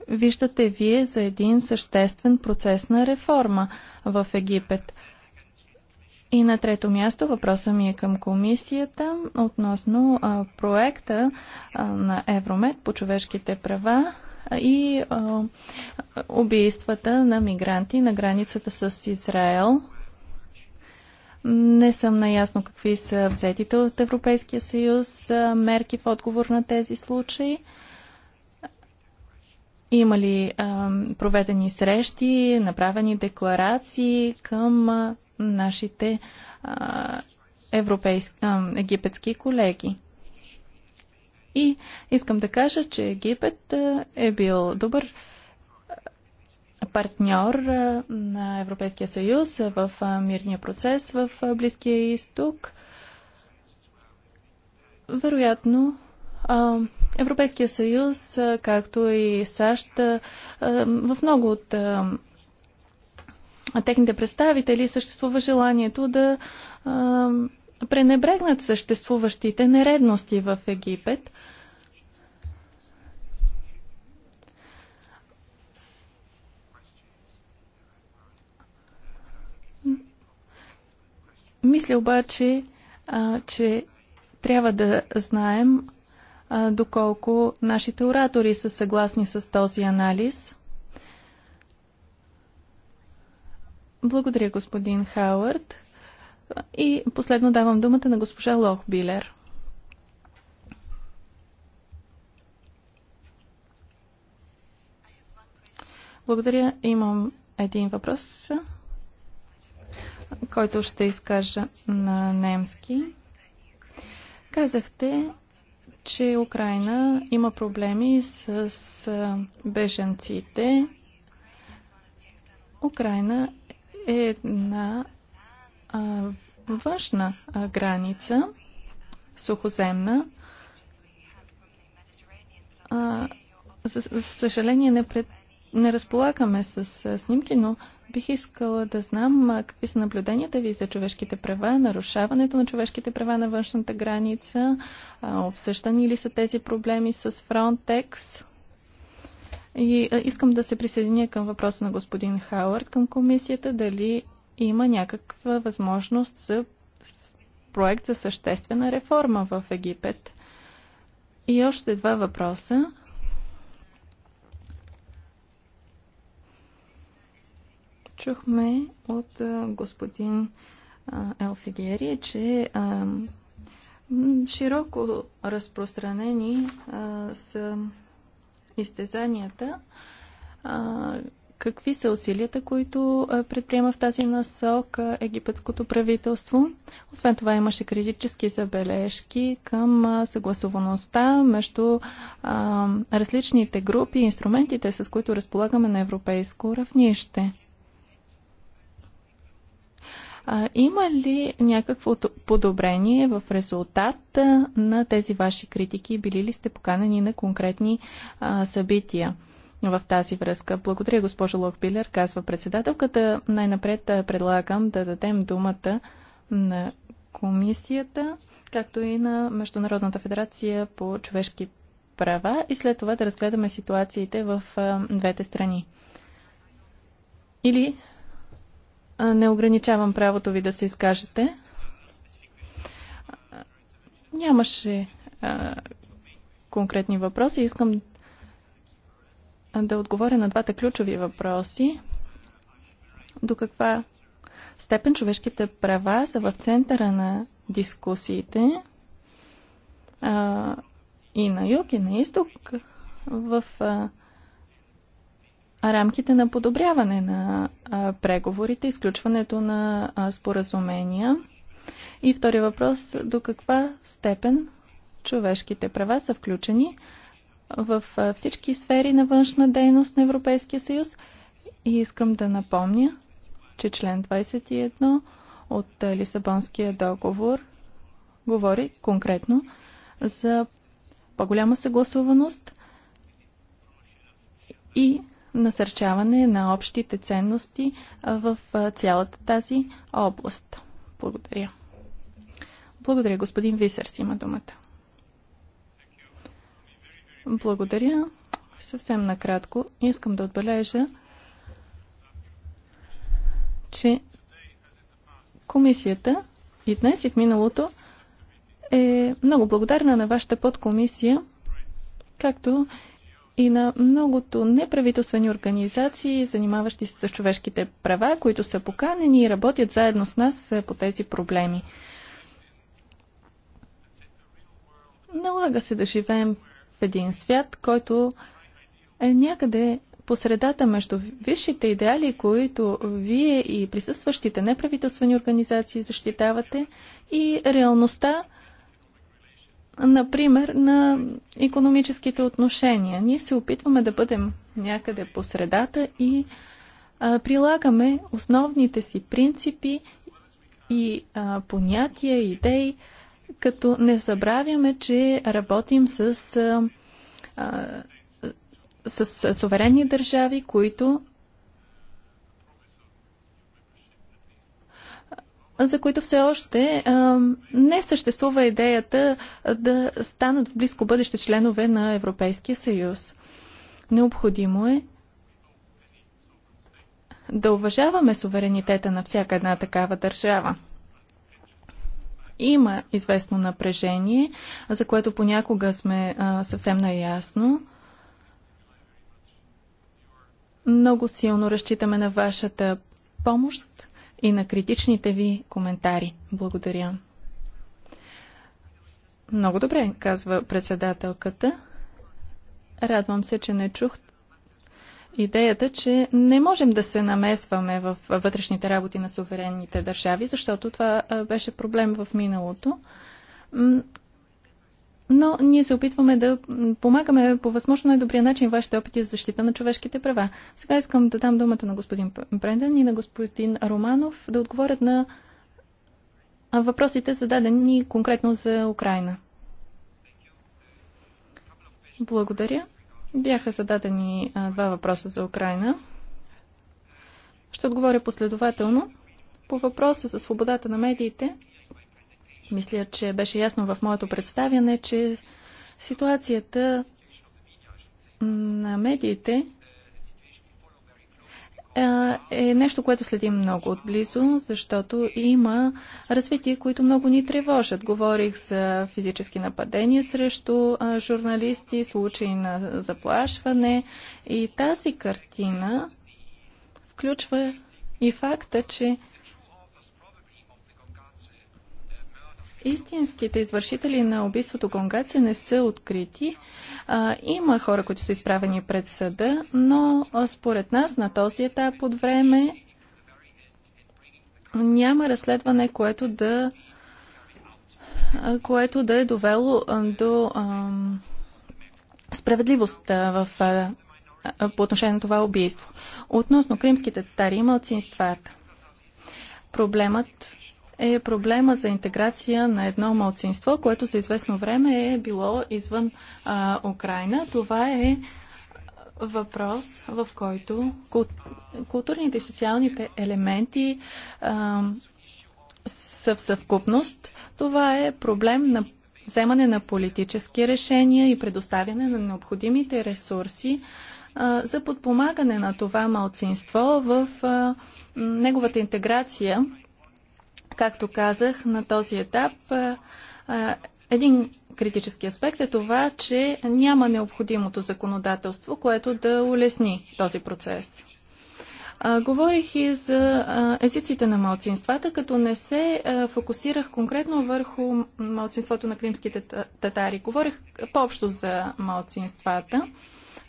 виждате вие за един съществен процес на реформа в Египет? И на трето място въпросът ми е към комисията относно а, проекта а, на Евромед по човешките права и а, убийствата на мигранти на границата с Израел не съм наясно какви са взетите от Европейския съюз мерки в отговор на тези случаи. Има ли а, проведени срещи, направени декларации към а, нашите а, европейски, а, египетски колеги? И искам да кажа, че Египет е бил добър партньор на Европейския съюз в мирния процес в Близкия изток. Вероятно, Европейския съюз, както и САЩ, в много от техните представители съществува желанието да пренебрегнат съществуващите нередности в Египет – Мисля обаче, а, че трябва да знаем а, доколко нашите оратори са съгласни с този анализ. Благодаря, господин Хауърд. И последно давам думата на госпожа Лох Билер. Благодаря. Имам един въпрос който ще изкажа на немски. Казахте, че Украина има проблеми с беженците. Украина е една външна граница, сухоземна. А, за, за съжаление не, пред, не разполагаме с снимки, но Бих искала да знам какви са наблюденията ви за човешките права, нарушаването на човешките права на външната граница, обсъщани ли са тези проблеми с Frontex? И искам да се присъединя към въпроса на господин Хауърд към комисията, дали има някаква възможност за проект за съществена реформа в Египет. И още два въпроса. Чухме от господин Елфигери, че широко разпространени са изтезанията. Какви са усилията, които предприема в тази насок египетското правителство? Освен това имаше критически забележки към съгласуваността между а, различните групи и инструментите, с които разполагаме на европейско равнище. А, има ли някакво подобрение в резултат на тези ваши критики? Били ли сте поканени на конкретни а, събития? в тази връзка. Благодаря, госпожо Лохбилер, казва председателката. Най-напред предлагам да дадем думата на комисията, както и на Международната федерация по човешки права и след това да разгледаме ситуациите в двете страни. Или не ограничавам правото ви да се изкажете. Нямаше а, конкретни въпроси. Искам да отговоря на двата ключови въпроси. До каква степен човешките права са в центъра на дискусиите а, и на юг, и на изток в а, рамките на подобряване на преговорите, изключването на споразумения. И втори въпрос до каква степен човешките права са включени в всички сфери на външна дейност на Европейския съюз. И искам да напомня, че член 21 от Лисабонския договор говори конкретно за по-голяма съгласуваност и насърчаване на общите ценности в цялата тази област. Благодаря. Благодаря, господин Висърс има думата. Благодаря. Съвсем накратко искам да отбележа, че комисията и днес и в миналото е много благодарна на вашата подкомисия, както и на многото неправителствени организации, занимаващи се с човешките права, които са поканени и работят заедно с нас е, по тези проблеми. Налага се да живеем в един свят, който е някъде по средата между висшите идеали, които вие и присъстващите неправителствени организации защитавате и реалността, например, на економическите отношения. Ние се опитваме да бъдем някъде по средата и а, прилагаме основните си принципи и а, понятия, идеи, като не забравяме, че работим с, а, с суверенни държави, които за които все още а, не съществува идеята да станат в близко бъдеще членове на Европейския съюз. Необходимо е да уважаваме суверенитета на всяка една такава държава. Има известно напрежение, за което понякога сме а, съвсем наясно. Много силно разчитаме на вашата помощ и на критичните ви коментари. Благодаря. Много добре, казва председателката. Радвам се, че не чух идеята, че не можем да се намесваме в вътрешните работи на суверенните държави, защото това беше проблем в миналото но ние се опитваме да помагаме по възможно най-добрия начин вашите опити за защита на човешките права. Сега искам да дам думата на господин Бренден и на господин Романов да отговорят на въпросите зададени конкретно за Украина. Благодаря. Бяха зададени два въпроса за Украина. Ще отговоря последователно. По въпроса за свободата на медиите – мисля, че беше ясно в моето представяне, че ситуацията на медиите е нещо, което следим много отблизо, защото има развитие, които много ни тревожат. Говорих за физически нападения срещу журналисти, случаи на заплашване и тази картина включва и факта, че истинските извършители на убийството Гонгаци не са открити. А, има хора, които са изправени пред съда, но според нас на този етап от време няма разследване, което да, което да е довело до а, справедливост в, а, по отношение на това убийство. Относно кримските татари и малцинствата, проблемът е проблема за интеграция на едно малцинство, което за известно време е било извън а, Украина. Това е въпрос, в който културните и социалните елементи а, са в съвкупност. Това е проблем на вземане на политически решения и предоставяне на необходимите ресурси а, за подпомагане на това малцинство в а, неговата интеграция Както казах, на този етап един критически аспект е това, че няма необходимото законодателство, което да улесни този процес. говорих и за езиците на малцинствата, като не се фокусирах конкретно върху малцинството на кримските татари. Говорих по-общо за малцинствата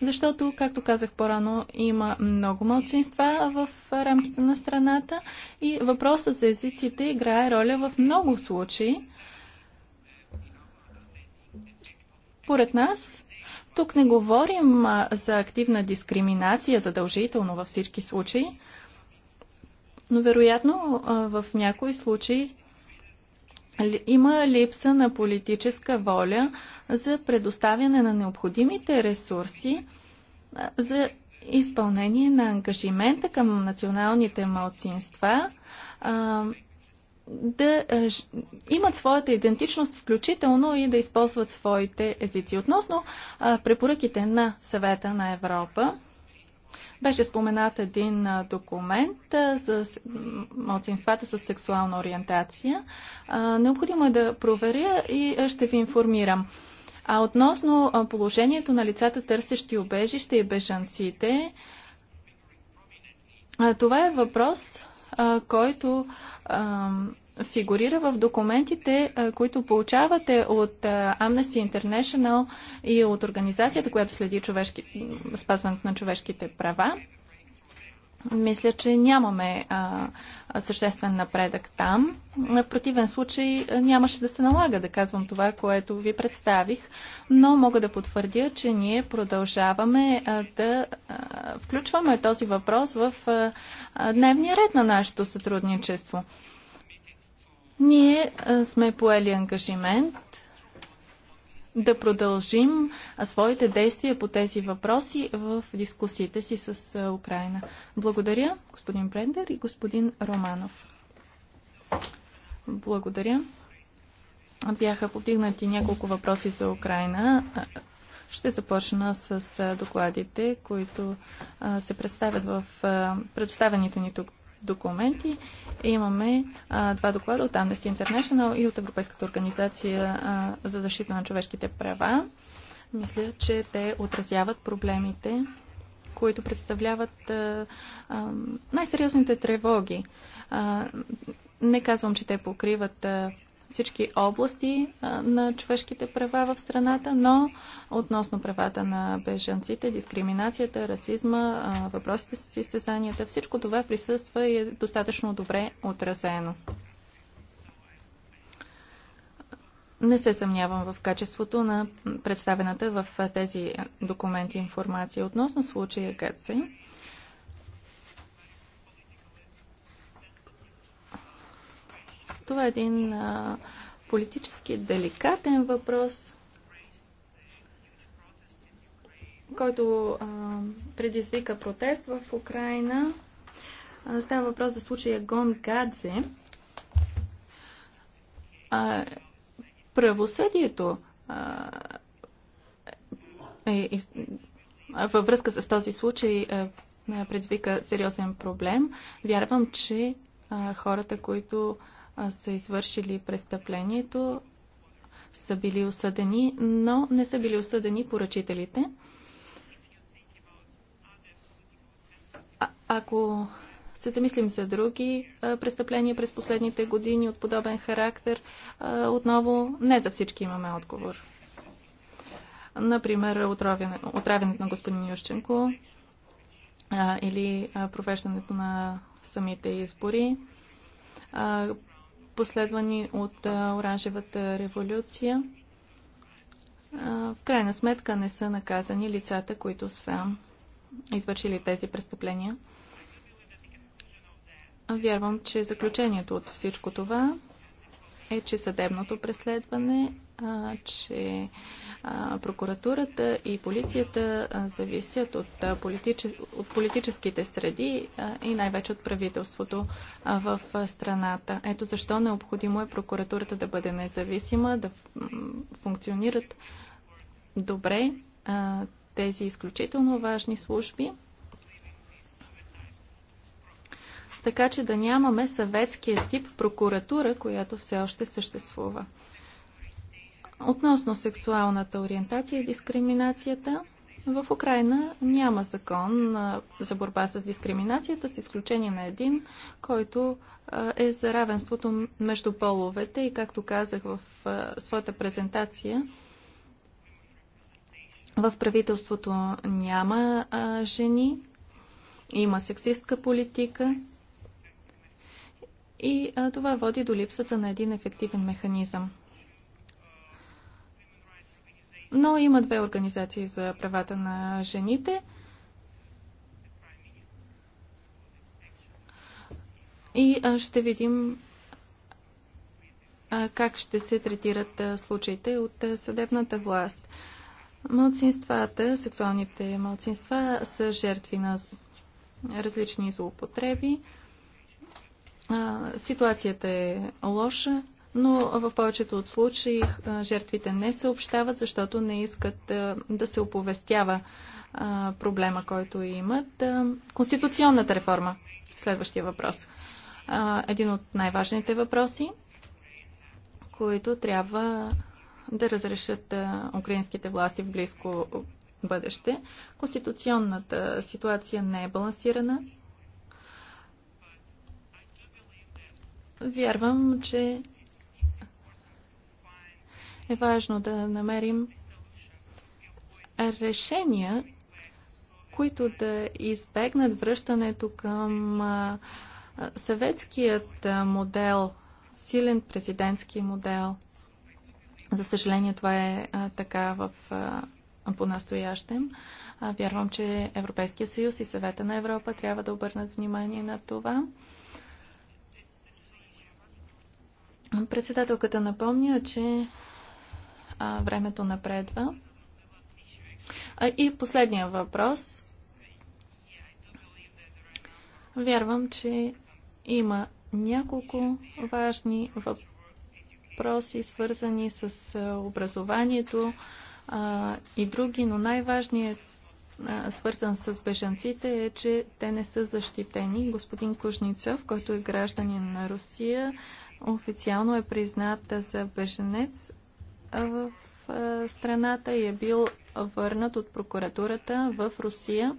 защото, както казах по-рано, има много малцинства в рамките на страната и въпросът за езиците играе роля в много случаи. Поред нас, тук не говорим за активна дискриминация задължително във всички случаи, но вероятно в някои случаи има липса на политическа воля за предоставяне на необходимите ресурси за изпълнение на ангажимента към националните малцинства да имат своята идентичност, включително и да използват своите езици. Относно препоръките на съвета на Европа, беше споменат един документ за младсинствата с сексуална ориентация. Необходимо е да проверя и ще ви информирам. А относно положението на лицата, търсещи обежище и бежанците, това е въпрос, който фигурира в документите, които получавате от Amnesty International и от организацията, която следи човешки, спазването на човешките права. Мисля, че нямаме а, съществен напредък там. В противен случай нямаше да се налага да казвам това, което ви представих, но мога да потвърдя, че ние продължаваме а, да а, включваме този въпрос в а, дневния ред на нашето сътрудничество. Ние сме поели ангажимент да продължим своите действия по тези въпроси в дискусиите си с Украина. Благодаря, господин Брендер и господин Романов. Благодаря. Бяха повдигнати няколко въпроси за Украина. Ще започна с докладите, които се представят в предоставените ни тук документи. Имаме а, два доклада от Amnesty International и от Европейската организация а, за защита на човешките права. Мисля, че те отразяват проблемите, които представляват най-сериозните тревоги. А, не казвам, че те покриват всички области на човешките права в страната, но относно правата на бежанците, дискриминацията, расизма, въпросите с изтезанията, всичко това присъства и е достатъчно добре отразено. Не се съмнявам в качеството на представената в тези документи информация относно случая Гърция. Това е един а, политически деликатен въпрос, който а, предизвика протест в Украина. А, става въпрос за случая Гон Гадзе. А, правосъдието а, е, е, във връзка с този случай е, предизвика сериозен проблем. Вярвам, че а, хората, които са извършили престъплението, са били осъдени, но не са били осъдени поръчителите. А- ако се замислим за други а, престъпления през последните години от подобен характер, а, отново не за всички имаме отговор. Например, отравяне, отравянето на господин Ющенко а, или провеждането на самите избори последвани от Оранжевата революция. В крайна сметка не са наказани лицата, които са извършили тези престъпления. Вярвам, че заключението от всичко това е, че съдебното преследване, че прокуратурата и полицията зависят от, политичес... от политическите среди и най-вече от правителството в страната. Ето защо необходимо е прокуратурата да бъде независима, да функционират добре тези изключително важни служби. Така че да нямаме съветския тип прокуратура, която все още съществува. Относно сексуалната ориентация и дискриминацията, в Украина няма закон за борба с дискриминацията, с изключение на един, който е за равенството между половете и, както казах в своята презентация, в правителството няма жени, има сексистка политика и това води до липсата на един ефективен механизъм. Но има две организации за правата на жените. И ще видим как ще се третират случаите от съдебната власт. Малцинствата, сексуалните малцинства са жертви на различни злоупотреби. Ситуацията е лоша но в повечето от случаи жертвите не съобщават, защото не искат да се оповестява проблема, който имат. Конституционната реформа. Следващия въпрос. Един от най-важните въпроси, които трябва да разрешат украинските власти в близко бъдеще. Конституционната ситуация не е балансирана. Вярвам, че е важно да намерим решения, които да избегнат връщането към съветският модел, силен президентски модел. За съжаление, това е така в по-настоящем. Вярвам, че Европейския съюз и съвета на Европа трябва да обърнат внимание на това. Председателката напомня, че а, времето напредва. А, и последния въпрос. Вярвам, че има няколко важни въпроси, свързани с образованието а, и други, но най-важният свързан с бежанците е, че те не са защитени. Господин Кужницов, който е гражданин на Русия, официално е признат за беженец в страната и е бил върнат от прокуратурата в Русия.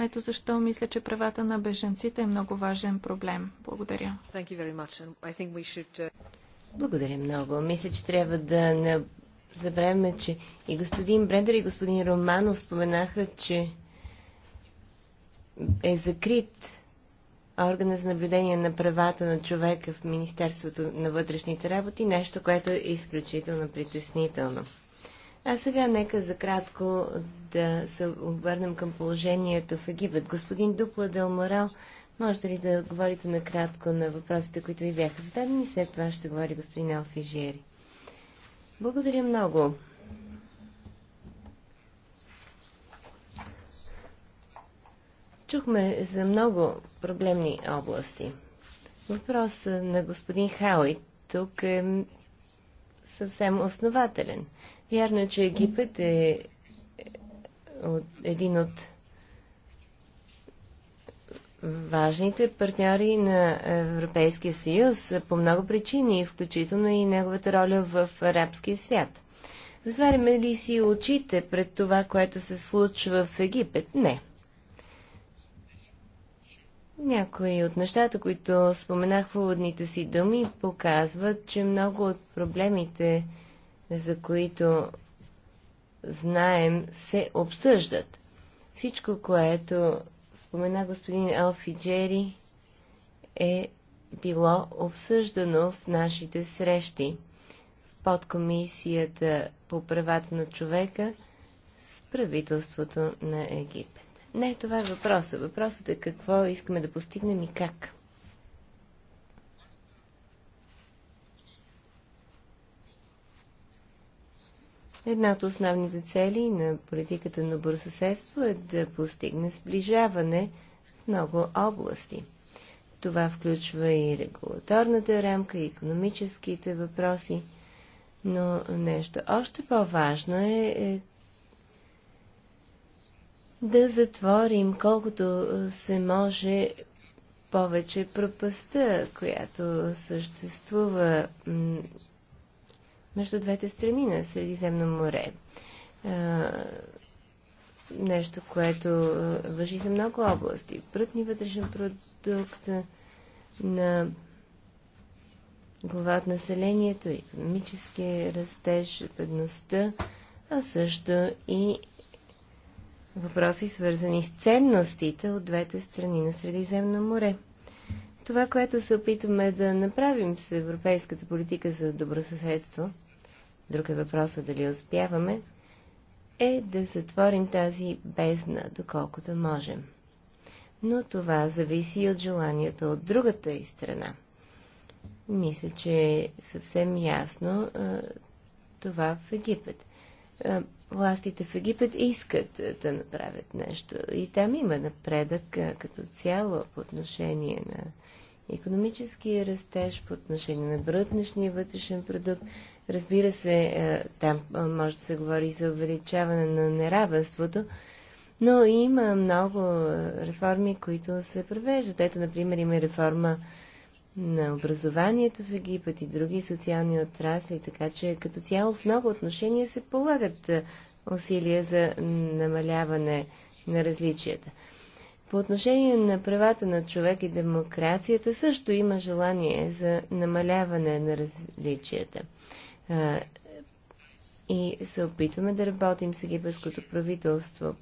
Ето защо мисля, че правата на беженците е много важен проблем. Благодаря. Should... Uh, Благодаря много. Мисля, че трябва да не забравим, че и господин Брендер и господин Романов споменаха, че е закрит органа за наблюдение на правата на човека в Министерството на вътрешните работи, нещо, което е изключително притеснително. А сега нека за кратко да се обърнем към положението в Египет. Господин Дупла Делморал, можете ли да отговорите накратко на въпросите, които ви бяха зададени? След това ще говори господин Алфи Жиери. Благодаря много. Чухме за много проблемни области. Въпрос на господин Хауи тук е съвсем основателен. Вярно е, че Египет е един от важните партньори на Европейския съюз по много причини, включително и неговата роля в арабския свят. Затваряме ли си очите пред това, което се случва в Египет? Не. Някои от нещата, които споменах в уводните си думи, показват, че много от проблемите, за които знаем, се обсъждат. Всичко, което спомена господин Алфи Джери, е било обсъждано в нашите срещи в подкомисията по правата на човека с правителството на Египет. Не е това въпроса. Въпросът е какво искаме да постигнем и как. Една от основните цели на политиката на добросъседство е да постигне сближаване в много области. Това включва и регулаторната рамка, и економическите въпроси, но нещо още по-важно е, е да затворим колкото е, се може повече пропаста, която съществува между двете страни на Средиземно море. Е, нещо, което е, въжи за много области. Брутни вътрешен продукт на глава от населението, економическия растеж, бедността, а също и въпроси, свързани с ценностите от двете страни на Средиземно море. Това, което се опитваме да направим с европейската политика за добросъседство, друг е въпросът дали успяваме, е да затворим тази бездна, доколкото можем. Но това зависи и от желанието от другата и страна. Мисля, че е съвсем ясно това в Египет властите в Египет искат е, да направят нещо. И там има напредък е, като цяло по отношение на економическия растеж, по отношение на брътнешния вътрешен продукт. Разбира се, е, там може да се говори за увеличаване на неравенството, но има много реформи, които се провеждат. Ето, например, има реформа на образованието в Египет и други социални отрасли, така че като цяло в много отношения се полагат усилия за намаляване на различията. По отношение на правата на човек и демокрацията също има желание за намаляване на различията. И се опитваме да работим с египетското правителство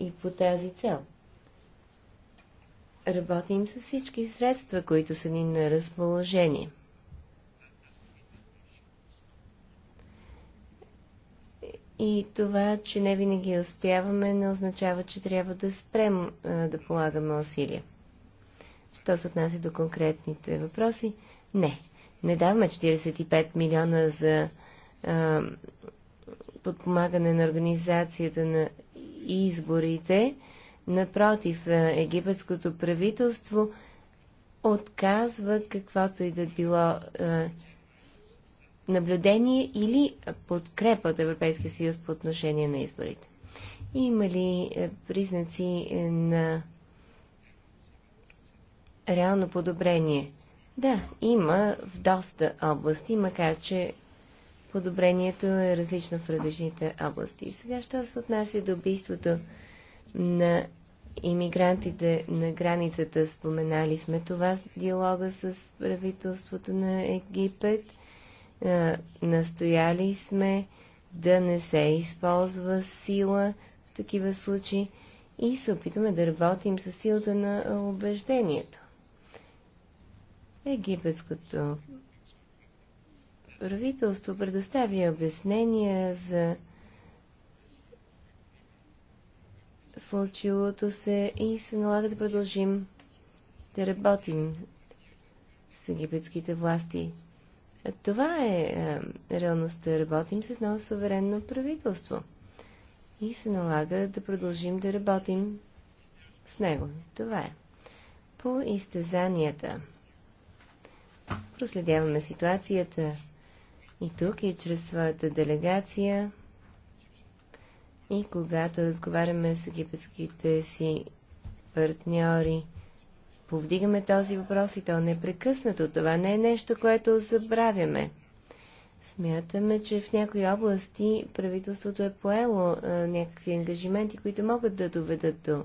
и по тази цел работим с всички средства, които са ни на разположение. И това, че не винаги успяваме, не означава, че трябва да спрем да полагаме усилия. Що се отнася до конкретните въпроси? Не. Не даваме 45 милиона за а, подпомагане на организацията на изборите, Напротив, е, египетското правителство отказва каквото и да било е, наблюдение или подкрепа от Европейския съюз по отношение на изборите. Има ли е, признаци е, на реално подобрение? Да, има в доста области, макар че подобрението е различно в различните области. Сега, що се отнася до убийството на иммигрантите на границата. Споменали сме това диалога с правителството на Египет. настояли сме да не се използва сила в такива случаи и се опитваме да работим с силата на убеждението. Египетското правителство предоставя обяснения за случилото се и се налага да продължим да работим с египетските власти. Това е, е реалността. Работим с едно суверенно правителство. И се налага да продължим да работим с него. Това е. По изтезанията. Проследяваме ситуацията и тук, и чрез своята делегация – и когато разговаряме с египетските си партньори, повдигаме този въпрос и то непрекъснато. Това не е нещо, което забравяме. Смятаме, че в някои области правителството е поело а, някакви ангажименти, които могат да доведат до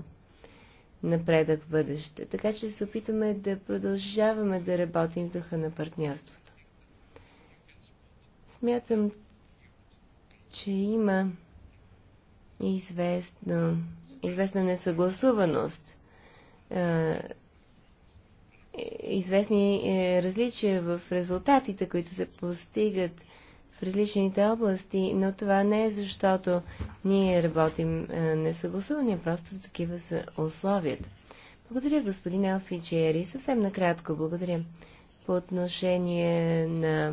напредък в бъдеще. Така че се опитаме да продължаваме да работим в духа на партньорството. Смятам, че има известна, известна несъгласуваност, е, известни е, различия в резултатите, които се постигат в различните области, но това не е защото ние работим е, несъгласувани, просто такива са условията. Благодаря, господин Алфи Чери. Съвсем накратко благодаря. По отношение на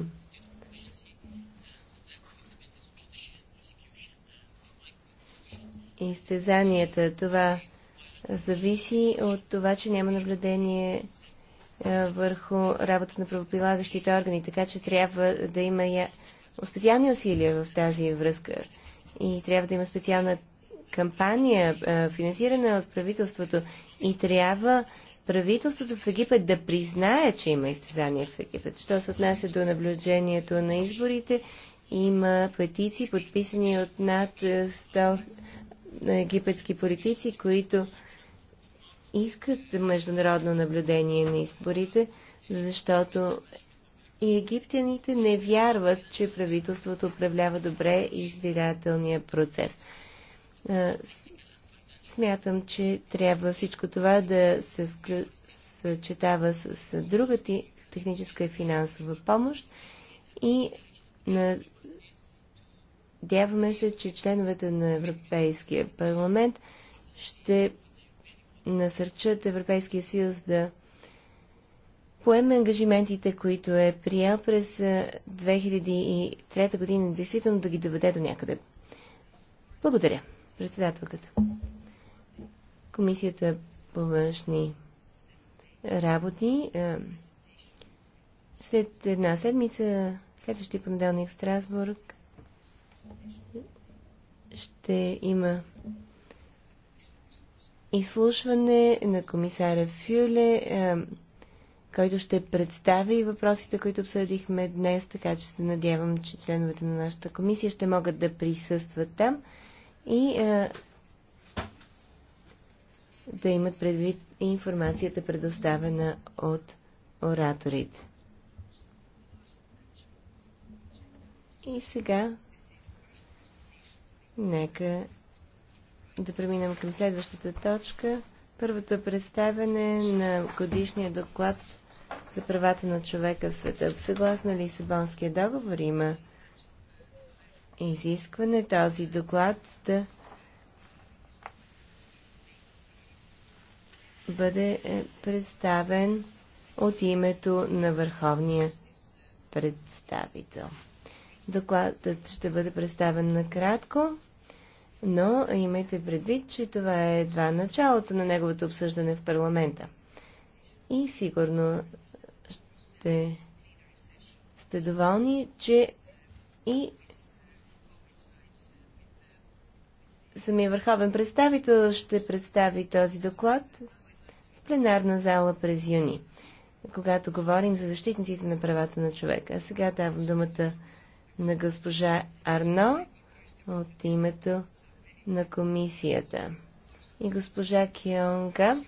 изтезанията. Това зависи от това, че няма наблюдение върху работа на правоприлагащите органи, така че трябва да има специални усилия в тази връзка и трябва да има специална кампания, финансирана от правителството и трябва правителството в Египет да признае, че има изтезания в Египет. Що се отнася до наблюдението на изборите, има петиции, подписани от над на египетски политици, които искат международно наблюдение на изборите, защото и египтяните не вярват, че правителството управлява добре избирателния процес. Смятам, че трябва всичко това да се съчетава с, другата друга техническа и финансова помощ и на Надяваме се, че членовете на Европейския парламент ще насърчат Европейския съюз да поеме ангажиментите, които е приял през 2003 година, действително да ги доведе до някъде. Благодаря, председателката. Комисията по външни работи. След една седмица, следващия понеделник в Страсбург, ще има изслушване на комисаря Фюле, е, който ще представи въпросите, които обсъдихме днес, така че се надявам, че членовете на нашата комисия ще могат да присъстват там и е, да имат предвид информацията, предоставена от ораторите. И сега Нека да преминем към следващата точка. Първото е представяне на годишния доклад за правата на човека в света. Съгласно Лисабонския договор има изискване този доклад да бъде е, представен от името на върховния представител. Докладът ще бъде представен накратко но имайте предвид, че това е едва началото на неговото обсъждане в парламента. И сигурно ще сте доволни, че и самия върховен представител ще представи този доклад в пленарна зала през юни, когато говорим за защитниците на правата на човека. А сега давам думата на госпожа Арно от името на комисията. И госпожа Кионга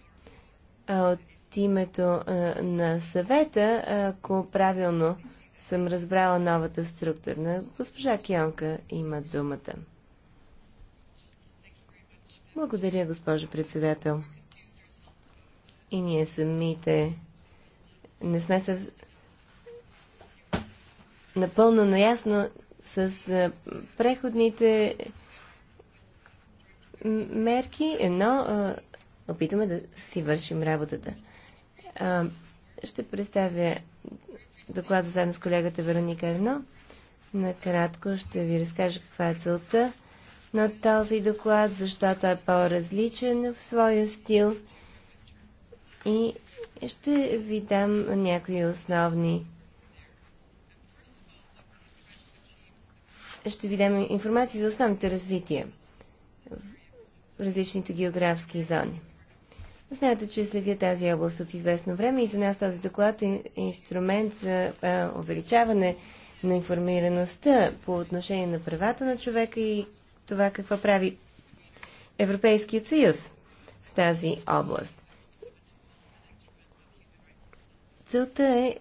от името на съвета, ако правилно съм разбрала новата структура, Госпожа Кионка има думата. Благодаря, госпожо председател. И ние самите не сме съв... напълно наясно с преходните мерки, едно опитаме да си вършим работата. Ще представя доклада заедно с колегата Вероника Ерно. Накратко ще ви разкажа каква е целта на този доклад, защото е по-различен в своя стил и ще ви дам някои основни ще ви дам информация за основните развития различните географски зони. Знаете, че следя тази област от известно време и за нас този доклад е инструмент за а, увеличаване на информираността по отношение на правата на човека и това какво прави Европейският съюз в тази област. Целта е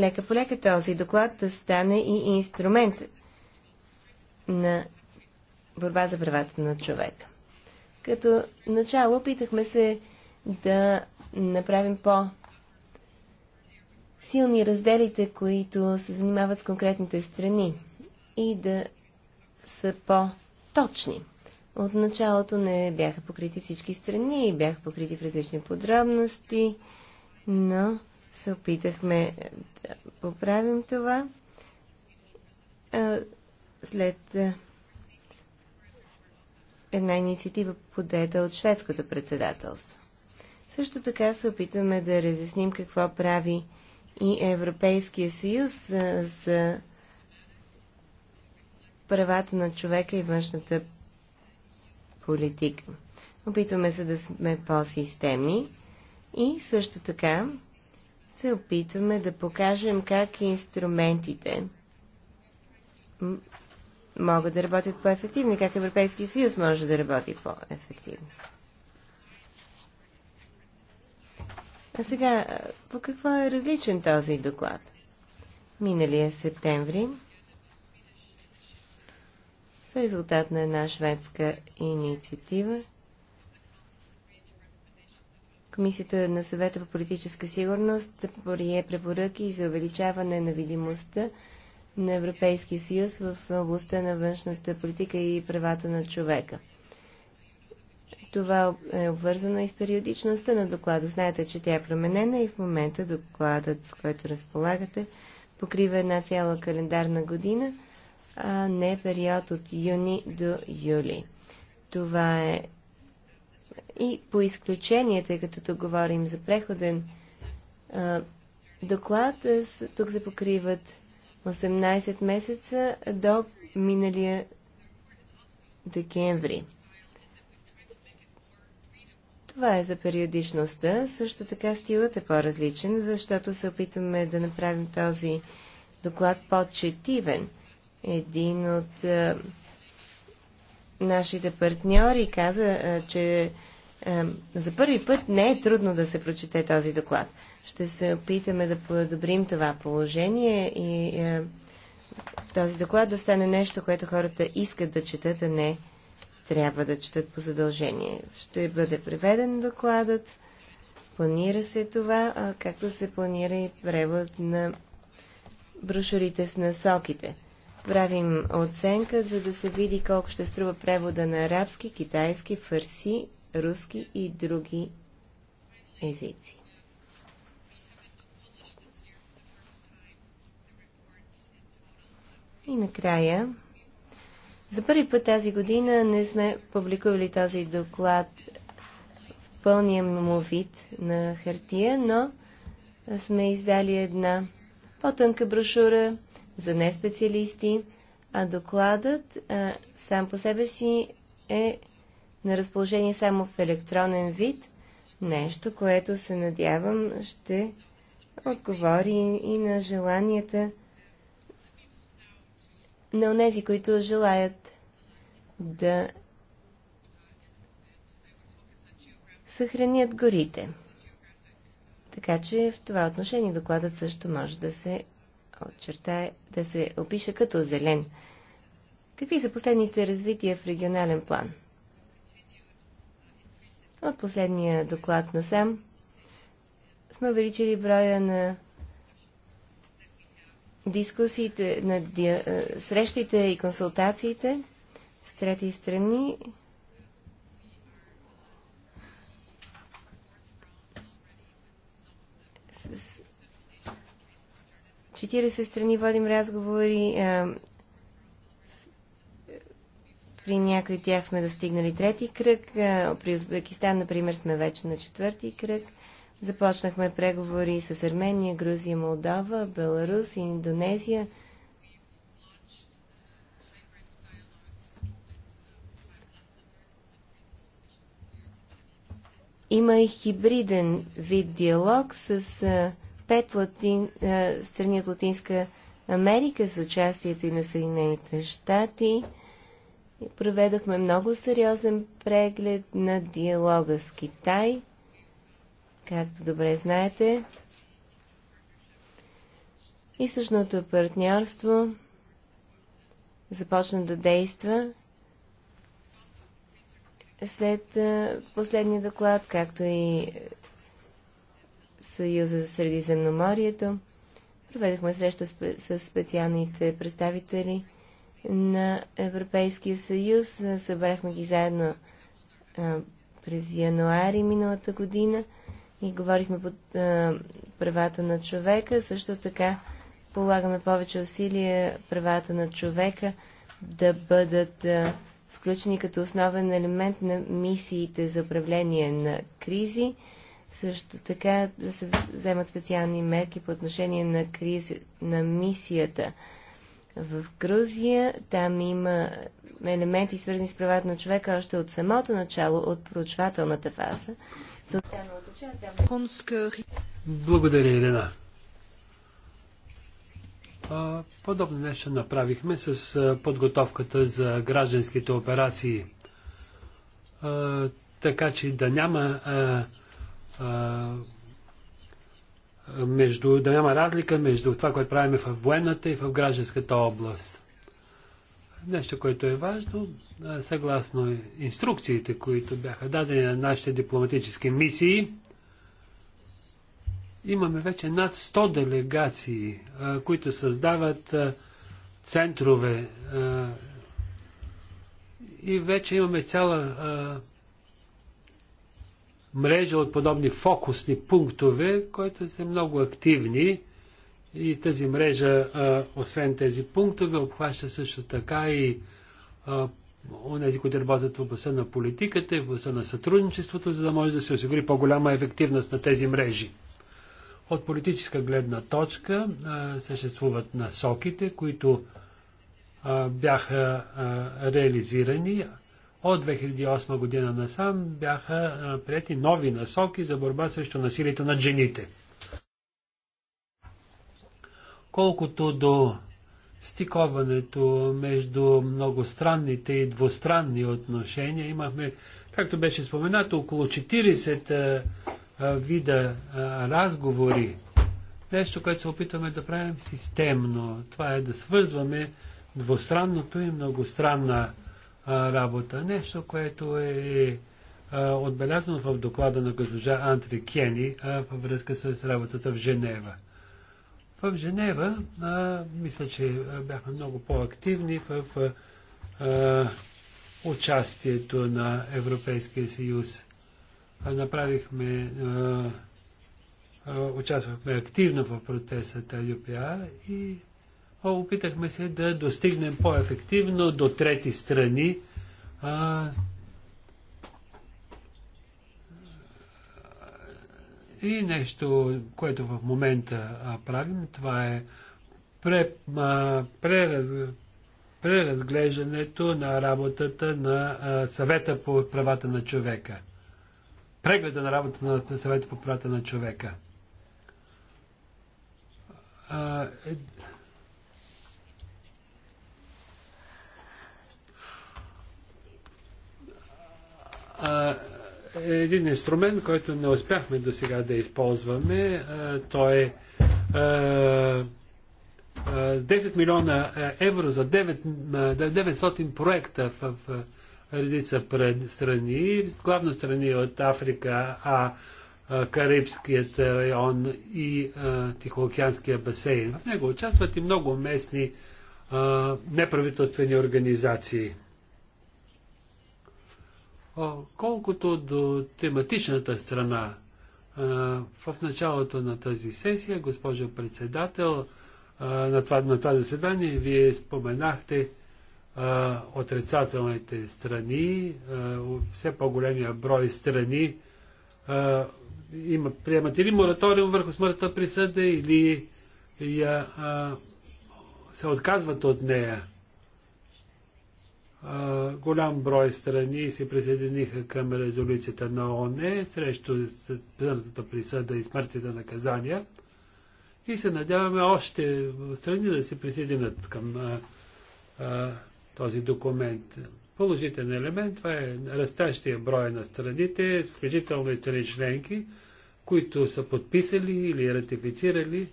лека по лека този доклад да стане и инструмент на борба за правата на човека. Като начало опитахме се да направим по- силни разделите, които се занимават с конкретните страни и да са по-точни. От началото не бяха покрити всички страни, бяха покрити в различни подробности, но се опитахме да поправим това. След една инициатива подета от шведското председателство. Също така се опитаме да разясним какво прави и Европейския съюз за, за правата на човека и външната политика. Опитваме се да сме по-системни и също така се опитваме да покажем как инструментите могат да работят по-ефективно и как Европейския съюз може да работи по-ефективно. А сега, по какво е различен този доклад? Миналия септември, в резултат на една шведска инициатива, Комисията на съвета по политическа сигурност прие препоръки за увеличаване на видимостта на Европейския съюз в областта на външната политика и правата на човека. Това е обвързано и с периодичността на доклада. Знаете, че тя е променена и в момента докладът, с който разполагате, покрива една цяла календарна година, а не период от юни до юли. Това е и по изключение, тъй като тук говорим за преходен доклад, тук се покриват 18 месеца до миналия декември. Това е за периодичността. Също така стилът е по-различен, защото се опитваме да направим този доклад по-четивен. Един от нашите партньори каза, че за първи път не е трудно да се прочете този доклад. Ще се опитаме да подобрим това положение и този доклад да стане нещо, което хората искат да четат, а не трябва да четат по задължение. Ще бъде преведен докладът, планира се това, както се планира и превод на брошурите с насоките. Правим оценка, за да се види колко ще струва превода на арабски, китайски, фарси руски и други езици. И накрая, за първи път тази година не сме публикували този доклад в пълния му вид на хартия, но сме издали една по-тънка брошура за неспециалисти, а докладът а, сам по себе си е на разположение само в електронен вид, нещо, което се надявам ще отговори и на желанията на онези, които желаят да съхранят горите. Така че в това отношение докладът също може да се отчертае, да се опише като зелен. Какви са последните развития в регионален план? От последния доклад на САМ сме увеличили броя на дискусиите, на ди... Е, срещите и консултациите с трети страни. С 40 страни водим разговори. Е, при някои от тях сме достигнали трети кръг. При Узбекистан, например, сме вече на четвърти кръг. Започнахме преговори с Армения, Грузия, Молдова, Беларус, Индонезия. Има и хибриден вид диалог с пет латин, страни от Латинска Америка с участието и на Съединените щати проведохме много сериозен преглед на диалога с Китай. Както добре знаете, източното партньорство започна да действа след последния доклад, както и Съюза за Средиземноморието. Проведохме среща с специалните представители – на Европейския съюз. Събрахме ги заедно през януари миналата година и говорихме по правата на човека. Също така полагаме повече усилия правата на човека да бъдат включени като основен елемент на мисиите за управление на кризи. Също така да се вземат специални мерки по отношение на, кризи, на мисията в Грузия. Там има елементи, свързани с правата на човека, още от самото начало, от проучвателната фаза. Е Благодаря, Елена. Подобно нещо направихме с подготовката за гражданските операции. Така че да няма между, да няма разлика между това, което правиме в военната и в гражданската област. Нещо, което е важно, съгласно инструкциите, които бяха дадени на нашите дипломатически мисии, имаме вече над 100 делегации, които създават центрове и вече имаме цяла мрежа от подобни фокусни пунктове, които са много активни. И тази мрежа, освен тези пунктове, обхваща също така и онези, които работят в областта на политиката и в областта на сътрудничеството, за да може да се осигури по-голяма ефективност на тези мрежи. От политическа гледна точка а, съществуват насоките, които а, бяха а, реализирани, от 2008 година насам бяха прияти нови насоки за борба срещу насилието над жените. Колкото до стиковането между многостранните и двустранни отношения, имахме, както беше споменато, около 40 вида разговори. Нещо, което се опитваме да правим системно. Това е да свързваме двустранното и многостранна работа. Нещо, което е, е отбелязано в доклада на госпожа Антри Кени във връзка с работата в Женева. В Женева, а, мисля, че бяхме много по-активни в а, участието на Европейския съюз. А, направихме, а, а, участвахме активно в протеста UPR и опитахме се да достигнем по-ефективно до трети страни. А, и нещо, което в момента а, правим, това е пре, преразглеждането на работата на а, съвета по правата на човека. Прегледа на работата на съвета по правата на човека. А, е, един инструмент, който не успяхме до сега да използваме. Той е 10 милиона евро за 900 проекта в редица страни, главно страни от Африка, а Карибският район и Тихоокеанския басейн. В него участват и много местни неправителствени организации. Колкото до тематичната страна, в началото на тази сесия, госпожо председател, на това, на това заседание, вие споменахте отрицателните страни, все по-големия брой страни. Има, приемате ли мораториум върху смъртта присъда или я, се отказват от нея? голям брой страни се присъединиха към резолюцията на ООН срещу смъртната присъда и смъртните наказания. И се надяваме още страни да се присъединят към а, а, този документ. Положителен елемент това е растащия брой на страните, включително и страни членки, които са подписали или ратифицирали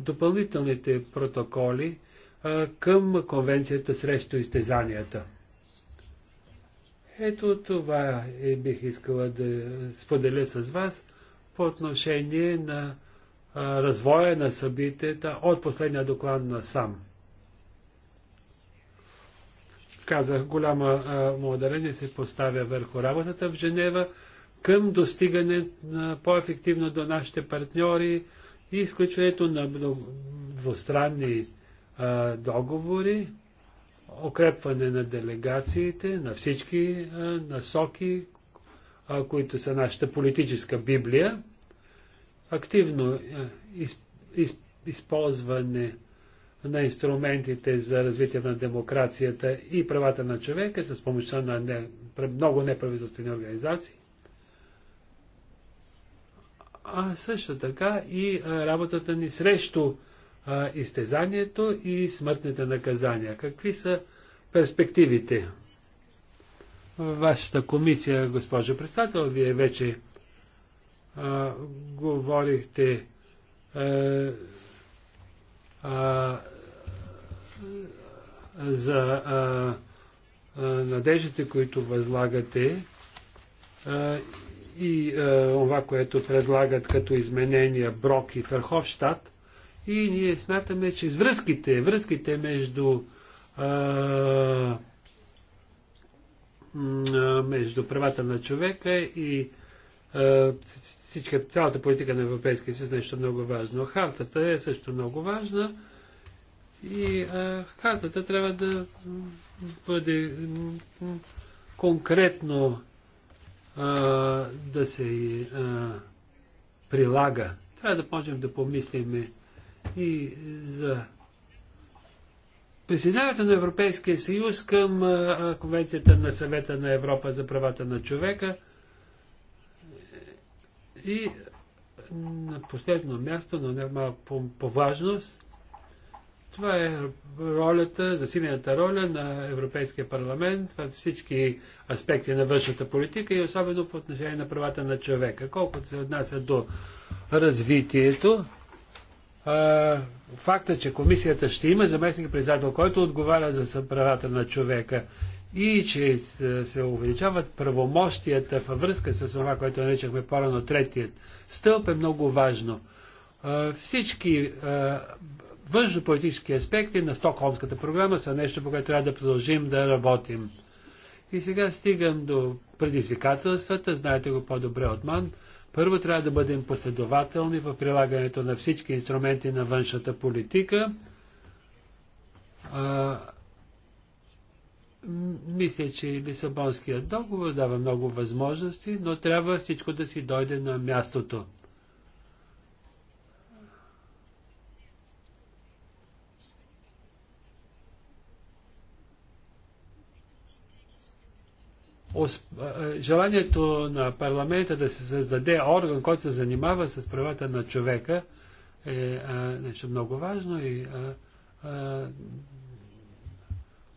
допълнителните протоколи към Конвенцията срещу изтезанията. Ето това е, бих искала да споделя с вас по отношение на а, развоя на събитията от последния доклад на сам. Казах, голяма ударение се поставя върху работата в Женева към достигане на, по-ефективно до нашите партньори и изключването на двустранни договори, укрепване на делегациите, на всички насоки, които са нашата политическа библия, активно из, из, използване на инструментите за развитие на демокрацията и правата на човека с помощта на не, много неправителствени организации, а също така и работата ни срещу а, изтезанието и смъртните наказания. Какви са перспективите? Вашата комисия, госпожо председател, вие вече а, говорихте а, е, а, за а, а, надеждите, които възлагате а, и а, това, което предлагат като изменения Брок и Ферховщад. И ние смятаме, че с връзките, връзките между а, между правата на човека и а, всичка, цялата политика на Европейския съюз е нещо много важно. Хартата е също много важна и а, хартата трябва да бъде конкретно а, да се а, прилага. Трябва да почнем да помислим и за присъединяването на Европейския съюз към Конвенцията на съвета на Европа за правата на човека и на последно място, но не малко по, важност, това е ролята, засилената роля на Европейския парламент във всички аспекти на външната политика и особено по отношение на правата на човека. Колкото се отнася до развитието, факта, че комисията ще има заместник председател, който отговаря за правата на човека и че се увеличават правомощията във връзка с това, което наричахме по-рано третият стълб е много важно. Всички политически аспекти на Стокхолмската програма са нещо, по което трябва да продължим да работим. И сега стигам до предизвикателствата, знаете го по-добре от мен. Първо трябва да бъдем последователни в прилагането на всички инструменти на външната политика. А, мисля, че Лисабонският договор дава много възможности, но трябва всичко да си дойде на мястото. желанието на парламента да се създаде орган, който се занимава с правата на човека, е а, нещо много важно и а, а,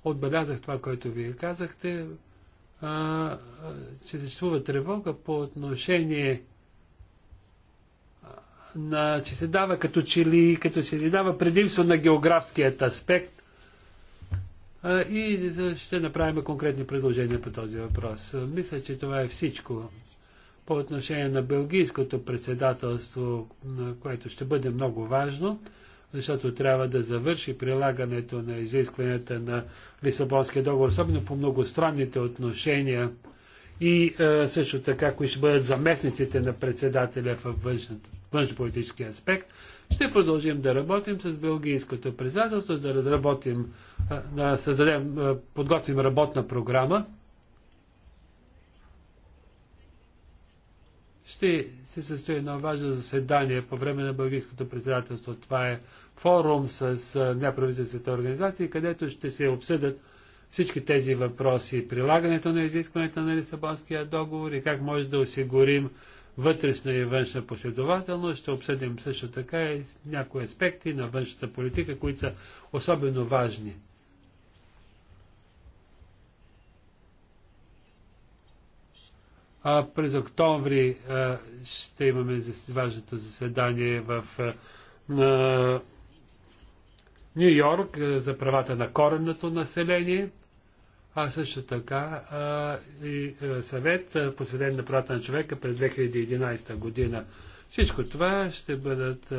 отбелязах това, което вие казахте, а, а, че съществува тревога по отношение на, че се дава като че ли, като че ли дава предимство на географският аспект и ще направим конкретни предложения по този въпрос. Мисля, че това е всичко по отношение на бългийското председателство, което ще бъде много важно, защото трябва да завърши прилагането на изискванията на Лисабонския договор, особено по многостранните отношения и също така, кои ще бъдат заместниците на председателя външен, външен политически аспект. Ще продължим да работим с Белгийското председателство, да разработим, да създадем, подготвим работна програма. Ще се състои едно важно заседание по време на Бългийското председателство. Това е форум с неправителствените организации, където ще се обсъдят всички тези въпроси. Прилагането на изискването на Лисабонския договор и как може да осигурим вътрешна и външна последователност. Ще обсъдим също така и някои аспекти на външната политика, които са особено важни. А през октомври а, ще имаме важното заседание в Нью Йорк за правата на коренното население а също така а, и съвет посветен на правата на човека през 2011 година. Всичко това ще бъдат,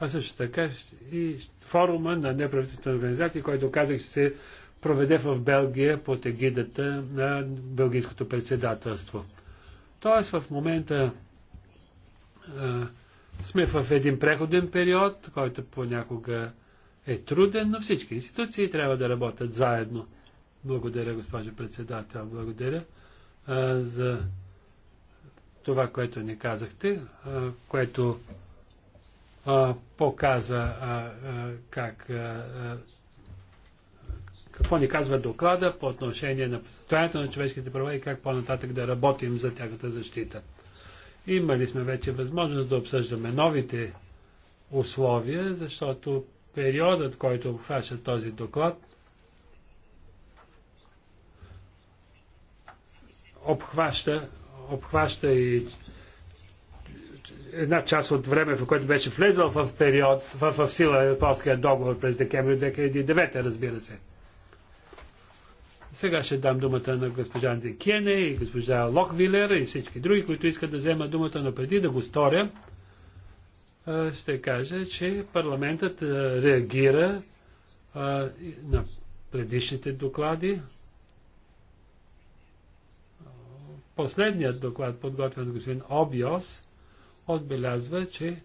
а също така и форума на неправителствени организации, който казах, ще се проведе в Белгия под егидата на Белгийското председателство. Тоест в момента а, сме в един преходен период, който понякога е труден, но всички институции трябва да работят заедно. Благодаря, госпожо председател. Благодаря а, за това, което ни казахте, а, което а, показа а, а, как. А, какво ни казва доклада по отношение на състоянието на човешките права и как по-нататък да работим за тяхната защита. Имали сме вече възможност да обсъждаме новите условия, защото периодът, който обхваща този доклад, обхваща, обхваща и една част от време, в което беше влезъл в период, в, в сила полския договор през декември 2009, разбира се. Сега ще дам думата на госпожа Декене и госпожа Локвилер и всички други, които искат да вземат думата, но преди да го сторя, ще кажа, че парламентът реагира на предишните доклади, Последният доклад, подготвен от господин Обиос, отбелязва, че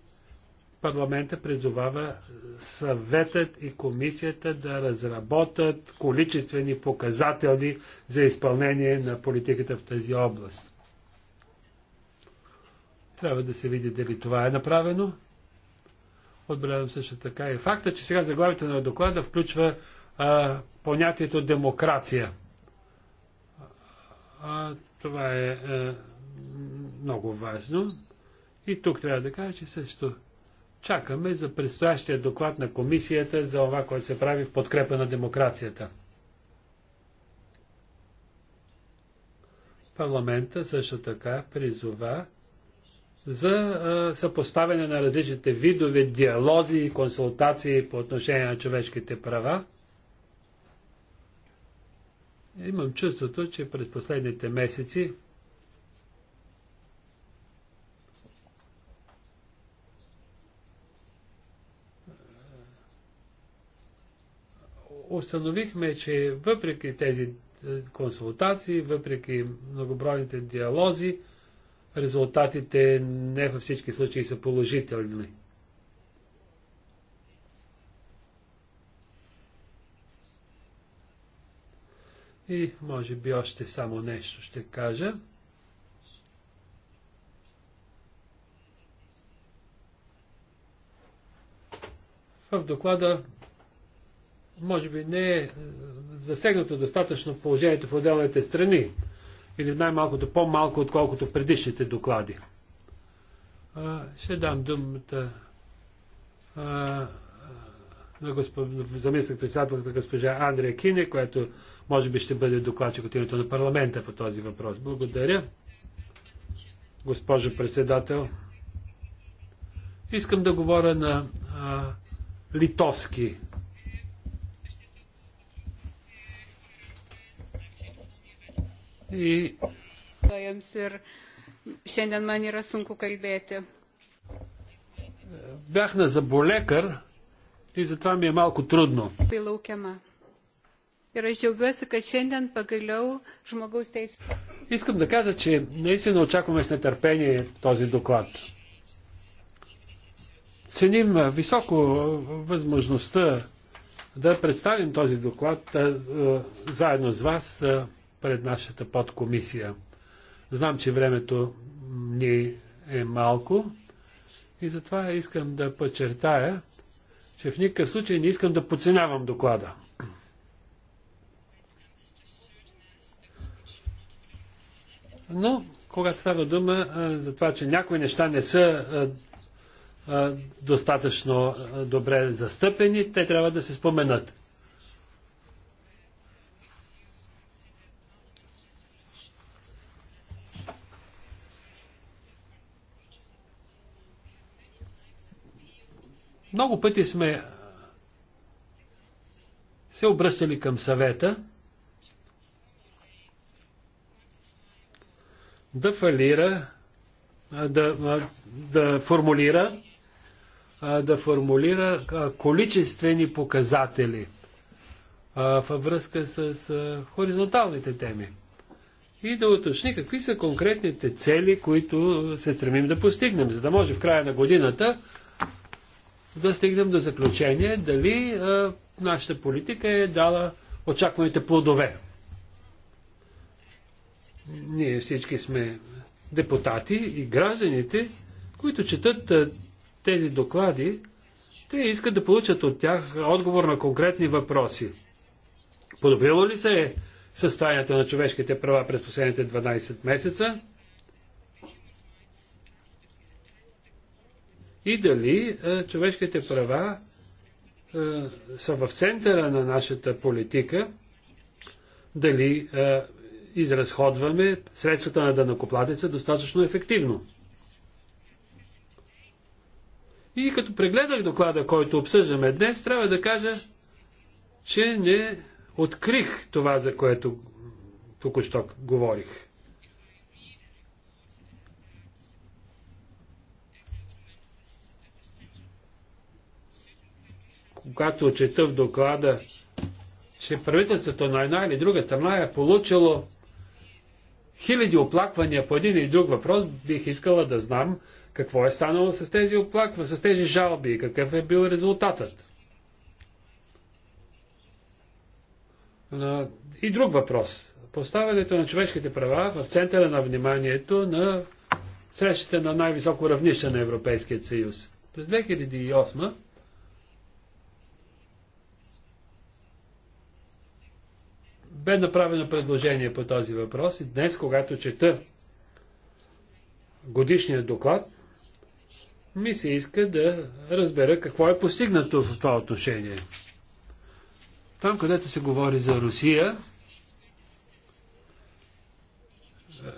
парламента призовава съветът и комисията да разработят количествени показатели за изпълнение на политиката в тази област. Трябва да се види дали това е направено. Отбелязвам също така и факта, че сега заглавите на доклада включва а, понятието демокрация. А, това е, е много важно. И тук трябва да кажа, че също чакаме за предстоящия доклад на комисията за това, което се прави в подкрепа на демокрацията. Парламента също така призова за е, съпоставяне на различните видове диалози и консултации по отношение на човешките права Имам чувството, че през последните месеци установихме, че въпреки тези е, консултации, въпреки многобройните диалози, резултатите не във всички случаи са положителни. И може би още само нещо ще кажа. В доклада може би не е засегнато достатъчно положението в отделните страни или най-малкото по-малко, отколкото предишните доклади. А, ще дам думата а, на госп... заместник председателката госпожа Андрея Кине, която може би ще бъде докладчик от името на парламента по този въпрос. Благодаря, госпожо председател. Искам да говоря на а, литовски. И... Е Бях на заболекар и затова ми е малко трудно. Ir aš džiaugiuosi, kad šiandien pagaliau žmogaus teisų. Искам да кажа, че наистина очакваме с нетърпение този доклад. Ценим високо възможността да представим този доклад а, а, заедно с вас а, пред нашата подкомисия. Знам, че времето ни е малко и затова искам да подчертая, че в никакъв случай не искам да подценявам доклада. Но, когато става дума за това, че някои неща не са достатъчно добре застъпени, те трябва да се споменат. Много пъти сме се обръщали към съвета, да фалира, да, да формулира, да формулира количествени показатели във връзка с хоризонталните теми и да уточни какви са конкретните цели, които се стремим да постигнем, за да може в края на годината да стигнем до заключение дали а, нашата политика е дала очакваните плодове. Ние всички сме депутати и гражданите, които четат тези доклади, те искат да получат от тях отговор на конкретни въпроси. Подобрило ли се е състоянието на човешките права през последните 12 месеца? И дали е, човешките права е, са в центъра на нашата политика? Дали е, изразходваме средствата на данакоплатеца достатъчно ефективно. И като прегледах доклада, който обсъждаме днес, трябва да кажа, че не открих това, за което току-що говорих. Когато чета в доклада, че правителството на една или друга страна е получило хиляди оплаквания по един или друг въпрос, бих искала да знам какво е станало с тези оплаквания, с тези жалби и какъв е бил резултатът. И друг въпрос. Поставянето на човешките права в центъра на вниманието на срещите на най-високо равнище на Европейския съюз. През 2008 бе направено предложение по този въпрос и днес, когато чета годишния доклад, ми се иска да разбера какво е постигнато в това отношение. Там, където се говори за Русия,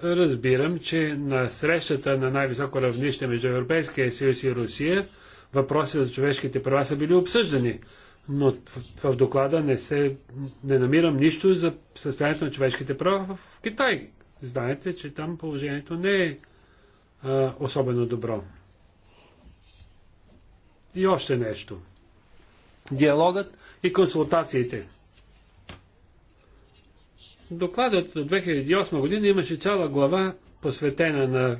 разбирам, че на срещата на най-високо равнище между Европейския съюз и Русия въпроси за човешките права са били обсъждани но в доклада не се не намирам нищо за състоянието на човешките права в Китай. Знаете, че там положението не е а, особено добро. И още нещо. Диалогът и консултациите. Докладът от 2008 година имаше цяла глава посветена на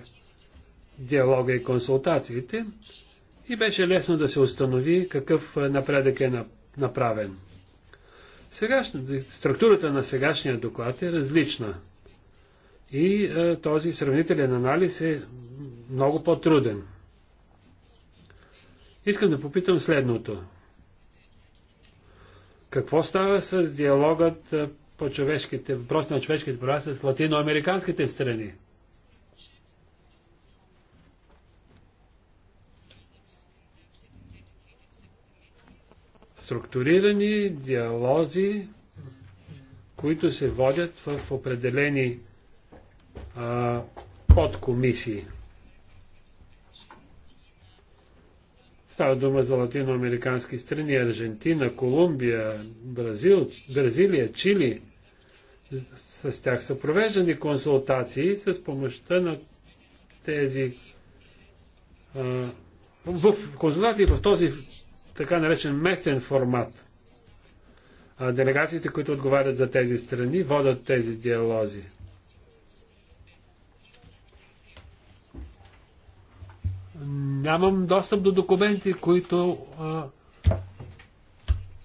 диалога и консултациите и беше лесно да се установи какъв напредък е направен. структурата на сегашния доклад е различна. И е, този сравнителен анализ е много по-труден. Искам да попитам следното. Какво става с диалогът е, по човешките, въпрос на човешките права с латиноамериканските страни? структурирани диалози, които се водят в определени а, подкомисии. Става дума за латиноамерикански страни Аржентина, Колумбия, Бразил, Бразилия, Чили. С, с тях са провеждани консултации с помощта на тези. А, в консултации в този така наречен местен формат. А делегациите, които отговарят за тези страни, водят тези диалози. Нямам достъп до документи, които а,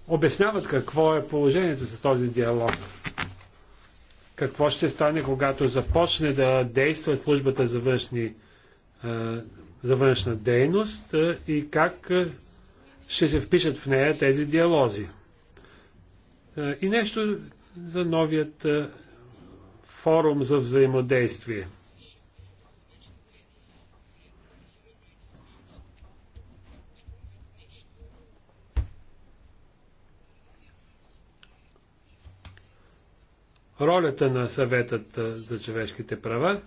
обясняват какво е положението с този диалог. Какво ще стане, когато започне да действа службата за, външни, за външна дейност и как ще се впишат в нея тези диалози. И нещо за новият форум за взаимодействие. Ролята на съветът за човешките права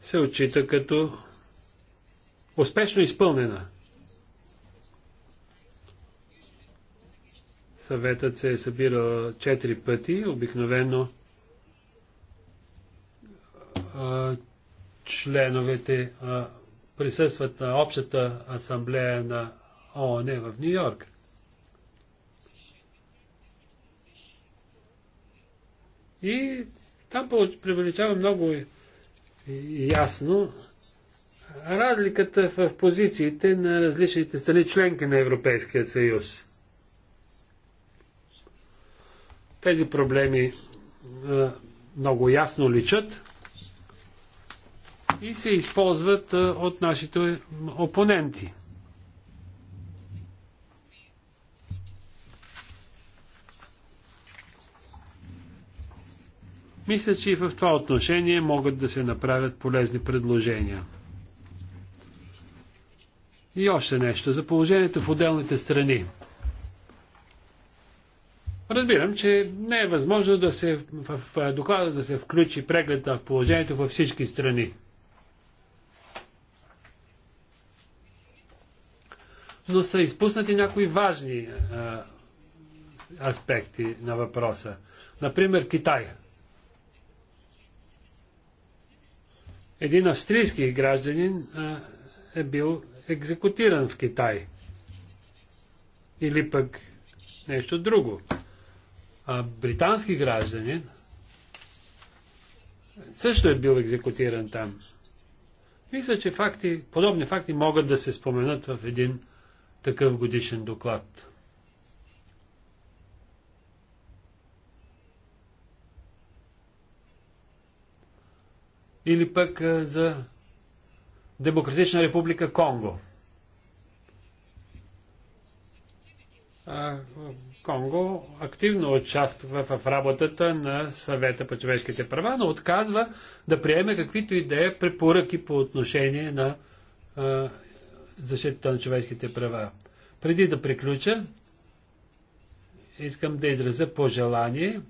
се отчита като успешно изпълнена. Съветът се е събирал четири пъти, обикновено членовете присъстват на общата асамблея на ООН в Нью Йорк. И там привлечава много ясно разликата в позициите на различните страни членки на Европейския съюз. Тези проблеми е, много ясно личат и се използват е, от нашите опоненти. Мисля, че и в това отношение могат да се направят полезни предложения. И още нещо за положението в отделните страни. Разбирам, че не е възможно да се, в, в доклада да се включи преглед на положението във всички страни. Но са изпуснати някои важни а, аспекти на въпроса. Например, Китай. Един австрийски гражданин а, е бил екзекутиран в Китай. Или пък нещо друго а, британски гражданин също е бил екзекутиран там. Мисля, че факти, подобни факти могат да се споменат в един такъв годишен доклад. Или пък за Демократична република Конго. Конго активно участва в работата на съвета по човешките права, но отказва да приеме каквито и да е препоръки по отношение на а, защитата на човешките права. Преди да приключа, искам да изразя пожелание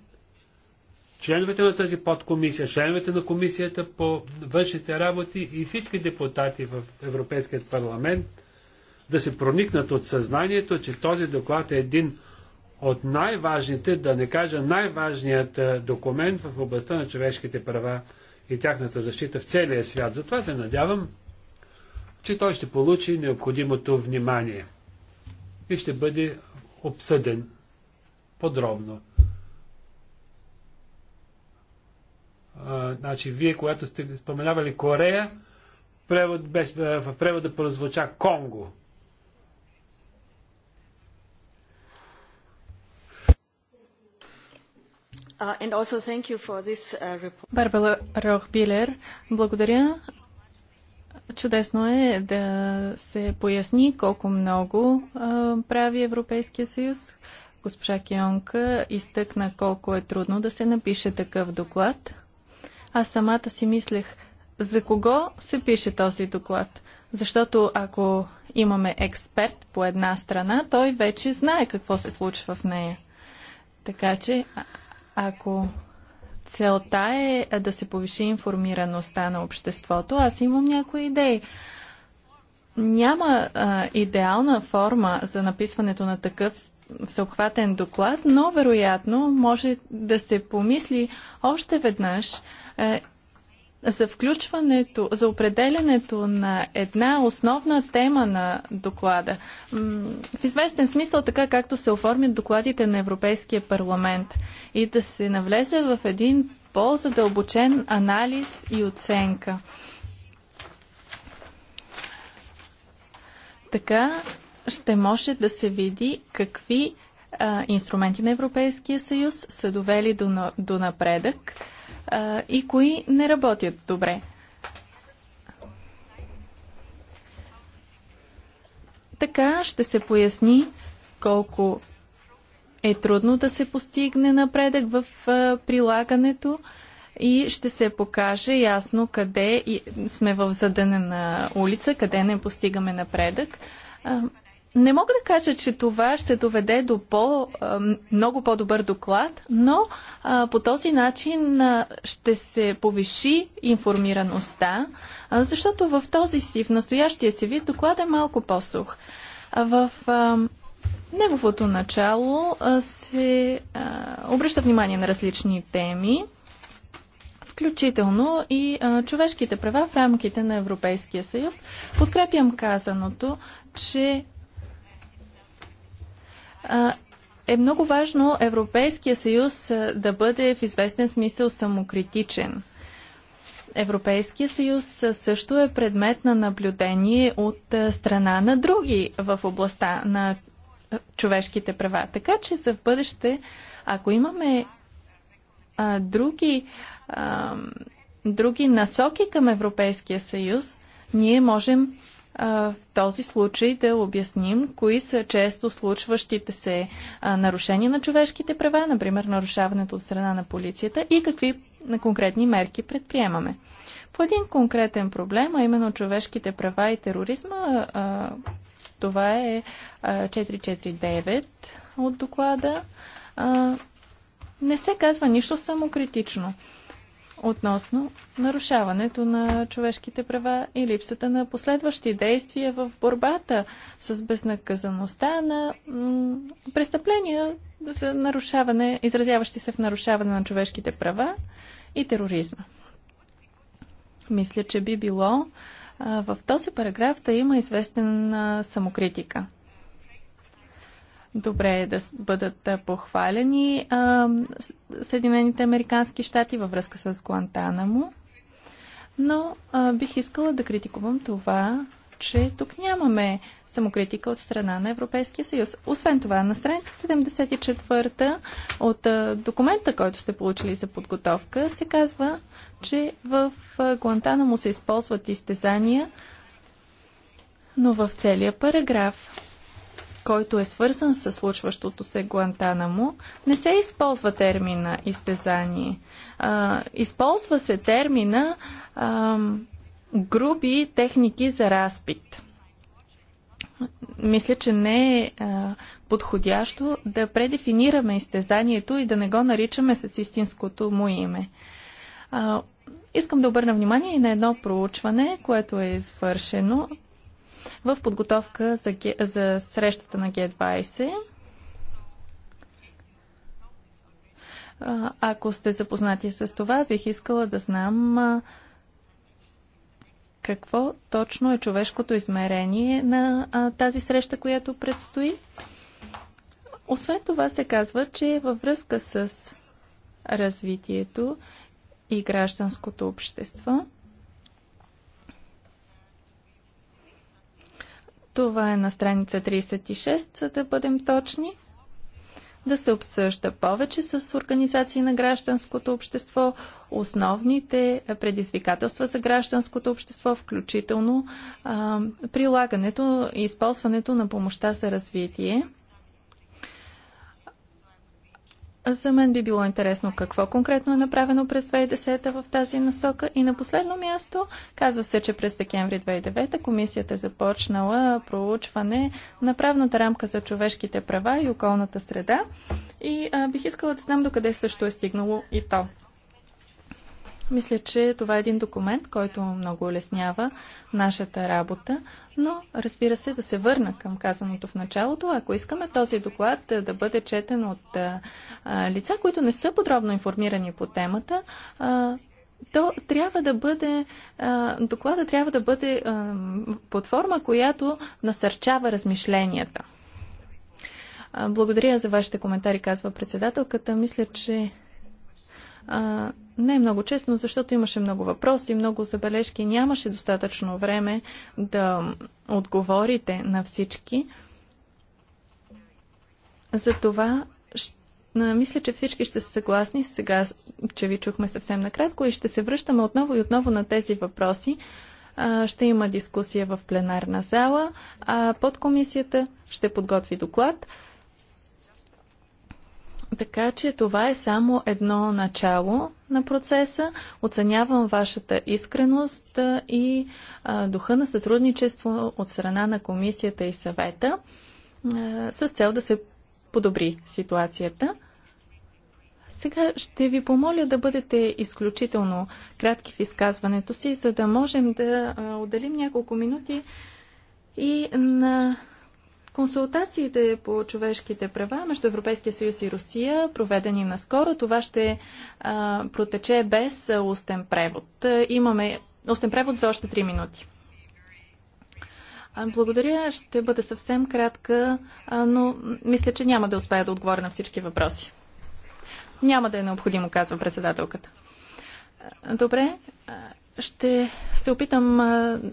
членовете на тази подкомисия, членовете на комисията по външните работи и всички депутати в Европейският парламент да се проникнат от съзнанието, че този доклад е един от най-важните, да не кажа най-важният е, документ в областта на човешките права и тяхната защита в целия свят. Затова се надявам, че той ще получи необходимото внимание и ще бъде обсъден подробно. А, значи, вие, когато сте споменавали Корея, превод без, е, в превода прозвуча Конго. Uh, and also thank you for this uh, благодаря. Чудесно е да се поясни колко много прави Европейския съюз. Госпожа Кионка изтъкна колко е трудно да се напише такъв доклад. Аз самата си мислех, за кого се пише този доклад? Защото ако имаме експерт по една страна, той вече знае какво се случва в нея. Така че ако целта е да се повиши информираността на обществото, аз имам някои идеи. Няма а, идеална форма за написването на такъв всеобхватен доклад, но вероятно може да се помисли още веднъж е, за включването, за определенето на една основна тема на доклада. В известен смисъл, така както се оформят докладите на Европейския парламент и да се навлезе в един по-задълбочен анализ и оценка. Така ще може да се види какви а, инструменти на Европейския съюз са довели до, до напредък а, и кои не работят добре. Така ще се поясни колко е трудно да се постигне напредък в а, прилагането и ще се покаже ясно къде сме в задънена улица, къде не постигаме напредък. Не мога да кажа, че това ще доведе до по, много по-добър доклад, но по този начин ще се повиши информираността, защото в този си, в настоящия си вид, доклад е малко по-сух. В неговото начало се обръща внимание на различни теми, включително и а, човешките права в рамките на Европейския съюз. Подкрепям казаното, че е много важно Европейския съюз да бъде в известен смисъл самокритичен. Европейския съюз също е предмет на наблюдение от страна на други в областта на човешките права. Така че за в бъдеще, ако имаме а, други, а, други насоки към Европейския съюз, ние можем в този случай да обясним кои са често случващите се нарушения на човешките права, например нарушаването от страна на полицията и какви конкретни мерки предприемаме. По един конкретен проблем, а именно човешките права и тероризма, това е 449 от доклада, не се казва нищо самокритично. критично относно нарушаването на човешките права и липсата на последващи действия в борбата с безнаказаността на престъпления за нарушаване, изразяващи се в нарушаване на човешките права и тероризма. Мисля, че би било в този параграф да има известен самокритика. Добре е да бъдат похвалени а, Съединените Американски щати във връзка с Гуантанамо. Но а, бих искала да критикувам това, че тук нямаме самокритика от страна на Европейския съюз. Освен това, на страница 74 от а, документа, който сте получили за подготовка, се казва, че в Гуантанамо се използват изтезания, но в целия параграф който е свързан с случващото се Гуантанамо, не се използва термина изтезание. А, използва се термина а, груби техники за разпит. Мисля, че не е а, подходящо да предефинираме изтезанието и да не го наричаме с истинското му име. А, искам да обърна внимание и на едно проучване, което е извършено в подготовка за, за срещата на Г20. Ако сте запознати с това, бих искала да знам какво точно е човешкото измерение на тази среща, която предстои. Освен това се казва, че във връзка с развитието и гражданското общество, Това е на страница 36, за да бъдем точни. Да се обсъжда повече с организации на гражданското общество основните предизвикателства за гражданското общество, включително а, прилагането и използването на помощта за развитие. За мен би било интересно какво конкретно е направено през 2010 в тази насока. И на последно място казва се, че през декември 2009 комисията е започнала проучване на правната рамка за човешките права и околната среда. И а, бих искала да знам докъде също е стигнало и то. Мисля, че това е един документ, който много улеснява нашата работа, но разбира се да се върна към казаното в началото. Ако искаме този доклад е, да бъде четен от а, е, е, лица, които не са подробно информирани по темата, а, то трябва да бъде, а, доклада трябва да бъде а, под форма, която насърчава размишленията. Благодаря за вашите коментари, казва председателката. Мисля, че а, не е много честно, защото имаше много въпроси, много забележки. Нямаше достатъчно време да отговорите на всички. Затова мисля, че всички ще са съгласни сега, че ви чухме съвсем накратко и ще се връщаме отново и отново на тези въпроси. Ще има дискусия в пленарна зала, а подкомисията ще подготви доклад. Така че това е само едно начало на процеса. Оценявам вашата искреност и а, духа на сътрудничество от страна на комисията и съвета а, с цел да се подобри ситуацията. Сега ще ви помоля да бъдете изключително кратки в изказването си, за да можем да отделим няколко минути и на Консултациите по човешките права между Европейския съюз и Русия, проведени наскоро, това ще а, протече без устен превод. Имаме устен превод за още 3 минути. Благодаря, ще бъде съвсем кратка, но мисля, че няма да успея да отговоря на всички въпроси. Няма да е необходимо, казва председателката. Добре, ще се опитам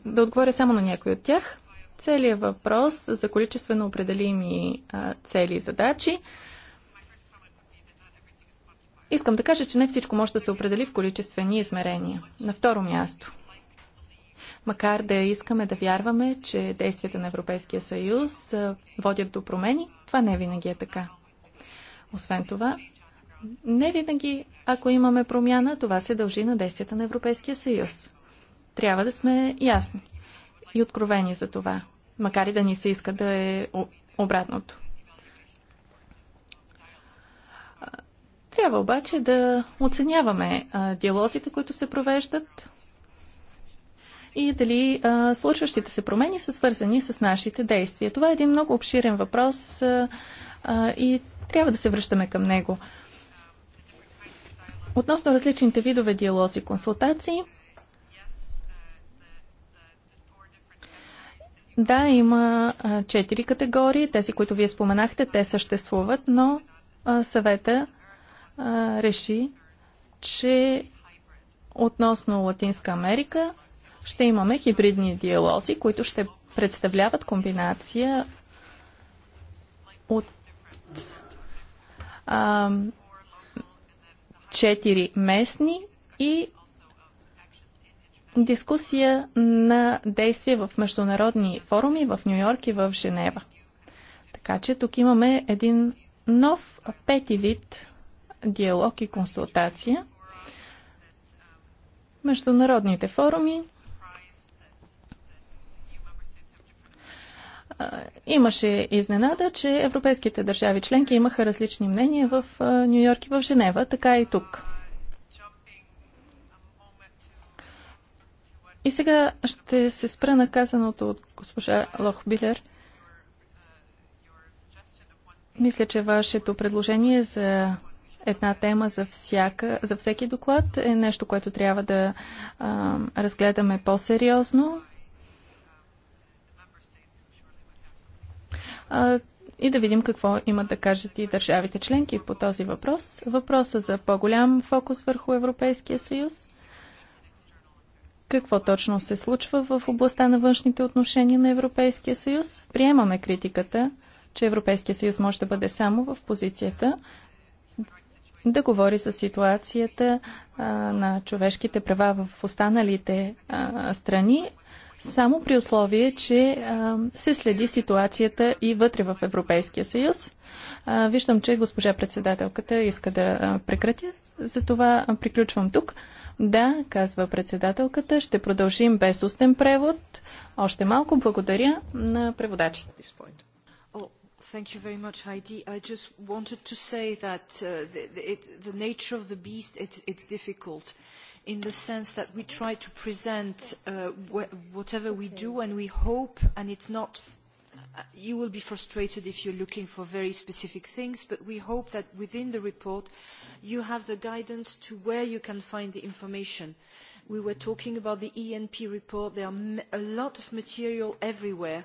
да отговоря само на някой от тях целият въпрос за количествено определими цели и задачи. Искам да кажа, че не всичко може да се определи в количествени измерения. На второ място. Макар да искаме да вярваме, че действията на Европейския съюз водят до промени, това не винаги е така. Освен това, не винаги, ако имаме промяна, това се дължи на действията на Европейския съюз. Трябва да сме ясни и откровени за това, макар и да ни се иска да е обратното. Трябва обаче да оценяваме диалозите, които се провеждат и дали случващите се промени са свързани с нашите действия. Това е един много обширен въпрос и трябва да се връщаме към него. Относно различните видове диалози и консултации, Да, има четири категории. Тези, които вие споменахте, те съществуват, но съвета реши, че относно Латинска Америка ще имаме хибридни диалози, които ще представляват комбинация от четири местни и дискусия на действия в международни форуми в Нью Йорк и в Женева. Така че тук имаме един нов пети вид диалог и консултация. Международните форуми имаше изненада, че европейските държави членки имаха различни мнения в Нью Йорк и в Женева, така и тук. И сега ще се спра на казаното от госпожа Лохбилер. Мисля, че вашето предложение за една тема за, всяка, за всеки доклад е нещо, което трябва да а, разгледаме по-сериозно. и да видим какво имат да кажат и държавите членки по този въпрос. Въпроса за по-голям фокус върху Европейския съюз – какво точно се случва в областта на външните отношения на Европейския съюз. Приемаме критиката, че Европейския съюз може да бъде само в позицията да говори за ситуацията а, на човешките права в останалите а, страни, само при условие, че а, се следи ситуацията и вътре в Европейския съюз. А, виждам, че госпожа председателката иска да прекратя, затова приключвам тук. Да, казва председателката, ще продължим без устен превод. Още малко благодаря на преводачите. Thank you very much, Heidi. I just wanted to say that uh, the, it, the nature of the beast, it, it's difficult in the sense that we try to present uh, wh whatever we do and we hope, and it's not, you will be frustrated if you're looking for very specific things, but we hope that within the report you have the guidance to where you can find the information. We were talking about the ENP report. There are a lot of material everywhere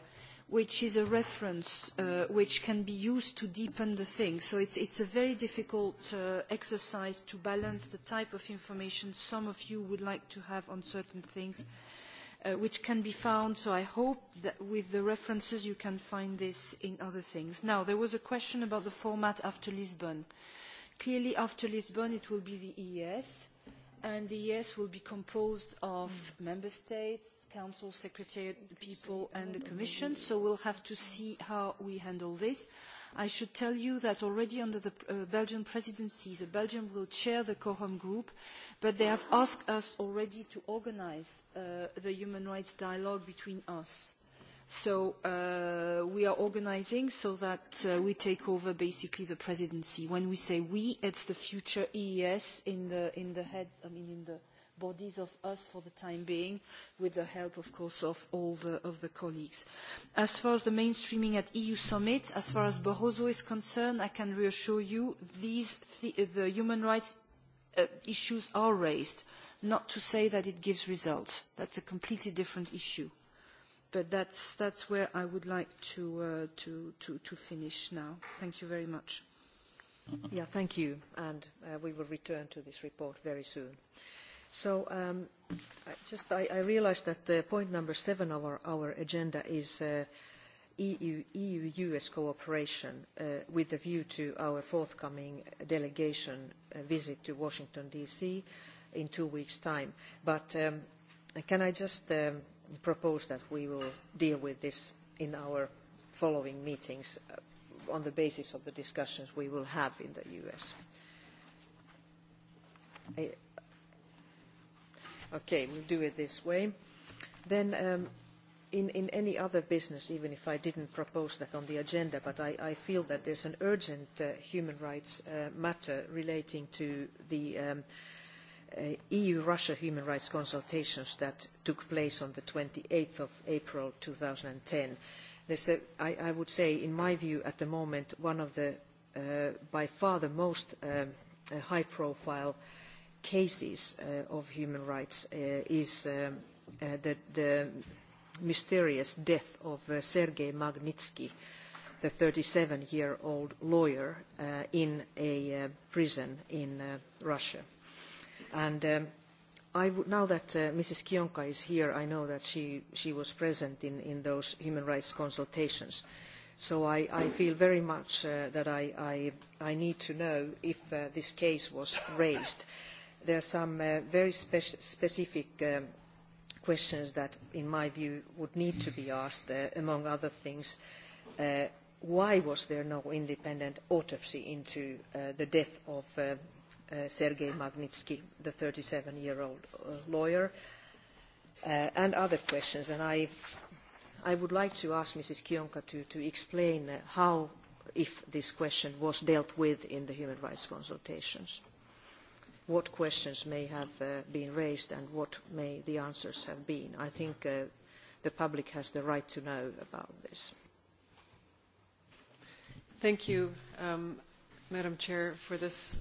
which is a reference which can be used to deepen the thing. So it's, it's a very difficult exercise to balance the type of information some of you would like to have on certain things, which can be found. So I hope that with the references you can find this in other things. Now, there was a question about the format after Lisbon. Clearly, after Lisbon, it will be the EES, and the EES will be composed of member states, council, secretariat people, and the commission, so we will have to see how we handle this. I should tell you that already under the Belgian presidency, the Belgium will chair the Cohom group, but they have asked us already to organise the human rights dialogue between us So we are organising so that we take over basically the presidency. When we say we, it's the future EES in the, in the head, I mean in the bodies of us for the time being, with the help, of course, of all the, of the colleagues. As far as the mainstreaming at EU summit, as far as Barroso is concerned, I can reassure you these th the human rights uh, issues are raised, not to say that it gives results. That's a completely different issue but that's, that's where I would like to, uh, to, to, to finish now. Thank you very much. Yeah, thank you, and uh, we will return to this report very soon. So um, I just I, I realized that uh, point number seven of our, our agenda is uh, EU-US cooperation with a view to our forthcoming delegation visit to Washington, D.C. in two weeks' time. But can I just propose that we will deal with this in our following meetings on the basis of the discussions we will have in the U.S. Okay, we'll do it this way. Then in any other business, even if I didn't propose that on the agenda, but I feel that there's an urgent human rights matter relating to the EU-Russia human rights consultations that took place on the eight of April ten. thousand and ten I would say, in my view, at the moment, one of the by far the most high-profile cases of human rights is the, mysterious death of Sergei Magnitsky, the thirty seven year old lawyer in a prison in Russia And I would now that Mrs. Kionka is here, I know that she, she was present in, in those human rights consultations. So I, I feel very much uh, that I, I, I need to know if uh, this case was raised. There are some uh, very spe specific um, questions that, in my view, would need to be asked, uh, among other things. Uh, why was there no independent autopsy into uh, the death of uh, Sergei Magnitsky, the thirty seven year old lawyer, and other questions. And I, I would like to ask Mrs. Kionka to, to explain how, if this question was dealt with in the human rights consultations, what questions may have been raised and what may the answers have been. I think the public has the right to know about this. Thank you, Madam Chair, for this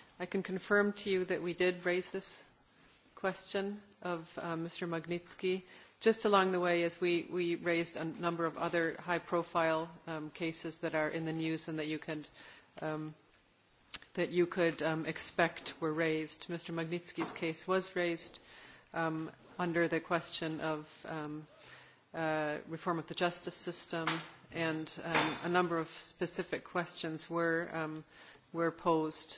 I can confirm to you that we did raise this question of uh, Mr. Magnitsky just along the way as we, we raised a number of other high-profile um, cases that are in the news and that you could, um, that you could um, expect were raised. Mr. Magnitsky's case was raised um, under the question of um, uh, reform of the justice system, and um, a number of specific questions were, um, were posed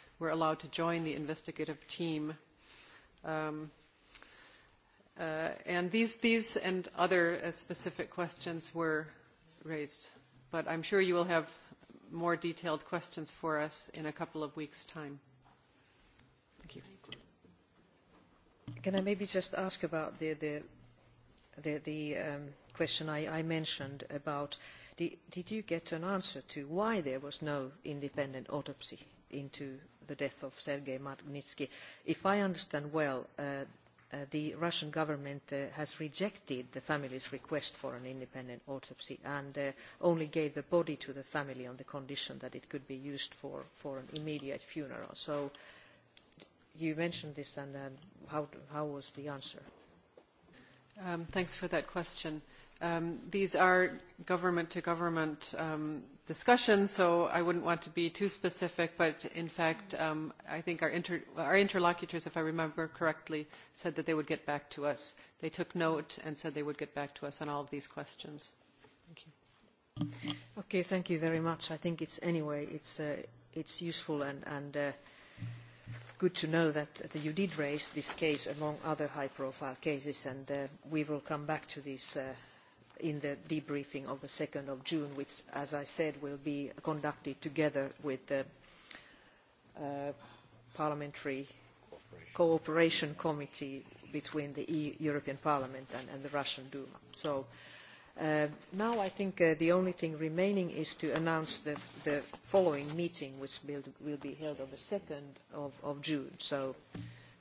were allowed to join the investigative team. Um, uh, and these, these and other uh, specific questions were raised. But I'm sure you will have more detailed questions for us in a couple of weeks' time. Thank you. Can I maybe just ask about the, the, the, the um, question I, I mentioned about did you get an answer to why there was no independent autopsy into the death of Sergei Magnitsky. If I understand well, the Russian government has rejected the family's request for an independent autopsy and only gave the body to the family on the condition that it could be used for, an immediate funeral. So you mentioned this and how, how was the answer? thanks for that question. these are government-to-government um, discussion, so I wouldn't want to be too specific, but in fact, um, I think our, inter our interlocutors, if I remember correctly, said that they would get back to us. They took note and said they would get back to us on all of these questions. Thank you. Okay, thank you very much. I think it's anyway, it's, uh, it's useful and, and uh, good to know that you did raise this case among other high-profile cases, and uh, we will come back to these uh, in the debriefing of the 2nd of June, which, as I said, will be conducted together with the Parliamentary Cooperation Committee between the European Parliament and, the Russian Duma. So now I think the only thing remaining is to announce the, the following meeting, which will, will be held on the 2nd of, of June. So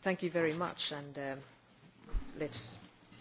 thank you very much, and let's